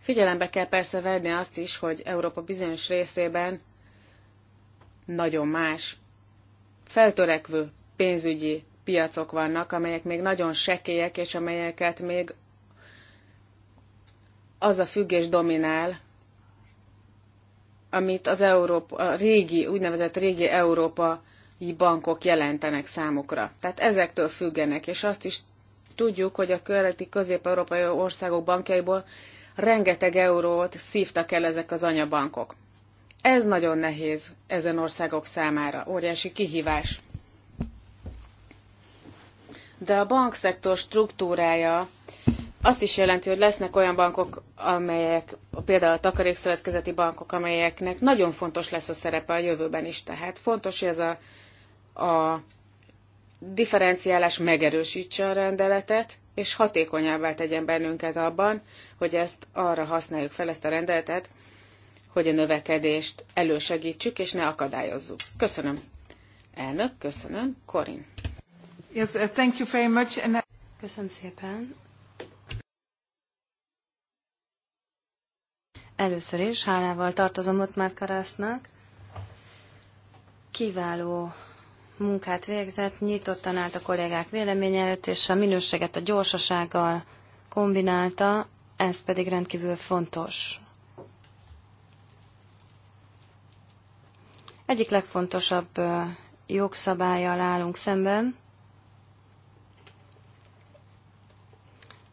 Figyelembe kell persze venni azt is, hogy Európa bizonyos részében nagyon más feltörekvő pénzügyi piacok vannak, amelyek még nagyon sekélyek, és amelyeket még az a függés dominál, amit az Európa, a régi, úgynevezett régi európai bankok jelentenek számukra. Tehát ezektől függenek, és azt is tudjuk, hogy a keleti közép-európai országok bankjaiból rengeteg eurót szívtak el ezek az anyabankok. Ez nagyon nehéz ezen országok számára, óriási kihívás. De a bankszektor struktúrája azt is jelenti, hogy lesznek olyan bankok, amelyek, például a takarékszövetkezeti bankok, amelyeknek nagyon fontos lesz a szerepe a jövőben is. Tehát fontos, hogy ez a, a differenciálás megerősítse a rendeletet, és hatékonyabbá tegyen bennünket abban, hogy ezt arra használjuk fel, ezt a rendeletet, hogy a növekedést elősegítsük és ne akadályozzuk. Köszönöm. Elnök, köszönöm. Corin. Yes, uh, thank you very much. And... Köszönöm szépen. Először is hálával tartozom ott már Karásznak. Kiváló munkát végzett, nyitottan állt a kollégák vélemény előtt, és a minőséget a gyorsasággal kombinálta, ez pedig rendkívül fontos. Egyik legfontosabb jogszabályjal állunk szemben.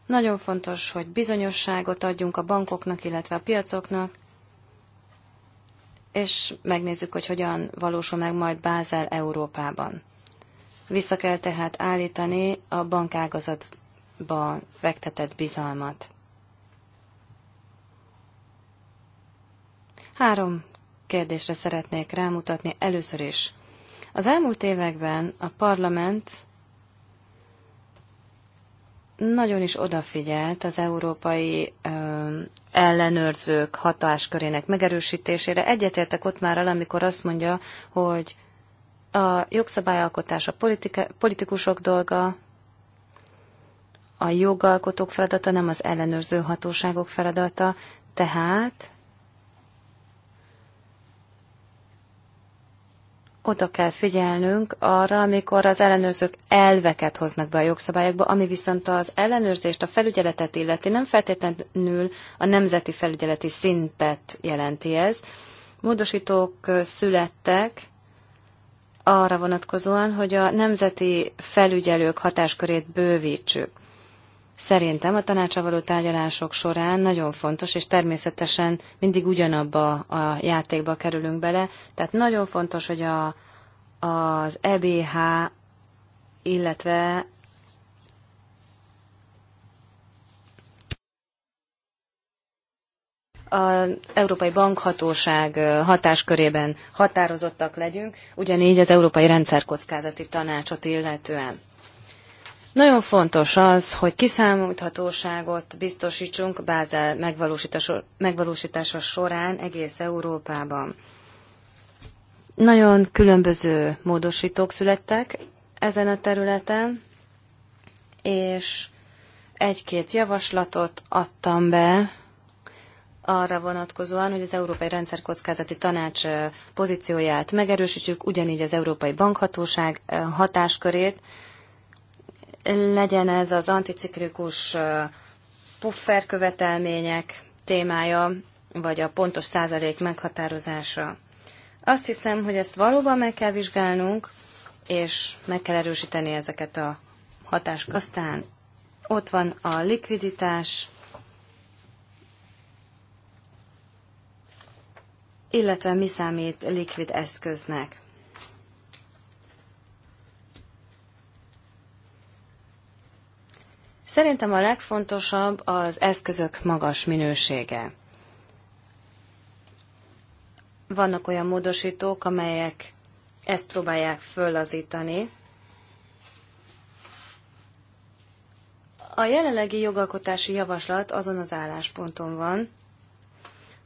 Nagyon fontos, hogy bizonyosságot adjunk a bankoknak, illetve a piacoknak, és megnézzük, hogy hogyan valósul meg majd Bázel Európában. Vissza kell tehát állítani a bankágazatba fektetett bizalmat. Három kérdésre szeretnék rámutatni először is. Az elmúlt években a parlament nagyon is odafigyelt az európai ö, ellenőrzők hatáskörének megerősítésére. Egyetértek ott már el, amikor azt mondja, hogy a jogszabályalkotás a politika, politikusok dolga, a jogalkotók feladata, nem az ellenőrző hatóságok feladata, tehát oda kell figyelnünk arra, amikor az ellenőrzők elveket hoznak be a jogszabályokba, ami viszont az ellenőrzést, a felügyeletet illeti, nem feltétlenül a nemzeti felügyeleti szintet jelenti ez. Módosítók születtek arra vonatkozóan, hogy a nemzeti felügyelők hatáskörét bővítsük. Szerintem a tanácsa való tárgyalások során nagyon fontos, és természetesen mindig ugyanabba a játékba kerülünk bele, tehát nagyon fontos, hogy a, az EBH, illetve az Európai Bankhatóság hatáskörében határozottak legyünk, ugyanígy az Európai Rendszerkockázati Tanácsot illetően. Nagyon fontos az, hogy kiszámíthatóságot biztosítsunk Bázel megvalósítása, megvalósítása során egész Európában. Nagyon különböző módosítók születtek ezen a területen, és egy-két javaslatot adtam be arra vonatkozóan, hogy az Európai Rendszerkockázati Tanács pozícióját megerősítsük, ugyanígy az Európai Bankhatóság hatáskörét, legyen ez az anticiklikus puffer követelmények témája, vagy a pontos százalék meghatározása. Azt hiszem, hogy ezt valóban meg kell vizsgálnunk, és meg kell erősíteni ezeket a hatást. Aztán ott van a likviditás, illetve mi számít likvid eszköznek. Szerintem a legfontosabb az eszközök magas minősége. Vannak olyan módosítók, amelyek ezt próbálják föllazítani. A jelenlegi jogalkotási javaslat azon az állásponton van,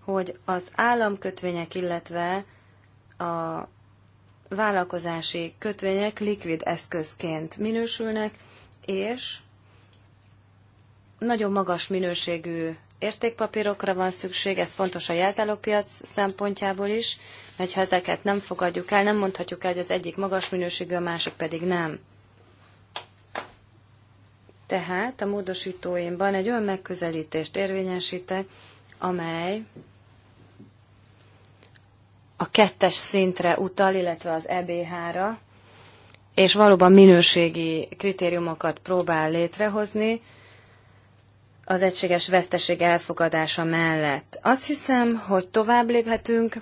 hogy az államkötvények, illetve a vállalkozási kötvények likvid eszközként minősülnek, és nagyon magas minőségű értékpapírokra van szükség, ez fontos a jelzálogpiac szempontjából is, mert ha ezeket nem fogadjuk el, nem mondhatjuk el, hogy az egyik magas minőségű, a másik pedig nem. Tehát a módosítóimban egy olyan megközelítést érvényesítek, amely a kettes szintre utal, illetve az EBH-ra, és valóban minőségi kritériumokat próbál létrehozni, az egységes veszteség elfogadása mellett. Azt hiszem, hogy tovább léphetünk,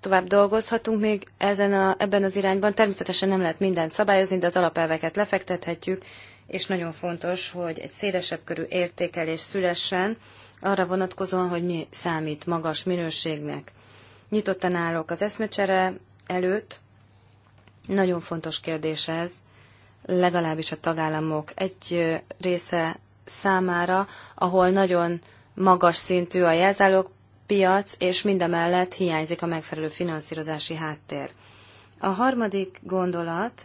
tovább dolgozhatunk még ezen a, ebben az irányban. Természetesen nem lehet mindent szabályozni, de az alapelveket lefektethetjük, és nagyon fontos, hogy egy szélesebb körű értékelés szülessen arra vonatkozóan, hogy mi számít magas minőségnek. Nyitottan állok az eszmecsere előtt. Nagyon fontos kérdés ez, legalábbis a tagállamok egy része számára, ahol nagyon magas szintű a jelzálók piac, és mindemellett hiányzik a megfelelő finanszírozási háttér. A harmadik gondolat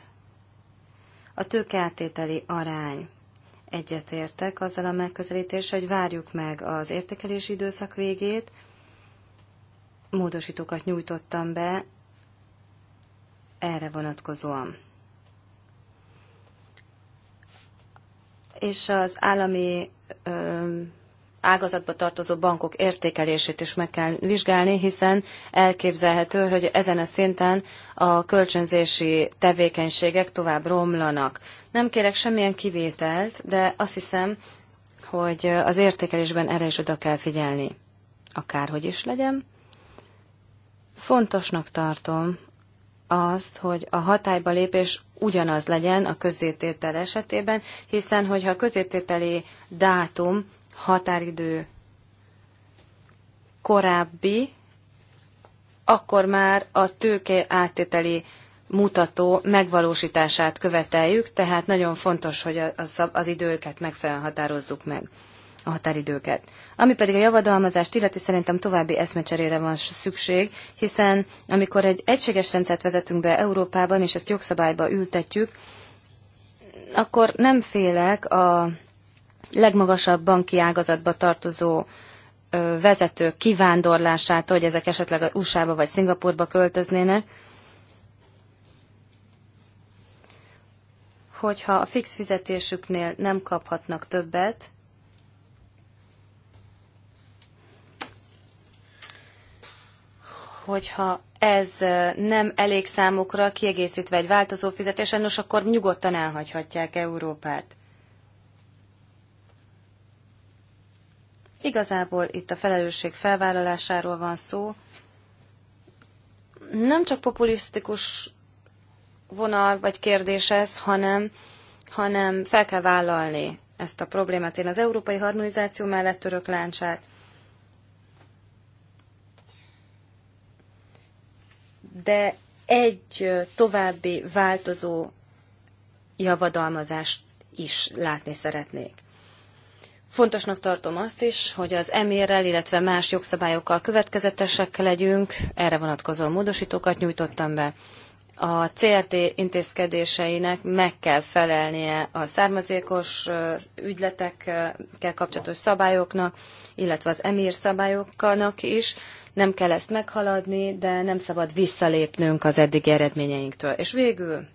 a tőkeáttételi arány. Egyetértek azzal a megközelítéssel, hogy várjuk meg az értékelési időszak végét. Módosítókat nyújtottam be erre vonatkozóan. és az állami ágazatba tartozó bankok értékelését is meg kell vizsgálni, hiszen elképzelhető, hogy ezen a szinten a kölcsönzési tevékenységek tovább romlanak. Nem kérek semmilyen kivételt, de azt hiszem, hogy az értékelésben erre is oda kell figyelni. Akárhogy is legyen. Fontosnak tartom azt, hogy a hatályba lépés ugyanaz legyen a közététel esetében, hiszen hogyha a közétételi dátum határidő korábbi, akkor már a tőke áttételi mutató megvalósítását követeljük, tehát nagyon fontos, hogy az, az időket megfelelően határozzuk meg a határidőket. Ami pedig a javadalmazást illeti, szerintem további eszmecserére van szükség, hiszen amikor egy egységes rendszert vezetünk be Európában, és ezt jogszabályba ültetjük, akkor nem félek a legmagasabb banki ágazatba tartozó vezetők kivándorlásától, hogy ezek esetleg USA-ba vagy Szingapurba költöznének, hogyha a fix fizetésüknél nem kaphatnak többet, hogyha ez nem elég számukra kiegészítve egy változó fizetésen, nos akkor nyugodtan elhagyhatják Európát. Igazából itt a felelősség felvállalásáról van szó. Nem csak populisztikus vonal vagy kérdés ez, hanem, hanem fel kell vállalni ezt a problémát. Én az európai harmonizáció mellett török láncsát de egy további változó javadalmazást is látni szeretnék. Fontosnak tartom azt is, hogy az emérrel, illetve más jogszabályokkal következetesek legyünk, erre vonatkozó módosítókat nyújtottam be. A CRT intézkedéseinek meg kell felelnie a származékos ügyletekkel kapcsolatos szabályoknak, illetve az emír szabályoknak is, nem kell ezt meghaladni, de nem szabad visszalépnünk az eddigi eredményeinktől. És végül,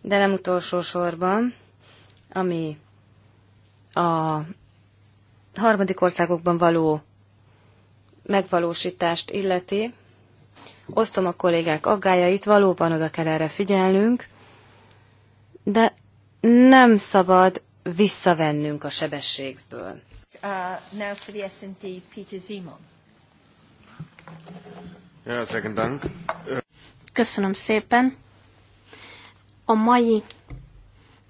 de nem utolsó sorban, ami a harmadik országokban való megvalósítást illeti, osztom a kollégák aggájait, valóban oda kell erre figyelnünk, de nem szabad visszavennünk a sebességből. Uh, now for the S&D, Peter Zimon. Köszönöm szépen. A mai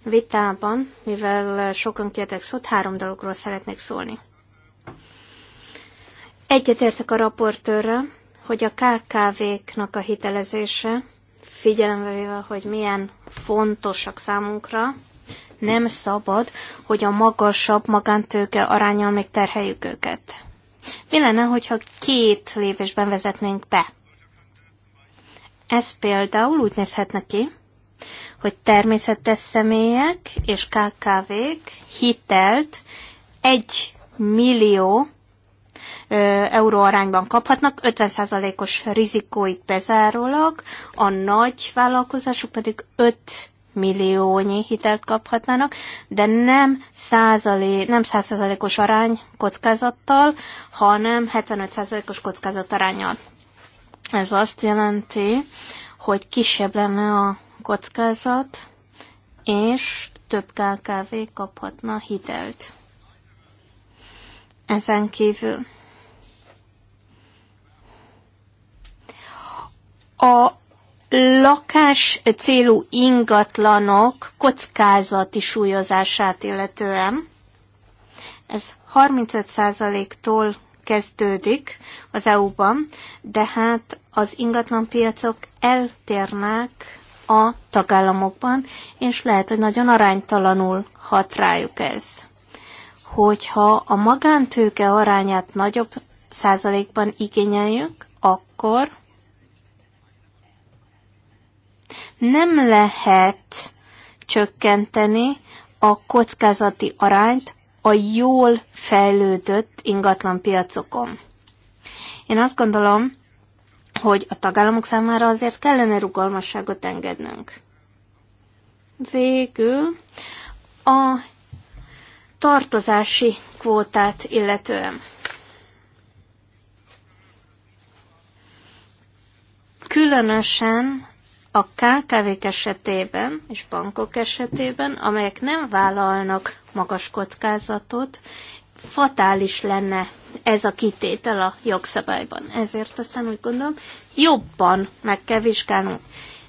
vitában, mivel sokan kértek szót, három dologról szeretnék szólni. Egyetértek a raportőrrel, hogy a KKV-knak a hitelezése, figyelembe véve, hogy milyen fontosak számunkra, nem szabad, hogy a magasabb magántőke arányal még terheljük őket. Mi lenne, hogyha két lépésben vezetnénk be? Ez például úgy nézhetne ki, hogy természetes személyek és KKV-k hitelt egy millió euró arányban kaphatnak, 50%-os rizikóig bezárólag, a nagy vállalkozások pedig 5 milliónyi hitelt kaphatnának, de nem, százalé, nem 100%-os arány kockázattal, hanem 75%-os arányal. Ez azt jelenti, hogy kisebb lenne a kockázat, és több KKV kaphatna hitelt. Ezen kívül a lakás célú ingatlanok kockázati súlyozását illetően. Ez 35%-tól kezdődik az EU-ban, de hát az ingatlanpiacok eltérnek a tagállamokban, és lehet, hogy nagyon aránytalanul hat rájuk ez. Hogyha a magántőke arányát nagyobb százalékban igényeljük, akkor nem lehet csökkenteni a kockázati arányt a jól fejlődött ingatlan piacokon. Én azt gondolom, hogy a tagállamok számára azért kellene rugalmasságot engednünk. Végül a tartozási kvótát illetően. Különösen a KKV-k esetében és bankok esetében, amelyek nem vállalnak magas kockázatot, fatális lenne ez a kitétel a jogszabályban. Ezért aztán úgy gondolom, jobban meg kell vizsgálnunk.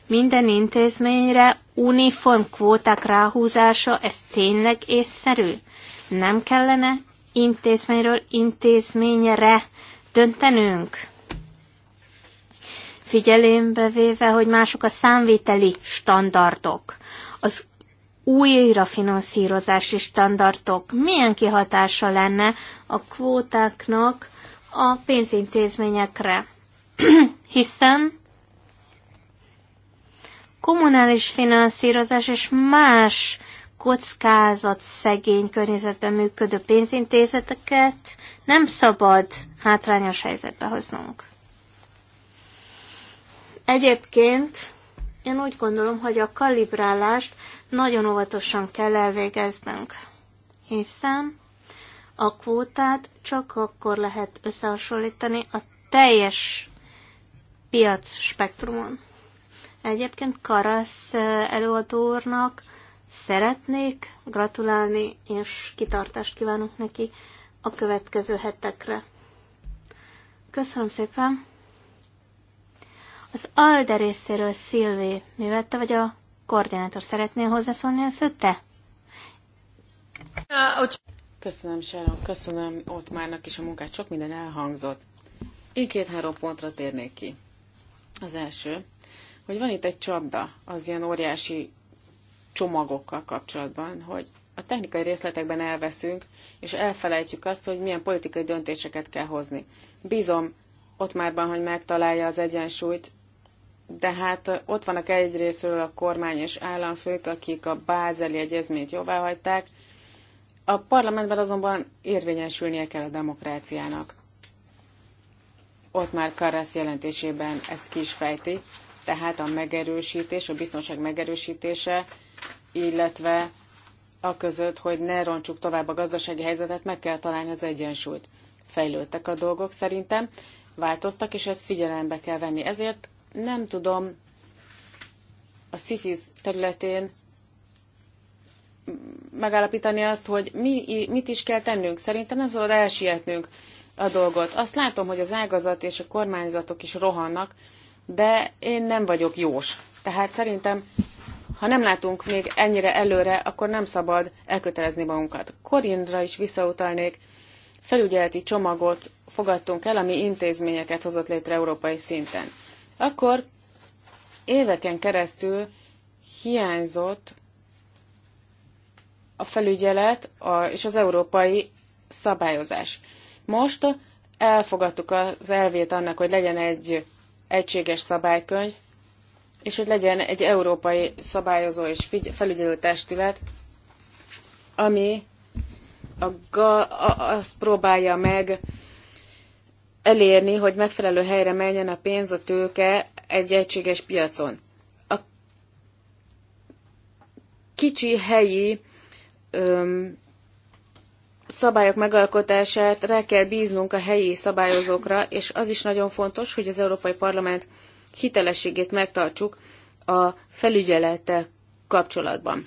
Minden intézményre uniform kvóták ráhúzása, ez tényleg észszerű? Nem kellene intézményről intézményre döntenünk? figyelembe véve, hogy mások a számvételi standardok, az újrafinanszírozási standardok milyen kihatása lenne a kvótáknak a pénzintézményekre. Hiszen kommunális finanszírozás és más kockázat szegény környezetben működő pénzintézeteket nem szabad hátrányos helyzetbe hoznunk. Egyébként én úgy gondolom, hogy a kalibrálást nagyon óvatosan kell elvégeznünk, hiszen a kvótát csak akkor lehet összehasonlítani a teljes piac spektrumon. Egyébként Karasz eh, előadó úrnak szeretnék gratulálni, és kitartást kívánok neki a következő hetekre. Köszönöm szépen! Az ALDE részéről Szilvi, mivel vagy a koordinátor, szeretnél hozzászólni az te? Köszönöm, Sharon, köszönöm ott márnak is a munkát, sok minden elhangzott. Én két-három pontra térnék ki. Az első, hogy van itt egy csapda az ilyen óriási csomagokkal kapcsolatban, hogy a technikai részletekben elveszünk, és elfelejtjük azt, hogy milyen politikai döntéseket kell hozni. Bízom ott márban, hogy megtalálja az egyensúlyt, de hát ott vannak egyrésztről a kormány és államfők, akik a bázeli egyezményt hagyták. a parlamentben azonban érvényesülnie kell a demokráciának. Ott már Karasz jelentésében ezt ki is fejti, tehát a megerősítés, a biztonság megerősítése, illetve a között, hogy ne roncsuk tovább a gazdasági helyzetet, meg kell találni az egyensúlyt. Fejlődtek a dolgok szerintem, változtak, és ezt figyelembe kell venni. Ezért nem tudom a szifiz területén megállapítani azt, hogy mi, mit is kell tennünk. Szerintem nem szabad elsietnünk a dolgot. Azt látom, hogy az ágazat és a kormányzatok is rohannak, de én nem vagyok jós. Tehát szerintem, ha nem látunk még ennyire előre, akkor nem szabad elkötelezni magunkat. Korinra is visszautalnék, felügyeleti csomagot fogadtunk el, ami intézményeket hozott létre európai szinten akkor éveken keresztül hiányzott a felügyelet a, és az európai szabályozás. Most elfogadtuk az elvét annak, hogy legyen egy egységes szabálykönyv, és hogy legyen egy európai szabályozó és felügyelő testület, ami a, a, azt próbálja meg elérni, hogy megfelelő helyre menjen a pénz, a tőke egy egységes piacon. A kicsi helyi öm, szabályok megalkotását rá kell bíznunk a helyi szabályozókra, és az is nagyon fontos, hogy az Európai Parlament hitelességét megtartsuk a felügyelettel kapcsolatban.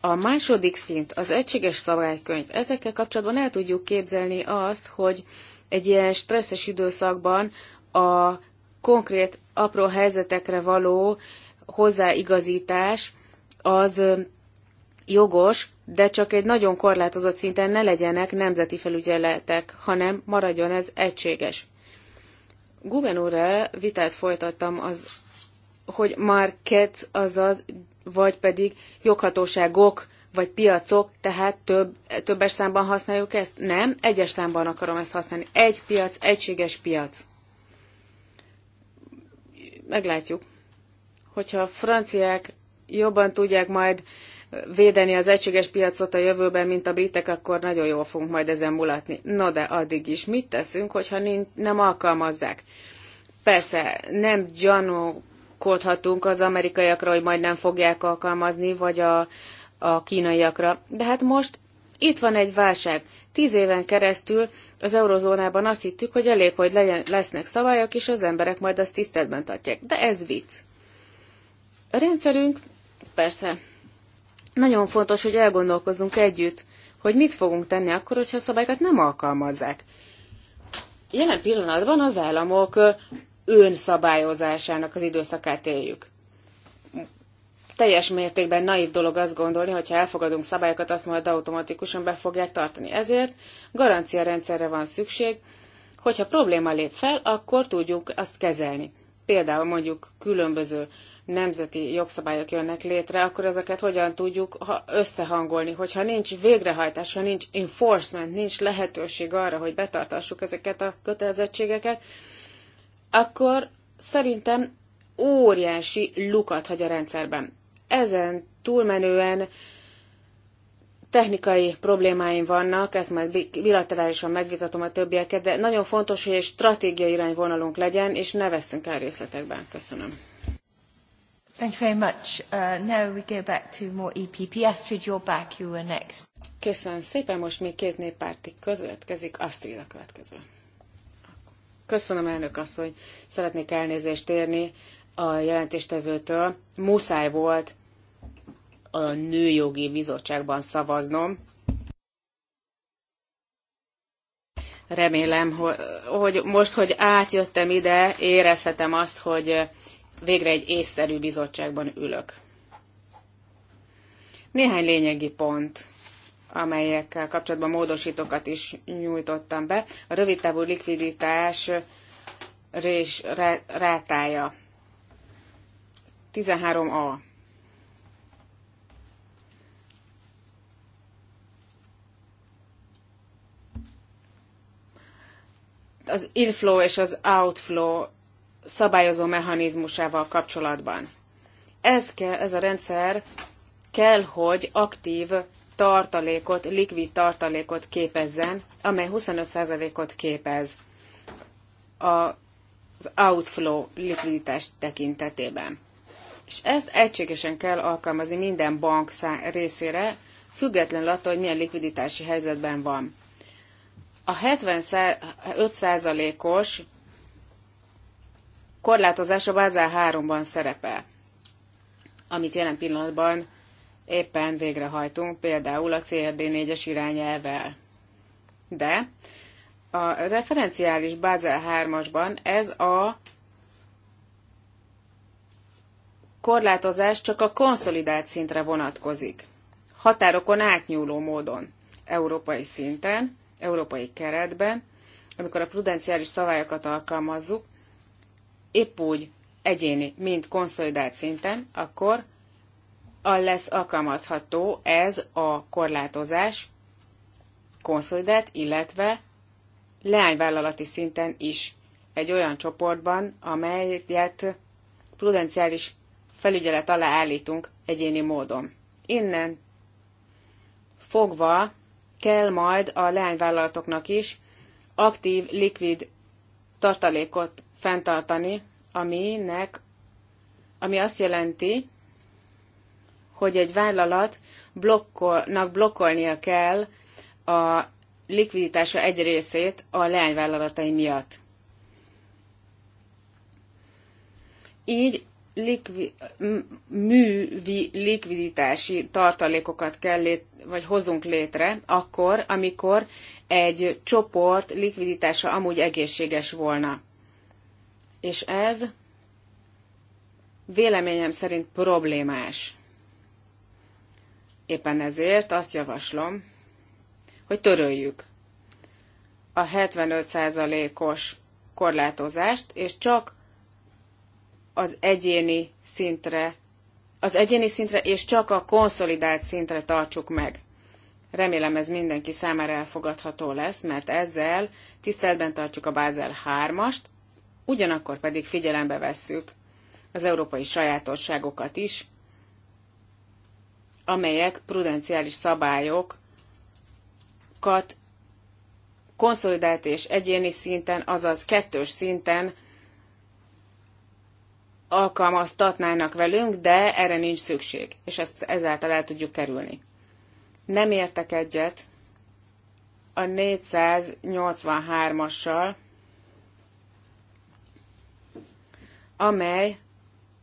A második szint, az egységes szabálykönyv. Ezekkel kapcsolatban el tudjuk képzelni azt, hogy egy ilyen stresszes időszakban a konkrét apró helyzetekre való hozzáigazítás az jogos, de csak egy nagyon korlátozott szinten ne legyenek nemzeti felügyeletek, hanem maradjon ez egységes. Guben vitát folytattam az, hogy market, azaz, vagy pedig joghatóságok vagy piacok, tehát több, többes számban használjuk ezt? Nem, egyes számban akarom ezt használni. Egy piac, egységes piac. Meglátjuk. Hogyha a franciák jobban tudják majd védeni az egységes piacot a jövőben, mint a britek, akkor nagyon jól fogunk majd ezen mulatni. No de addig is mit teszünk, hogyha nem alkalmazzák? Persze, nem gyanúkodhatunk az amerikaiakra, hogy majd nem fogják alkalmazni, vagy a a kínaiakra. De hát most itt van egy válság. Tíz éven keresztül az eurozónában azt hittük, hogy elég, hogy legyen, lesznek szabályok, és az emberek majd azt tiszteletben tartják. De ez vicc. A rendszerünk, persze, nagyon fontos, hogy elgondolkozzunk együtt, hogy mit fogunk tenni akkor, hogyha a szabályokat nem alkalmazzák. Jelen pillanatban az államok önszabályozásának az időszakát éljük teljes mértékben naív dolog azt gondolni, hogy ha elfogadunk szabályokat, azt majd automatikusan be fogják tartani. Ezért garancia rendszerre van szükség, hogyha probléma lép fel, akkor tudjuk azt kezelni. Például mondjuk különböző nemzeti jogszabályok jönnek létre, akkor ezeket hogyan tudjuk összehangolni, hogyha nincs végrehajtás, ha nincs enforcement, nincs lehetőség arra, hogy betartassuk ezeket a kötelezettségeket, akkor szerintem óriási lukat hagy a rendszerben ezen túlmenően technikai problémáim vannak, ezt majd bilaterálisan megvitatom a többieket, de nagyon fontos, hogy egy stratégiai irányvonalunk legyen, és ne vesszünk el részletekben. Köszönöm. Thank you very much. Uh, now we go back to more EPP. Astrid, you're back. You were next. Köszönöm szépen. Most még két néppárti közvetkezik. Astrid a következő. Köszönöm, elnök asszony. Szeretnék elnézést érni a jelentéstevőtől, muszáj volt a Nőjogi Bizottságban szavaznom. Remélem, hogy most, hogy átjöttem ide, érezhetem azt, hogy végre egy észszerű bizottságban ülök. Néhány lényegi pont, amelyekkel kapcsolatban módosítókat is nyújtottam be. A rövidtávú likviditás rés, rátája 13A. Az inflow és az outflow szabályozó mechanizmusával kapcsolatban. Ez, kell, ez a rendszer kell, hogy aktív tartalékot, likvid tartalékot képezzen, amely 25%-ot képez a, az outflow likviditás tekintetében. És ezt egységesen kell alkalmazni minden bank részére, függetlenül attól, hogy milyen likviditási helyzetben van. A 75%-os korlátozás a Bázál 3-ban szerepel, amit jelen pillanatban éppen végrehajtunk, például a CRD 4-es irányelvel. De a referenciális Bázel 3-asban ez a korlátozás csak a konszolidált szintre vonatkozik. Határokon átnyúló módon, európai szinten, európai keretben, amikor a prudenciális szabályokat alkalmazzuk, épp úgy egyéni, mint konszolidált szinten, akkor lesz alkalmazható ez a korlátozás konszolidált, illetve leányvállalati szinten is egy olyan csoportban, amelyet prudenciális felügyelet alá állítunk egyéni módon. Innen fogva kell majd a leányvállalatoknak is aktív, likvid tartalékot fenntartani, aminek, ami azt jelenti, hogy egy vállalat blokkolnak blokkolnia kell a likviditása egy részét a leányvállalatai miatt. Így likvi, művi likviditási tartalékokat kell lét, vagy hozunk létre, akkor, amikor egy csoport likviditása amúgy egészséges volna. És ez véleményem szerint problémás. Éppen ezért azt javaslom, hogy töröljük a 75%-os korlátozást, és csak az egyéni szintre, az egyéni szintre és csak a konszolidált szintre tartsuk meg. Remélem ez mindenki számára elfogadható lesz, mert ezzel tiszteletben tartjuk a Bázel 3-ast, ugyanakkor pedig figyelembe vesszük az európai sajátosságokat is, amelyek prudenciális szabályokat konszolidált és egyéni szinten, azaz kettős szinten alkalmaztatnának velünk, de erre nincs szükség, és ezt ezáltal el tudjuk kerülni. Nem értek egyet a 483-assal, amely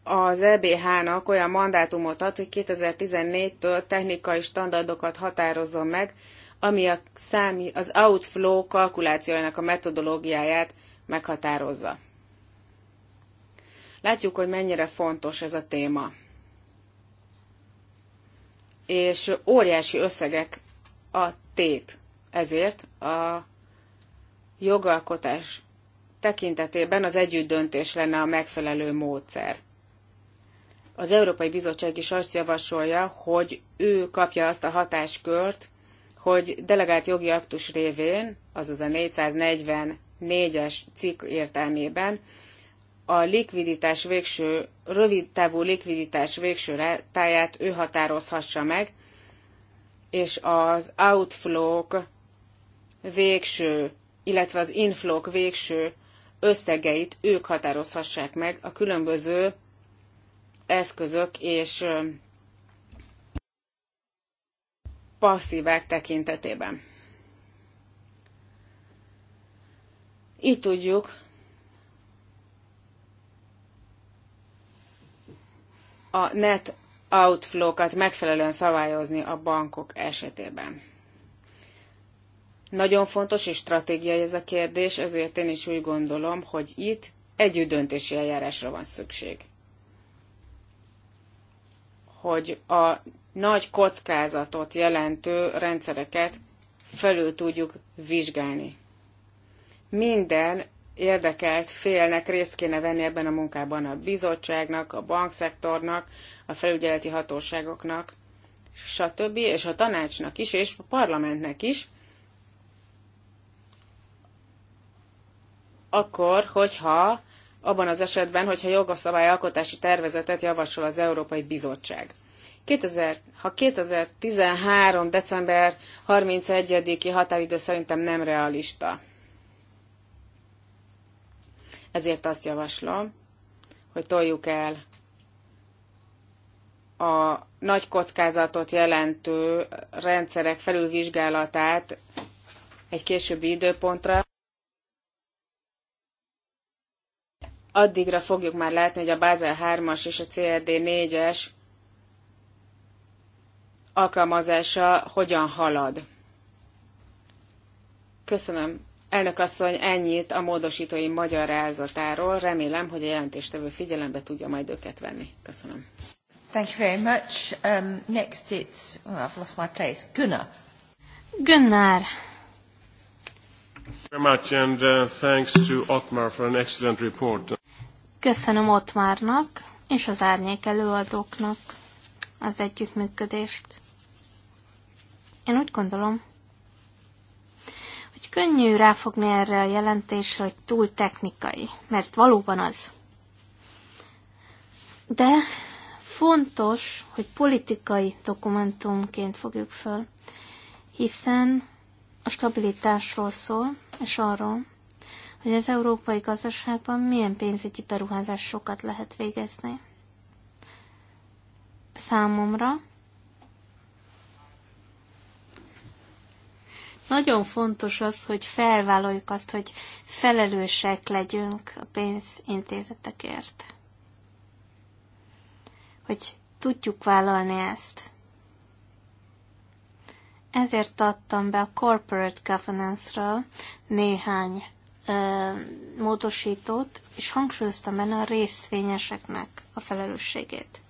az EBH-nak olyan mandátumot ad, hogy 2014-től technikai standardokat határozzon meg, ami a számi, az outflow kalkulációjának a metodológiáját meghatározza. Látjuk, hogy mennyire fontos ez a téma. És óriási összegek a tét. Ezért a jogalkotás tekintetében az együtt döntés lenne a megfelelő módszer. Az Európai Bizottság is azt javasolja, hogy ő kapja azt a hatáskört, hogy delegált jogi aktus révén, azaz a 444-es cikk értelmében a likviditás végső, rövid távú likviditás végső táját ő határozhassa meg, és az outflow végső, illetve az inflow végső összegeit ők határozhassák meg a különböző eszközök és passzívák tekintetében. Így tudjuk a net outflow-kat megfelelően szabályozni a bankok esetében. Nagyon fontos és stratégiai ez a kérdés, ezért én is úgy gondolom, hogy itt együttdöntési döntési eljárásra van szükség. Hogy a nagy kockázatot jelentő rendszereket felül tudjuk vizsgálni. Minden érdekelt félnek részt kéne venni ebben a munkában a bizottságnak, a bankszektornak, a felügyeleti hatóságoknak, stb., és a tanácsnak is, és a parlamentnek is, akkor, hogyha abban az esetben, hogyha jogszabályalkotási tervezetet javasol az Európai Bizottság. 2000, ha 2013. december 31-i határidő szerintem nem realista. Ezért azt javaslom, hogy toljuk el a nagy kockázatot jelentő rendszerek felülvizsgálatát egy későbbi időpontra. Addigra fogjuk már látni, hogy a Bázel 3-as és a CRD 4-es alkalmazása hogyan halad. Köszönöm Elnök asszony, ennyit a módosítói magyarázatáról. Remélem, hogy a jelentéstevő figyelembe tudja majd őket venni. Köszönöm. Thank you very much. Um, next it's... Oh, I've lost my place. Gunnar. Gunnar. Very much and uh, thanks to Otmar for an excellent report. Köszönöm Ottmárnak és az árnyék előadóknak az együttműködést. Én úgy gondolom, így könnyű ráfogni erre a jelentésre, hogy túl technikai, mert valóban az. De fontos, hogy politikai dokumentumként fogjuk föl, hiszen a stabilitásról szól, és arról, hogy az európai gazdaságban milyen pénzügyi beruházásokat lehet végezni. Számomra Nagyon fontos az, hogy felvállaljuk azt, hogy felelősek legyünk a pénzintézetekért. Hogy tudjuk vállalni ezt. Ezért adtam be a corporate governance-ra néhány ö, módosítót, és hangsúlyoztam benne a részvényeseknek a felelősségét.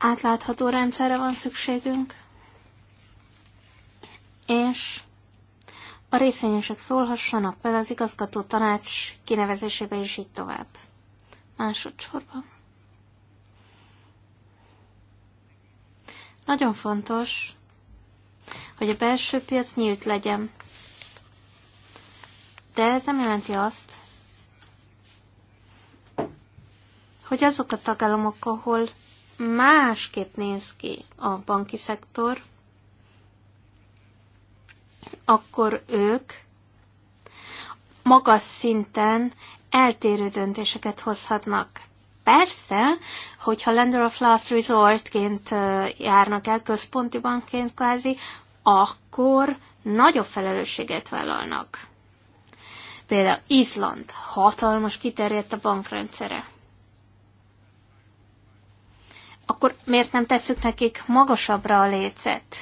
átlátható rendszerre van szükségünk, és a részvényesek szólhassanak fel az igazgató tanács kinevezésébe, is így tovább. Másodszorban. Nagyon fontos, hogy a belső piac nyílt legyen. De ez nem jelenti azt, hogy azok a tagállamok, ahol másképp néz ki a banki szektor, akkor ők magas szinten eltérő döntéseket hozhatnak. Persze, hogyha lender of last resortként járnak el központi bankként kvázi, akkor nagyobb felelősséget vállalnak. Például Izland hatalmas kiterjedt a bankrendszere akkor miért nem tesszük nekik magasabbra a lécet?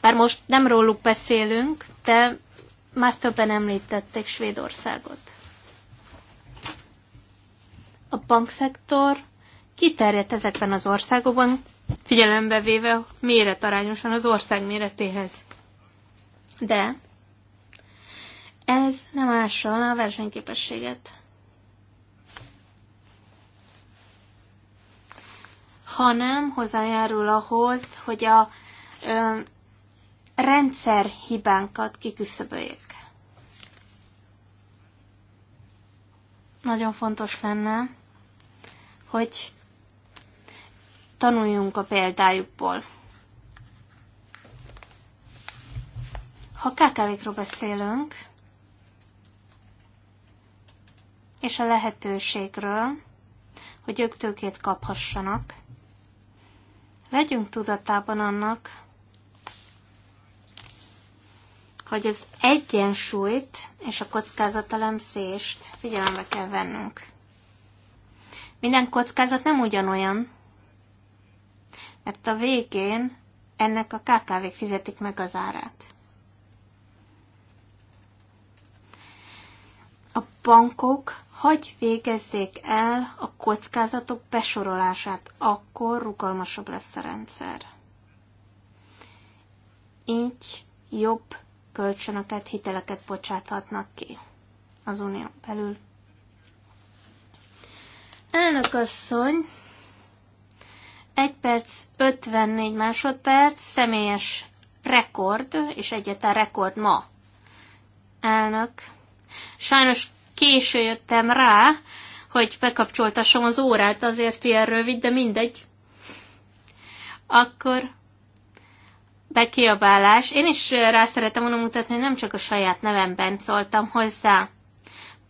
Bár most nem róluk beszélünk, de már többen említették Svédországot. A bankszektor kiterjedt ezekben az országokban, figyelembe véve méretarányosan az ország méretéhez. De ez nem ássa a versenyképességet. hanem hozzájárul ahhoz, hogy a ö, rendszer hibánkat kiküszöböljék. Nagyon fontos lenne, hogy tanuljunk a példájukból. Ha KKV-król beszélünk, és a lehetőségről, hogy ők tőkét kaphassanak, Legyünk tudatában annak, hogy az egyensúlyt és a kockázatelemzést figyelembe kell vennünk. Minden kockázat nem ugyanolyan, mert a végén ennek a kkv fizetik meg az árát. A bankok hagy végezzék el a kockázatok besorolását, akkor rugalmasabb lesz a rendszer. Így jobb kölcsönöket, hiteleket bocsáthatnak ki az unión belül. Elnök asszony, Egy perc 54 másodperc, személyes rekord, és egyetlen rekord ma. Elnök, sajnos késő jöttem rá, hogy bekapcsoltassam az órát, azért ilyen rövid, de mindegy. Akkor bekiabálás. Én is rá szeretem volna mutatni, nem csak a saját nevemben szóltam hozzá.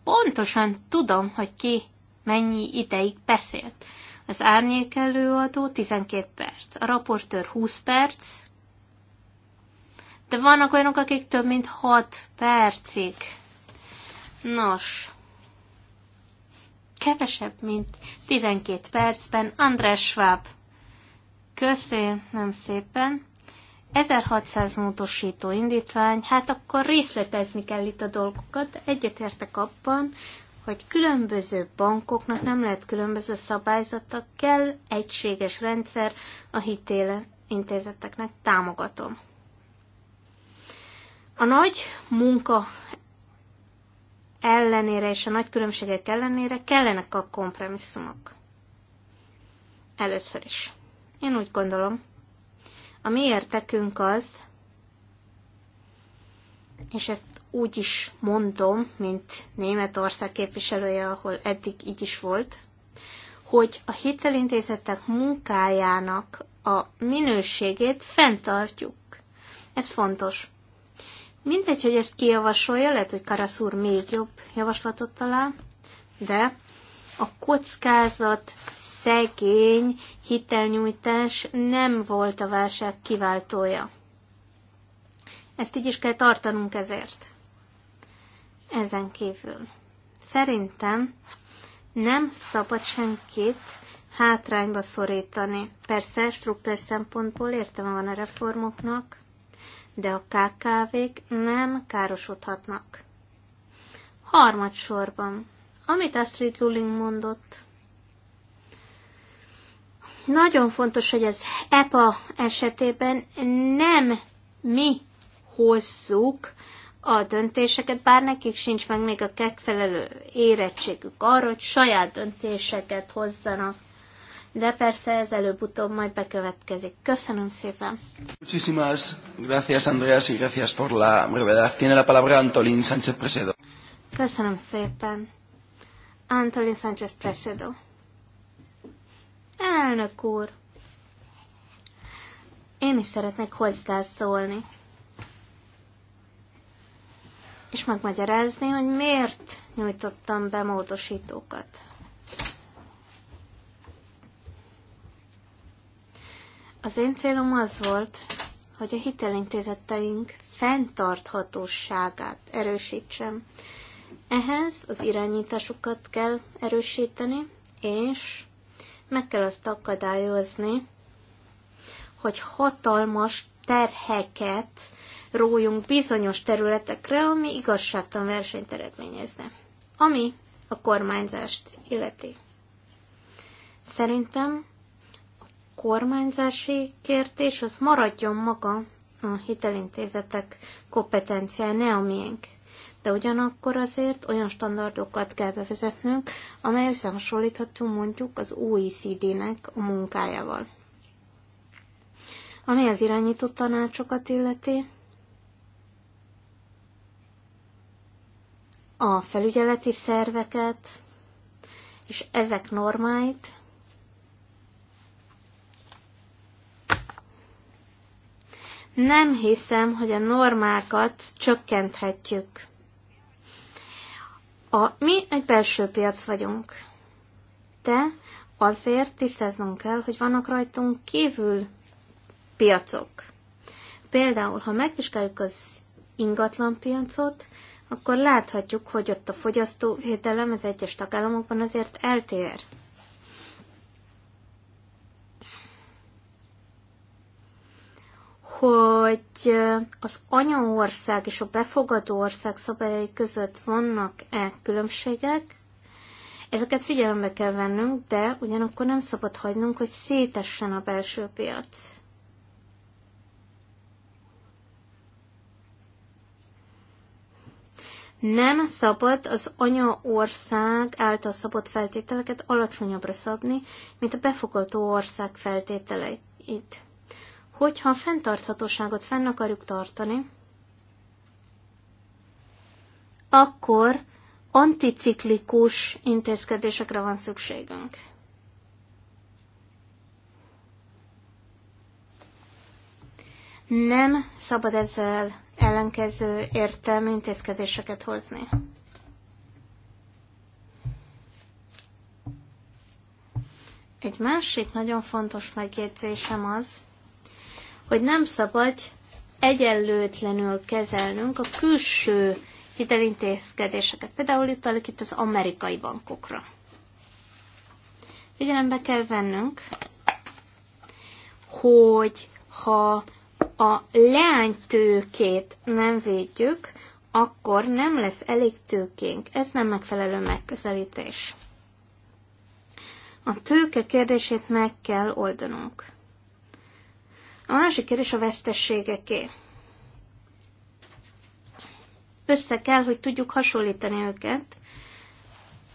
Pontosan tudom, hogy ki mennyi ideig beszélt. Az árnyék előadó 12 perc, a raportőr 20 perc, de vannak olyanok, akik több mint 6 percig Nos, kevesebb, mint 12 percben András Schwab. Köszönöm szépen. 1600 módosító indítvány, hát akkor részletezni kell itt a dolgokat. Egyetértek abban, hogy különböző bankoknak nem lehet különböző szabályzata, kell egységes rendszer a hitéle intézeteknek támogatom. A nagy munka ellenére és a nagy különbségek ellenére kellenek a kompromisszumok. Először is. Én úgy gondolom. A mi értekünk az, és ezt úgy is mondom, mint Németország képviselője, ahol eddig így is volt, hogy a hitelintézetek munkájának a minőségét fenntartjuk. Ez fontos. Mindegy, hogy ezt kijavasolja, lehet, hogy Karasz úr még jobb javaslatot talál, de a kockázat szegény hitelnyújtás nem volt a válság kiváltója. Ezt így is kell tartanunk ezért. Ezen kívül. Szerintem nem szabad senkit hátrányba szorítani. Persze, struktúr szempontból értem van a reformoknak, de a KKV-k nem károsodhatnak. Harmadsorban, amit Astrid Luling mondott, nagyon fontos, hogy az EPA esetében nem mi hozzuk a döntéseket, bár nekik sincs meg még a megfelelő érettségük arra, hogy saját döntéseket hozzanak de persze ez előbb-utóbb majd bekövetkezik. Köszönöm szépen! Muchísimas gracias, Andreas, y gracias por la brevedad. Tiene la palabra Antolín Sánchez Presedo. Köszönöm szépen! Antolín Sánchez Presedo. Elnök úr! Én is szeretnék hozzászólni és megmagyarázni, hogy miért nyújtottam be módosítókat. Az én célom az volt, hogy a hitelintézeteink fenntarthatóságát erősítsem. Ehhez az irányításukat kell erősíteni, és meg kell azt akadályozni, hogy hatalmas terheket rójunk bizonyos területekre, ami igazságtalan versenyt eredményezne. Ami a kormányzást illeti. Szerintem kormányzási kérdés az maradjon maga a hitelintézetek kompetenciája, ne a miénk. De ugyanakkor azért olyan standardokat kell bevezetnünk, amely összehasonlítható mondjuk az OECD-nek a munkájával. Ami az irányító tanácsokat illeti, a felügyeleti szerveket, és ezek normáit Nem hiszem, hogy a normákat csökkenthetjük. A, mi egy belső piac vagyunk, de azért tisztáznunk kell, hogy vannak rajtunk kívül piacok. Például, ha megvizsgáljuk az ingatlan piacot, akkor láthatjuk, hogy ott a fogyasztóvédelem az egyes tagállamokban azért eltér. hogy az anyaország és a befogadó ország szabályai között vannak-e különbségek. Ezeket figyelembe kell vennünk, de ugyanakkor nem szabad hagynunk, hogy szétessen a belső piac. nem szabad az anyaország által szabott feltételeket alacsonyabbra szabni, mint a befogadó ország feltételeit. Hogyha a fenntarthatóságot fenn akarjuk tartani, akkor anticiklikus intézkedésekre van szükségünk. Nem szabad ezzel ellenkező értelmű intézkedéseket hozni. Egy másik nagyon fontos megjegyzésem az, hogy nem szabad egyenlőtlenül kezelnünk a külső hitelintézkedéseket. Például utalok itt az amerikai bankokra. Figyelembe kell vennünk, hogy ha a leánytőkét nem védjük, akkor nem lesz elég tőkénk. Ez nem megfelelő megközelítés. A tőke kérdését meg kell oldanunk. A másik kérdés a vesztességeké. Össze kell, hogy tudjuk hasonlítani őket,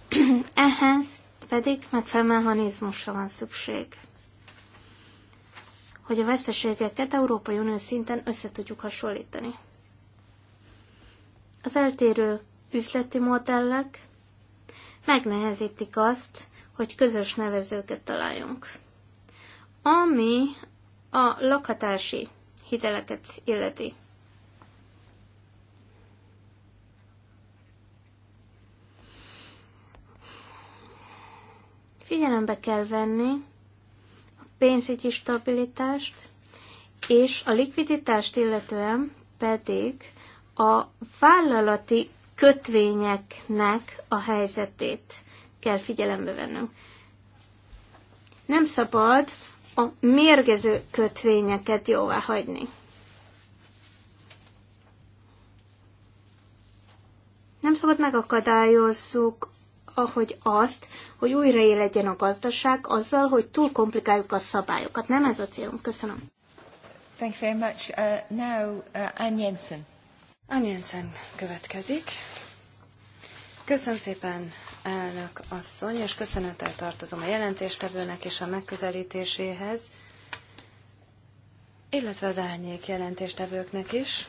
ehhez pedig megfelelő mechanizmusra van szükség hogy a veszteségeket Európai Unió szinten össze tudjuk hasonlítani. Az eltérő üzleti modellek megnehezítik azt, hogy közös nevezőket találjunk. Ami a lakhatási hiteleket illeti. Figyelembe kell venni a pénzügyi stabilitást, és a likviditást illetően pedig a vállalati kötvényeknek a helyzetét kell figyelembe vennünk. Nem szabad a mérgező kötvényeket jóvá hagyni. Nem szabad megakadályozzuk ahogy azt, hogy újra legyen a gazdaság azzal, hogy túl komplikáljuk a szabályokat. Nem ez a célunk. Köszönöm. Thank you very much. Uh, now, uh, Ann Jensen. Ann Jensen következik. Köszönöm szépen, elnök asszony, és köszönettel tartozom a jelentéstevőnek és a megközelítéséhez, illetve az árnyék jelentéstevőknek is,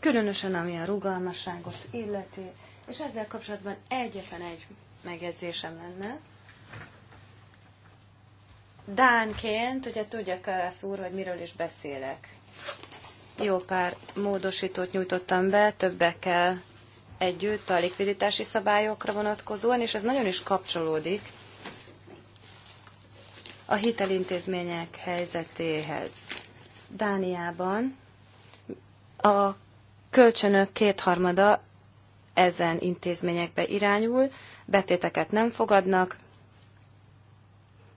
különösen ami a rugalmasságot illeti, és ezzel kapcsolatban egyetlen egy megjegyzésem lenne. Dánként, ugye tudja Karász úr, hogy miről is beszélek. Jó pár módosítót nyújtottam be, többekkel együtt a likviditási szabályokra vonatkozóan, és ez nagyon is kapcsolódik a hitelintézmények helyzetéhez. Dániában a kölcsönök kétharmada ezen intézményekbe irányul, betéteket nem fogadnak,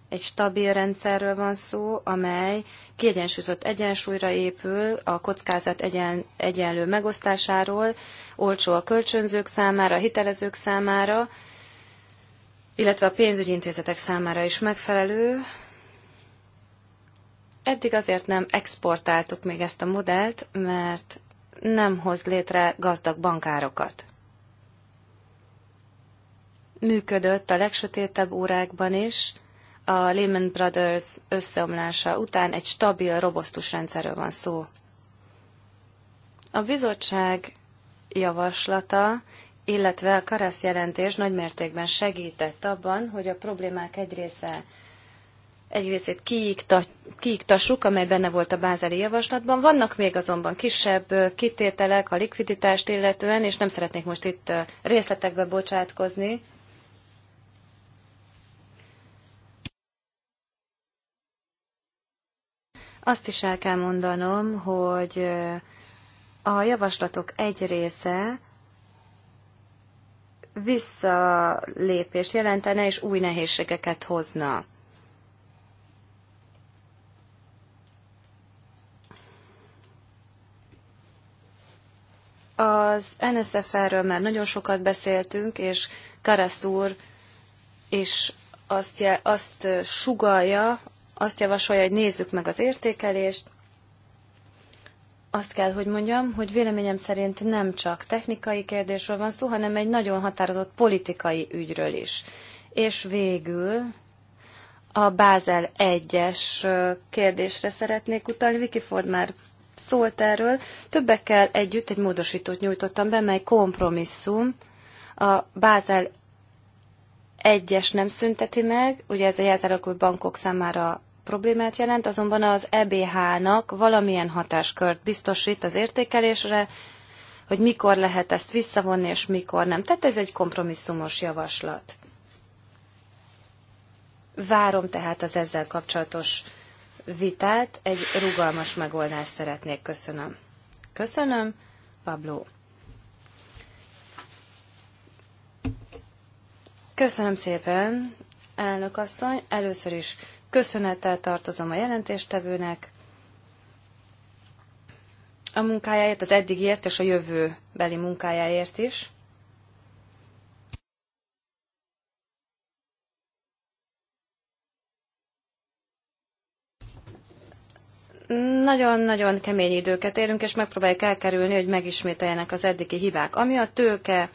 egy stabil rendszerről van szó, amely kiegyensúlyozott egyensúlyra épül a kockázat egyen, egyenlő megosztásáról, olcsó a kölcsönzők számára, a hitelezők számára, illetve a pénzügyi intézetek számára is megfelelő. Eddig azért nem exportáltuk még ezt a modellt, mert nem hoz létre gazdag bankárokat. Működött a legsötétebb órákban is, a Lehman Brothers összeomlása után egy stabil, robosztus rendszerről van szó. A bizottság javaslata, illetve a Karasz jelentés nagymértékben segített abban, hogy a problémák egy része egy részét kiiktassuk, amely benne volt a bázeli javaslatban. Vannak még azonban kisebb kitételek a likviditást illetően, és nem szeretnék most itt részletekbe bocsátkozni, Azt is el kell mondanom, hogy a javaslatok egy része visszalépést jelentene, és új nehézségeket hozna. Az NSFR-ről már nagyon sokat beszéltünk, és Karasz úr is azt, azt sugalja azt javasolja, hogy nézzük meg az értékelést. Azt kell, hogy mondjam, hogy véleményem szerint nem csak technikai kérdésről van szó, hanem egy nagyon határozott politikai ügyről is. És végül a Bázel 1-es kérdésre szeretnék utalni. Vicky Ford már szólt erről. Többekkel együtt egy módosítót nyújtottam be, mely kompromisszum a Bázel egyes nem szünteti meg, ugye ez a jelzálogú bankok számára problémát jelent, azonban az EBH-nak valamilyen hatáskört biztosít az értékelésre, hogy mikor lehet ezt visszavonni, és mikor nem. Tehát ez egy kompromisszumos javaslat. Várom tehát az ezzel kapcsolatos vitát, egy rugalmas megoldást szeretnék. Köszönöm. Köszönöm, Pablo. Köszönöm szépen, elnök asszony. Először is Köszönettel tartozom a jelentéstevőnek, a munkájáért, az eddigért és a jövőbeli munkájáért is. Nagyon-nagyon kemény időket élünk, és megpróbáljuk elkerülni, hogy megismételjenek az eddigi hibák. Ami a tőke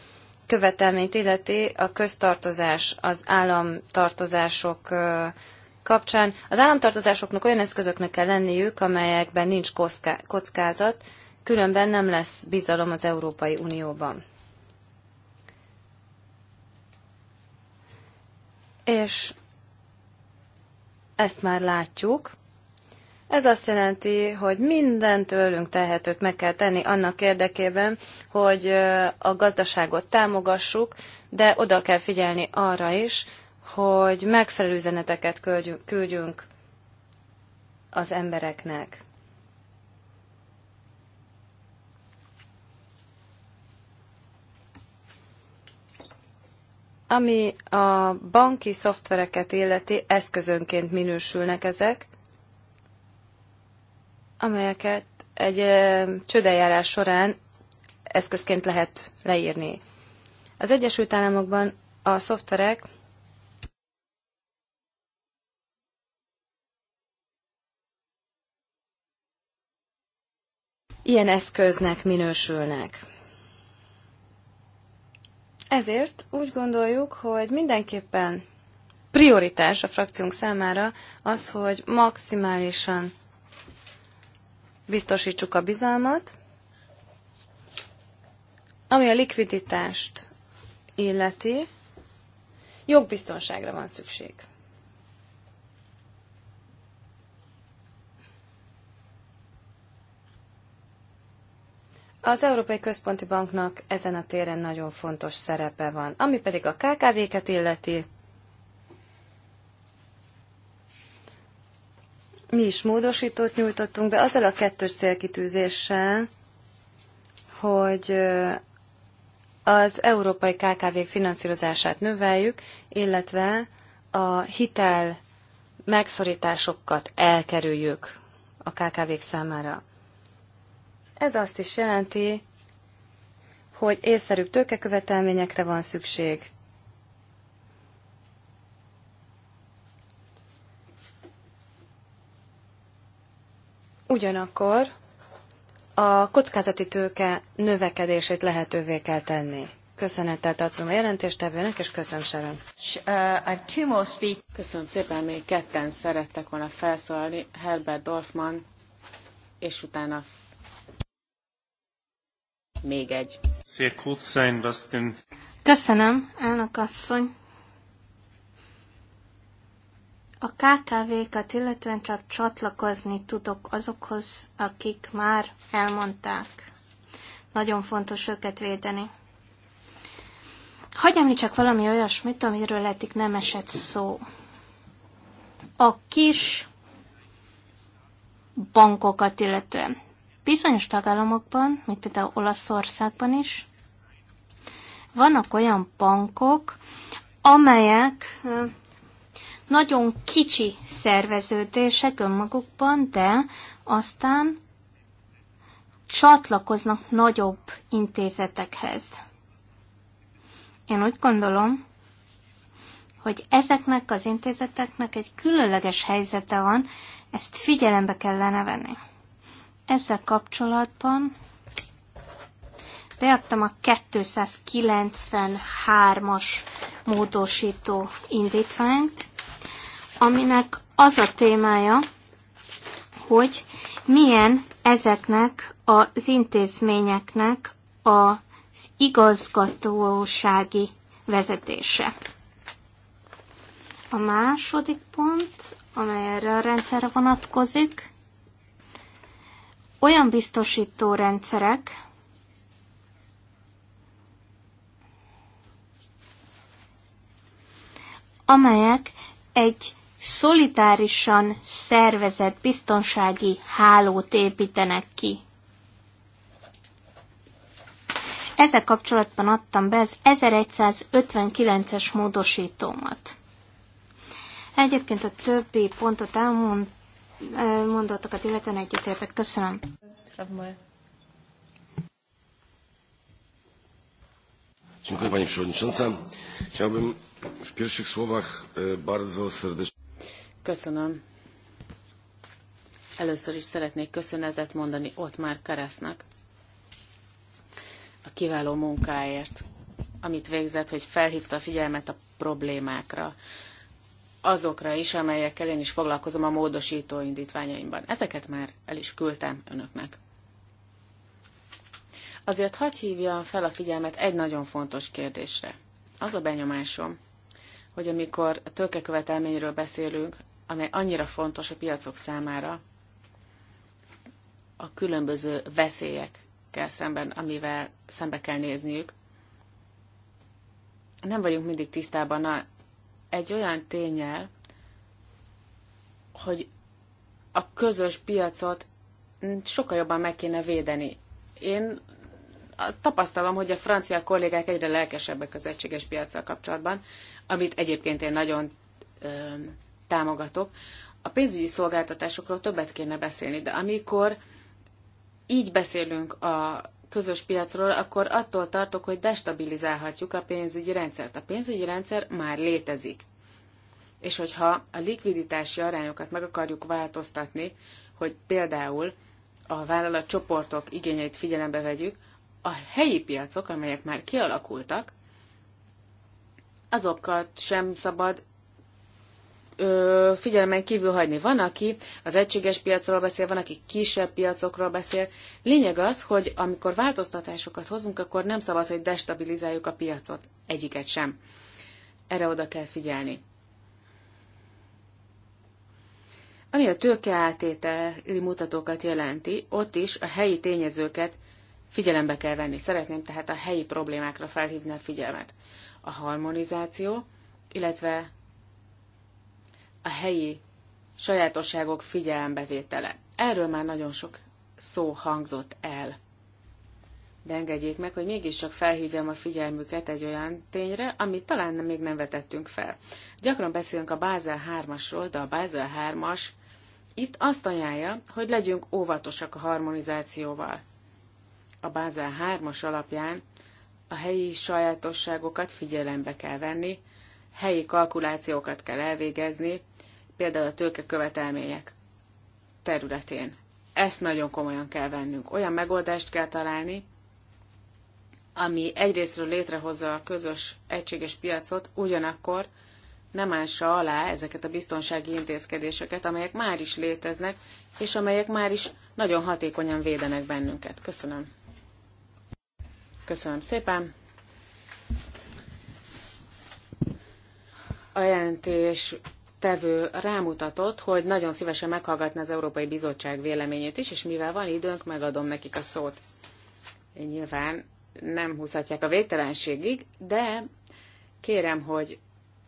követelményt illeti, a köztartozás, az államtartozások kapcsán az államtartozásoknak olyan eszközöknek kell lenniük, amelyekben nincs kockázat, különben nem lesz bizalom az Európai Unióban. És ezt már látjuk. Ez azt jelenti, hogy mindent tőlünk tehetőt meg kell tenni annak érdekében, hogy a gazdaságot támogassuk, de oda kell figyelni arra is, hogy megfelelő üzeneteket küldjünk az embereknek. Ami a banki szoftvereket illeti, eszközönként minősülnek ezek, amelyeket egy csődeljárás során eszközként lehet leírni. Az Egyesült Államokban a szoftverek ilyen eszköznek minősülnek. Ezért úgy gondoljuk, hogy mindenképpen prioritás a frakciónk számára az, hogy maximálisan biztosítsuk a bizalmat, ami a likviditást illeti, jogbiztonságra van szükség. Az Európai Központi Banknak ezen a téren nagyon fontos szerepe van. Ami pedig a KKV-ket illeti, mi is módosítót nyújtottunk be azzal a kettős célkitűzéssel, hogy az európai kkv finanszírozását növeljük, illetve a hitel megszorításokat elkerüljük a kkv számára. Ez azt is jelenti, hogy észszerűbb tőkekövetelményekre van szükség. Ugyanakkor a kockázati tőke növekedését lehetővé kell tenni. Köszönettel tartozom a jelentéstevőnek, és köszönöm Sharon. Uh, köszönöm szépen, még ketten szerettek volna felszólalni, Herbert Dorfman, és utána még egy. Köszönöm, elnök asszony. A KKV-kat illetve csak csatlakozni tudok azokhoz, akik már elmondták. Nagyon fontos őket védeni. Hagyjam csak valami olyasmit, amiről eddig nem esett szó. A kis bankokat illetően. Bizonyos tagállamokban, mint például Olaszországban is, vannak olyan bankok, amelyek nagyon kicsi szerveződések önmagukban, de aztán csatlakoznak nagyobb intézetekhez. Én úgy gondolom, hogy ezeknek az intézeteknek egy különleges helyzete van, ezt figyelembe kellene venni. Ezzel kapcsolatban beadtam a 293-as módosító indítványt, aminek az a témája, hogy milyen ezeknek az intézményeknek az igazgatósági vezetése. A második pont, amely erre a rendszerre vonatkozik, olyan biztosító rendszerek, amelyek egy szolidárisan szervezett biztonsági hálót építenek ki. Ezzel kapcsolatban adtam be az 1159-es módosítómat. Egyébként a többi pontot elmondtam, mondottakat illetően egyetértek. Köszönöm. Dziękuję Pani Przewodnicząca. Chciałbym w pierwszych słowach e, bardzo serdecznie... Köszönöm. Először is szeretnék köszönetet mondani Ottmar Karasznak a kiváló munkáért, amit végzett, hogy felhívta a figyelmet a problémákra, azokra is, amelyekkel én is foglalkozom a módosító indítványaimban. Ezeket már el is küldtem önöknek. Azért hagyj hívjam fel a figyelmet egy nagyon fontos kérdésre. Az a benyomásom, hogy amikor a tőkekövetelményről beszélünk, amely annyira fontos a piacok számára, a különböző veszélyekkel szemben, amivel szembe kell nézniük, nem vagyunk mindig tisztában egy olyan tényel, hogy a közös piacot sokkal jobban meg kéne védeni. Én tapasztalom, hogy a francia kollégák egyre lelkesebbek az egységes piacsal kapcsolatban, amit egyébként én nagyon ö, támogatok. A pénzügyi szolgáltatásokról többet kéne beszélni, de amikor így beszélünk a közös piacról, akkor attól tartok, hogy destabilizálhatjuk a pénzügyi rendszert. A pénzügyi rendszer már létezik. És hogyha a likviditási arányokat meg akarjuk változtatni, hogy például a vállalatcsoportok igényeit figyelembe vegyük, a helyi piacok, amelyek már kialakultak, azokat sem szabad ö, figyelemen kívül hagyni. Van, aki az egységes piacról beszél, van, aki kisebb piacokról beszél. Lényeg az, hogy amikor változtatásokat hozunk, akkor nem szabad, hogy destabilizáljuk a piacot. Egyiket sem. Erre oda kell figyelni. Ami a tőkeáltételi mutatókat jelenti, ott is a helyi tényezőket figyelembe kell venni. Szeretném tehát a helyi problémákra felhívni a figyelmet. A harmonizáció, illetve a helyi sajátosságok figyelembevétele. Erről már nagyon sok szó hangzott el. De engedjék meg, hogy mégiscsak felhívjam a figyelmüket egy olyan tényre, amit talán még nem vetettünk fel. Gyakran beszélünk a Bázel 3-asról, de a Bázel 3-as itt azt ajánlja, hogy legyünk óvatosak a harmonizációval. A Bázel 3-as alapján a helyi sajátosságokat figyelembe kell venni, helyi kalkulációkat kell elvégezni, például a tőke követelmények területén. Ezt nagyon komolyan kell vennünk. Olyan megoldást kell találni, ami egyrésztről létrehozza a közös egységes piacot, ugyanakkor nem ássa alá ezeket a biztonsági intézkedéseket, amelyek már is léteznek, és amelyek már is nagyon hatékonyan védenek bennünket. Köszönöm. Köszönöm szépen. A jelentés tevő rámutatott, hogy nagyon szívesen meghallgatná az Európai Bizottság véleményét is, és mivel van időnk, megadom nekik a szót. Nyilván nem húzhatják a végtelenségig, de kérem, hogy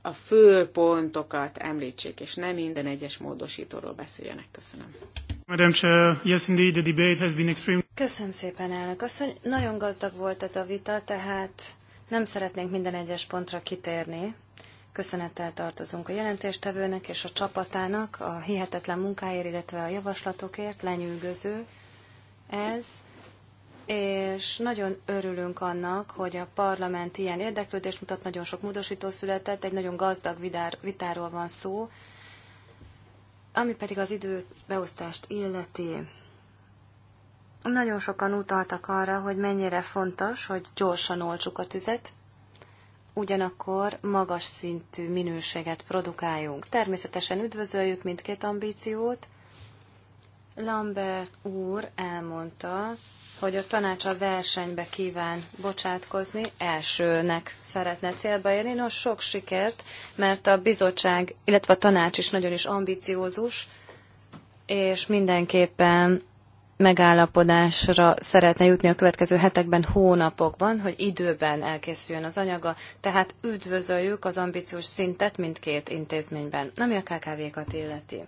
a fő pontokat említsék, és nem minden egyes módosítóról beszéljenek. Köszönöm. Madam Chair, yes indeed, the debate has been extreme. Köszönöm szépen, elnök asszony. Nagyon gazdag volt ez a vita, tehát nem szeretnénk minden egyes pontra kitérni. Köszönettel tartozunk a jelentéstevőnek és a csapatának a hihetetlen munkáért, illetve a javaslatokért. Lenyűgöző ez, és nagyon örülünk annak, hogy a parlament ilyen érdeklődést mutat, nagyon sok módosító született, egy nagyon gazdag vidár, vitáról van szó, ami pedig az időbeosztást illeti. Nagyon sokan utaltak arra, hogy mennyire fontos, hogy gyorsan olcsuk a tüzet, ugyanakkor magas szintű minőséget produkáljunk. Természetesen üdvözöljük mindkét ambíciót. Lambert úr elmondta, hogy a tanács a versenybe kíván bocsátkozni, elsőnek szeretne célba érni. Nos, sok sikert, mert a bizottság, illetve a tanács is nagyon is ambiciózus, és mindenképpen megállapodásra szeretne jutni a következő hetekben, hónapokban, hogy időben elkészüljön az anyaga, tehát üdvözöljük az ambiciós szintet mindkét intézményben, ami a KKV-kat illeti.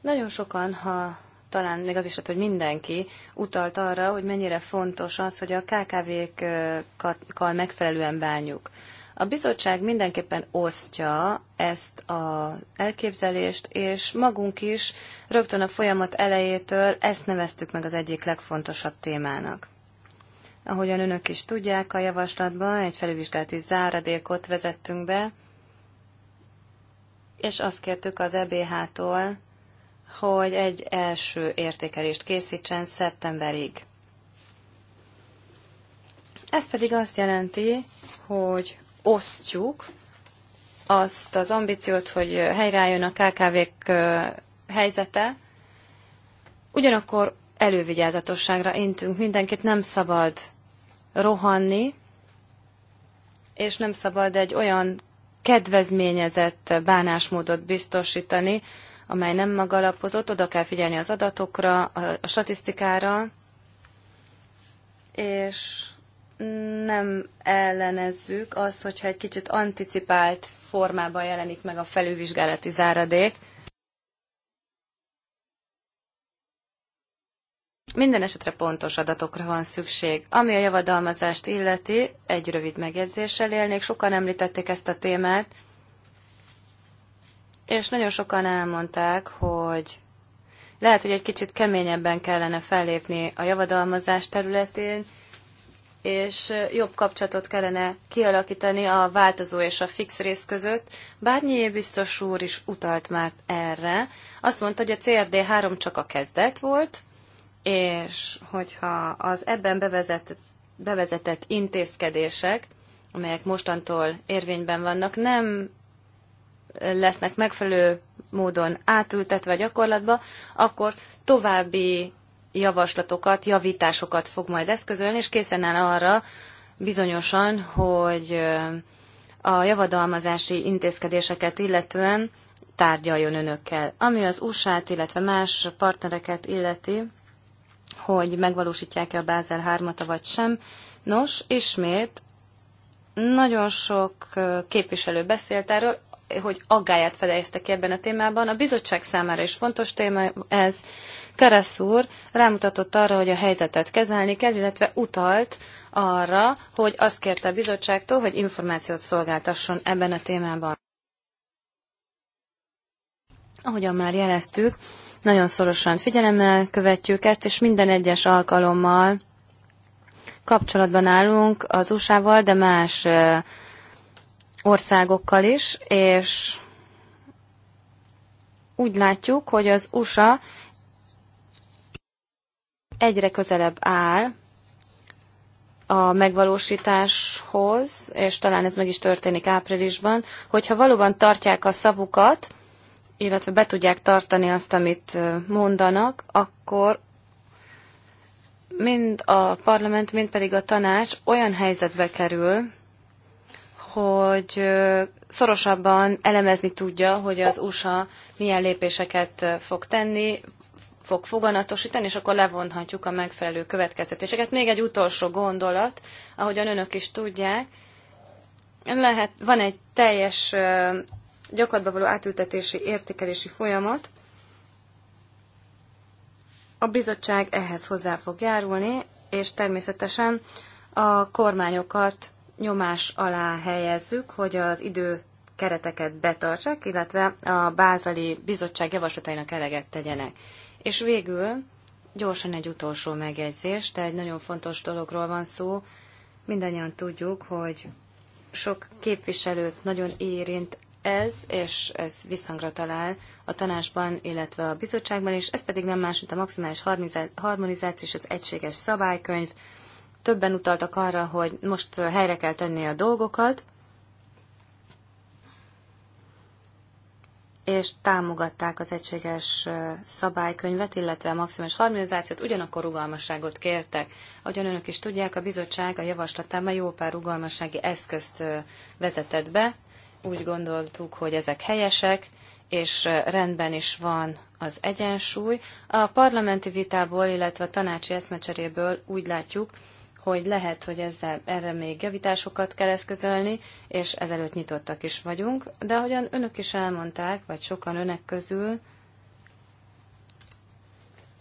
Nagyon sokan, ha talán még az is lett, hogy mindenki utalt arra, hogy mennyire fontos az, hogy a KKV-kkal megfelelően bánjuk. A bizottság mindenképpen osztja ezt az elképzelést, és magunk is rögtön a folyamat elejétől ezt neveztük meg az egyik legfontosabb témának. Ahogyan önök is tudják, a javaslatban egy felülvizsgálati záradékot vezettünk be, és azt kértük az EBH-tól, hogy egy első értékelést készítsen szeptemberig. Ez pedig azt jelenti, hogy osztjuk azt az ambíciót, hogy helyreálljon a KKV-k helyzete, ugyanakkor elővigyázatosságra intünk. Mindenkit nem szabad rohanni, és nem szabad egy olyan kedvezményezett bánásmódot biztosítani, amely nem magalapozott, oda kell figyelni az adatokra, a, a statisztikára, és nem ellenezzük azt, hogyha egy kicsit anticipált formában jelenik meg a felülvizsgálati záradék. Minden esetre pontos adatokra van szükség. Ami a javadalmazást illeti, egy rövid megjegyzéssel élnék, sokan említették ezt a témát, és nagyon sokan elmondták, hogy lehet, hogy egy kicsit keményebben kellene fellépni a javadalmazás területén, és jobb kapcsolatot kellene kialakítani a változó és a fix rész között. Bárnyié biztos úr is utalt már erre. Azt mondta, hogy a CRD 3 csak a kezdet volt, és hogyha az ebben bevezet, bevezetett intézkedések, amelyek mostantól érvényben vannak, nem lesznek megfelelő módon átültetve a gyakorlatba, akkor további javaslatokat, javításokat fog majd eszközölni, és készen áll arra bizonyosan, hogy a javadalmazási intézkedéseket illetően tárgyaljon önökkel. Ami az USA-t, illetve más partnereket illeti, hogy megvalósítják-e a Bázel 3-at, vagy sem. Nos, ismét nagyon sok képviselő beszélt erről, hogy aggáját fedezte ki ebben a témában. A bizottság számára is fontos téma ez. Keresz úr rámutatott arra, hogy a helyzetet kezelni kell, illetve utalt arra, hogy azt kérte a bizottságtól, hogy információt szolgáltasson ebben a témában. Ahogyan már jeleztük, nagyon szorosan figyelemmel követjük ezt, és minden egyes alkalommal kapcsolatban állunk az USA-val, de más országokkal is, és úgy látjuk, hogy az USA egyre közelebb áll a megvalósításhoz, és talán ez meg is történik áprilisban, hogyha valóban tartják a szavukat, illetve be tudják tartani azt, amit mondanak, akkor mind a parlament, mind pedig a tanács olyan helyzetbe kerül, hogy szorosabban elemezni tudja, hogy az USA milyen lépéseket fog tenni, fog foganatosítani, és akkor levonhatjuk a megfelelő következtetéseket. Még egy utolsó gondolat, ahogyan önök is tudják, lehet, van egy teljes gyakorlatban való átültetési, értékelési folyamat. A bizottság ehhez hozzá fog járulni, és természetesen a kormányokat nyomás alá helyezzük, hogy az idő kereteket betartsák, illetve a bázali bizottság javaslatainak eleget tegyenek. És végül gyorsan egy utolsó megjegyzés, de egy nagyon fontos dologról van szó. Mindannyian tudjuk, hogy sok képviselőt nagyon érint ez, és ez visszhangra talál a tanásban, illetve a bizottságban is, ez pedig nem más, mint a maximális harmonizáció és az egységes szabálykönyv, Többen utaltak arra, hogy most helyre kell tenni a dolgokat, és támogatták az egységes szabálykönyvet, illetve a maximális harmonizációt, ugyanakkor rugalmasságot kértek. Ahogyan önök is tudják, a bizottság a javaslatában jó pár rugalmassági eszközt vezetett be. Úgy gondoltuk, hogy ezek helyesek, és rendben is van az egyensúly. A parlamenti vitából, illetve a tanácsi eszmecseréből úgy látjuk, hogy lehet, hogy ezzel erre még javításokat kell eszközölni, és ezelőtt nyitottak is vagyunk, de ahogyan önök is elmondták, vagy sokan önök közül,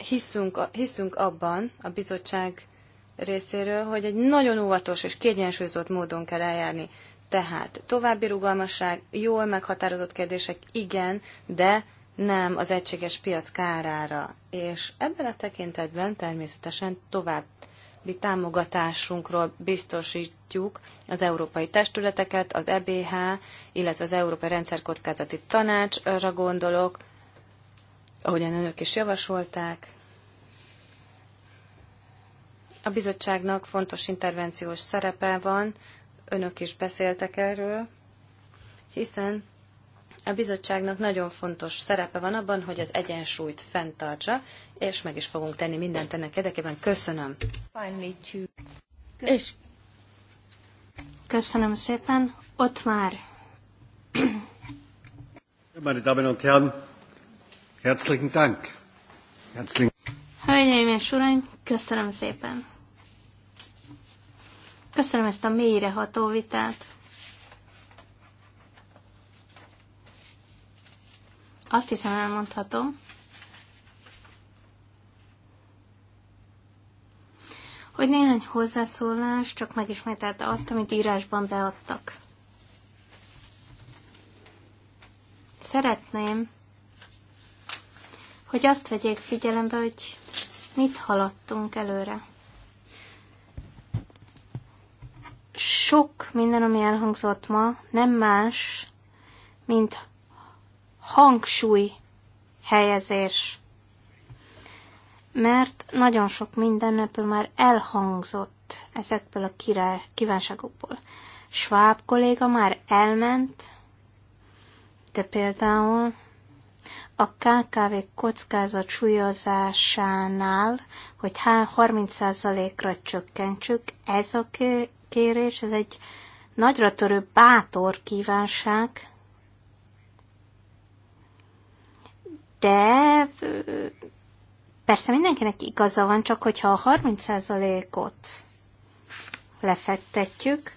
hiszünk, hiszünk abban a bizottság részéről, hogy egy nagyon óvatos és kiegyensúlyozott módon kell eljárni. Tehát további rugalmasság, jól meghatározott kérdések, igen, de nem az egységes piac kárára. És ebben a tekintetben természetesen tovább további támogatásunkról biztosítjuk az európai testületeket, az EBH, illetve az Európai Rendszerkockázati Tanácsra gondolok, ahogyan önök is javasolták. A bizottságnak fontos intervenciós szerepe van, önök is beszéltek erről, hiszen a bizottságnak nagyon fontos szerepe van abban, hogy az egyensúlyt fenntartsa, és meg is fogunk tenni mindent ennek érdekében. Köszönöm. És köszönöm szépen. Ott már. Meine Damen und Herren, herzlichen Dank. Hölgyeim és uraim, köszönöm szépen. Köszönöm ezt a mélyreható vitát. Azt hiszem elmondhatom, hogy néhány hozzászólás csak megismételte azt, amit írásban beadtak. Szeretném, hogy azt vegyék figyelembe, hogy mit haladtunk előre. Sok minden, ami elhangzott ma, nem más, mint hangsúly helyezés. Mert nagyon sok minden már elhangzott ezekből a király, kívánságokból. Schwab kolléga már elment, de például a KKV kockázat súlyozásánál, hogy 30%-ra csökkentsük, ez a kérés, ez egy nagyra törő bátor kívánság, de persze mindenkinek igaza van, csak hogyha a 30%-ot lefektetjük,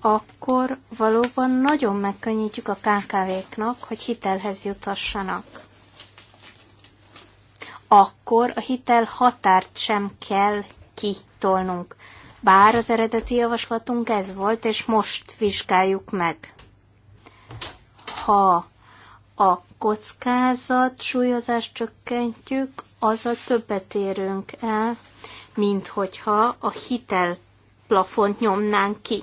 akkor valóban nagyon megkönnyítjük a KKV-knak, hogy hitelhez jutassanak. Akkor a hitel határt sem kell kitolnunk. Bár az eredeti javaslatunk ez volt, és most vizsgáljuk meg. Ha a kockázat súlyozást csökkentjük, az a többet érünk el, mint hogyha a hitel plafont nyomnánk ki.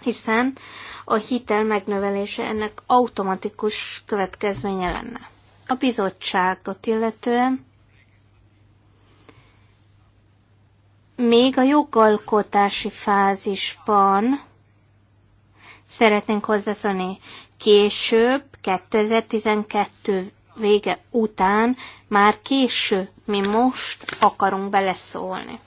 Hiszen a hitel megnövelése ennek automatikus következménye lenne. A bizottságot illetően még a jogalkotási fázisban szeretnénk hozzászólni. Később 2012 vége után már késő, mi most akarunk beleszólni.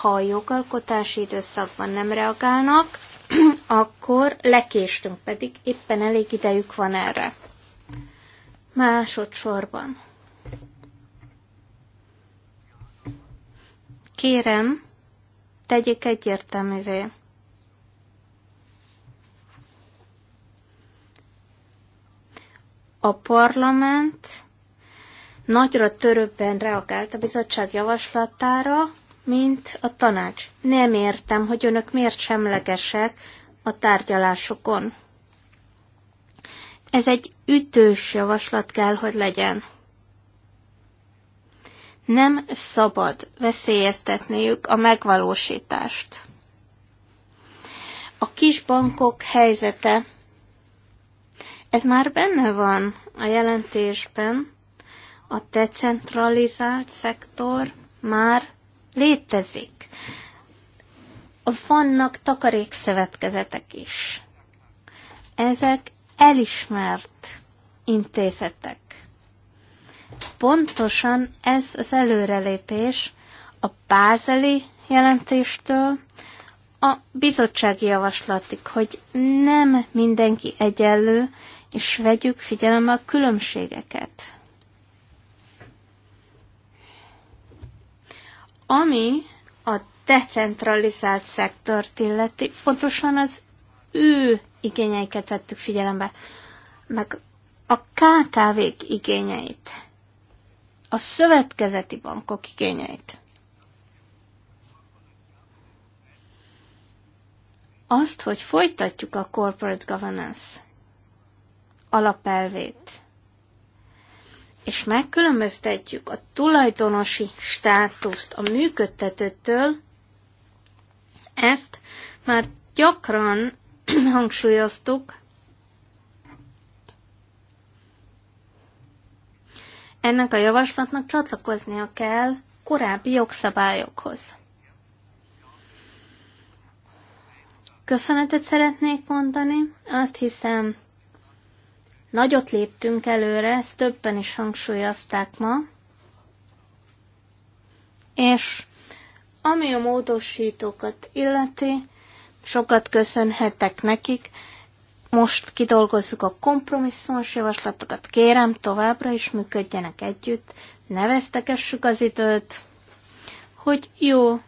Ha a jogalkotási időszakban nem reagálnak, akkor lekéstünk, pedig éppen elég idejük van erre. Másodszorban. Kérem, tegyék egyértelművé, A parlament nagyra törőbben reagált a bizottság javaslatára, mint a tanács. Nem értem, hogy önök miért semlegesek a tárgyalásokon. Ez egy ütős javaslat kell, hogy legyen. Nem szabad veszélyeztetniük a megvalósítást. A kisbankok helyzete ez már benne van a jelentésben, a decentralizált szektor már létezik. Vannak takarékszövetkezetek is. Ezek elismert intézetek. Pontosan ez az előrelépés a bázeli jelentéstől a bizottsági javaslatig, hogy nem mindenki egyenlő, és vegyük figyelembe a különbségeket. Ami a decentralizált szektort illeti, pontosan az ő igényeiket vettük figyelembe, meg a KKV-k igényeit, a szövetkezeti bankok igényeit. Azt, hogy folytatjuk a corporate governance alapelvét, és megkülönböztetjük a tulajdonosi státuszt a működtetőtől, ezt már gyakran hangsúlyoztuk, ennek a javaslatnak csatlakoznia kell korábbi jogszabályokhoz. Köszönetet szeretnék mondani, azt hiszem, Nagyot léptünk előre, ezt többen is hangsúlyozták ma, és ami a módosítókat illeti, sokat köszönhetek nekik. Most kidolgozzuk a kompromisszumos javaslatokat. Kérem, továbbra is működjenek együtt, ne az időt, hogy jó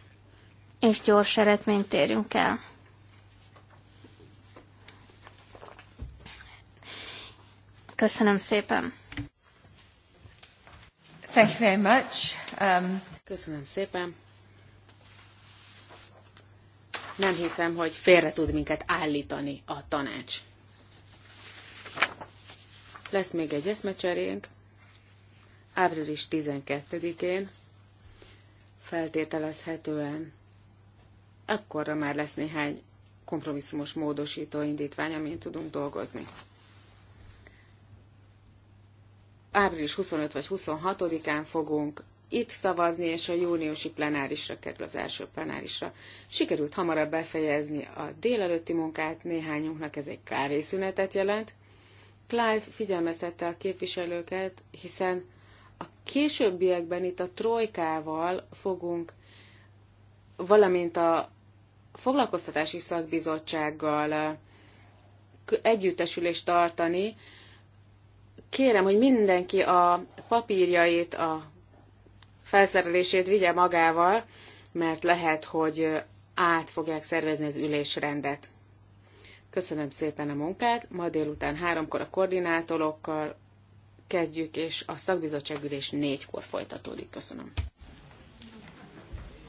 és gyors eredményt érjünk el. Köszönöm szépen. Thank you very much. Um... Köszönöm szépen. Nem hiszem, hogy félre tud minket állítani a tanács. Lesz még egy eszmecserénk. Április 12-én feltételezhetően akkorra már lesz néhány kompromisszumos módosító indítvány, amin tudunk dolgozni április 25 vagy 26-án fogunk itt szavazni, és a júniusi plenárisra kerül az első plenárisra. Sikerült hamarabb befejezni a délelőtti munkát, néhányunknak ez egy kávészünetet jelent. Clive figyelmeztette a képviselőket, hiszen a későbbiekben itt a trojkával fogunk, valamint a foglalkoztatási szakbizottsággal együttesülést tartani, Kérem, hogy mindenki a papírjait, a felszerelését vigye magával, mert lehet, hogy át fogják szervezni az ülésrendet. Köszönöm szépen a munkát. Ma délután háromkor a koordinátorokkal kezdjük, és a szakbizottságülés négykor folytatódik. Köszönöm.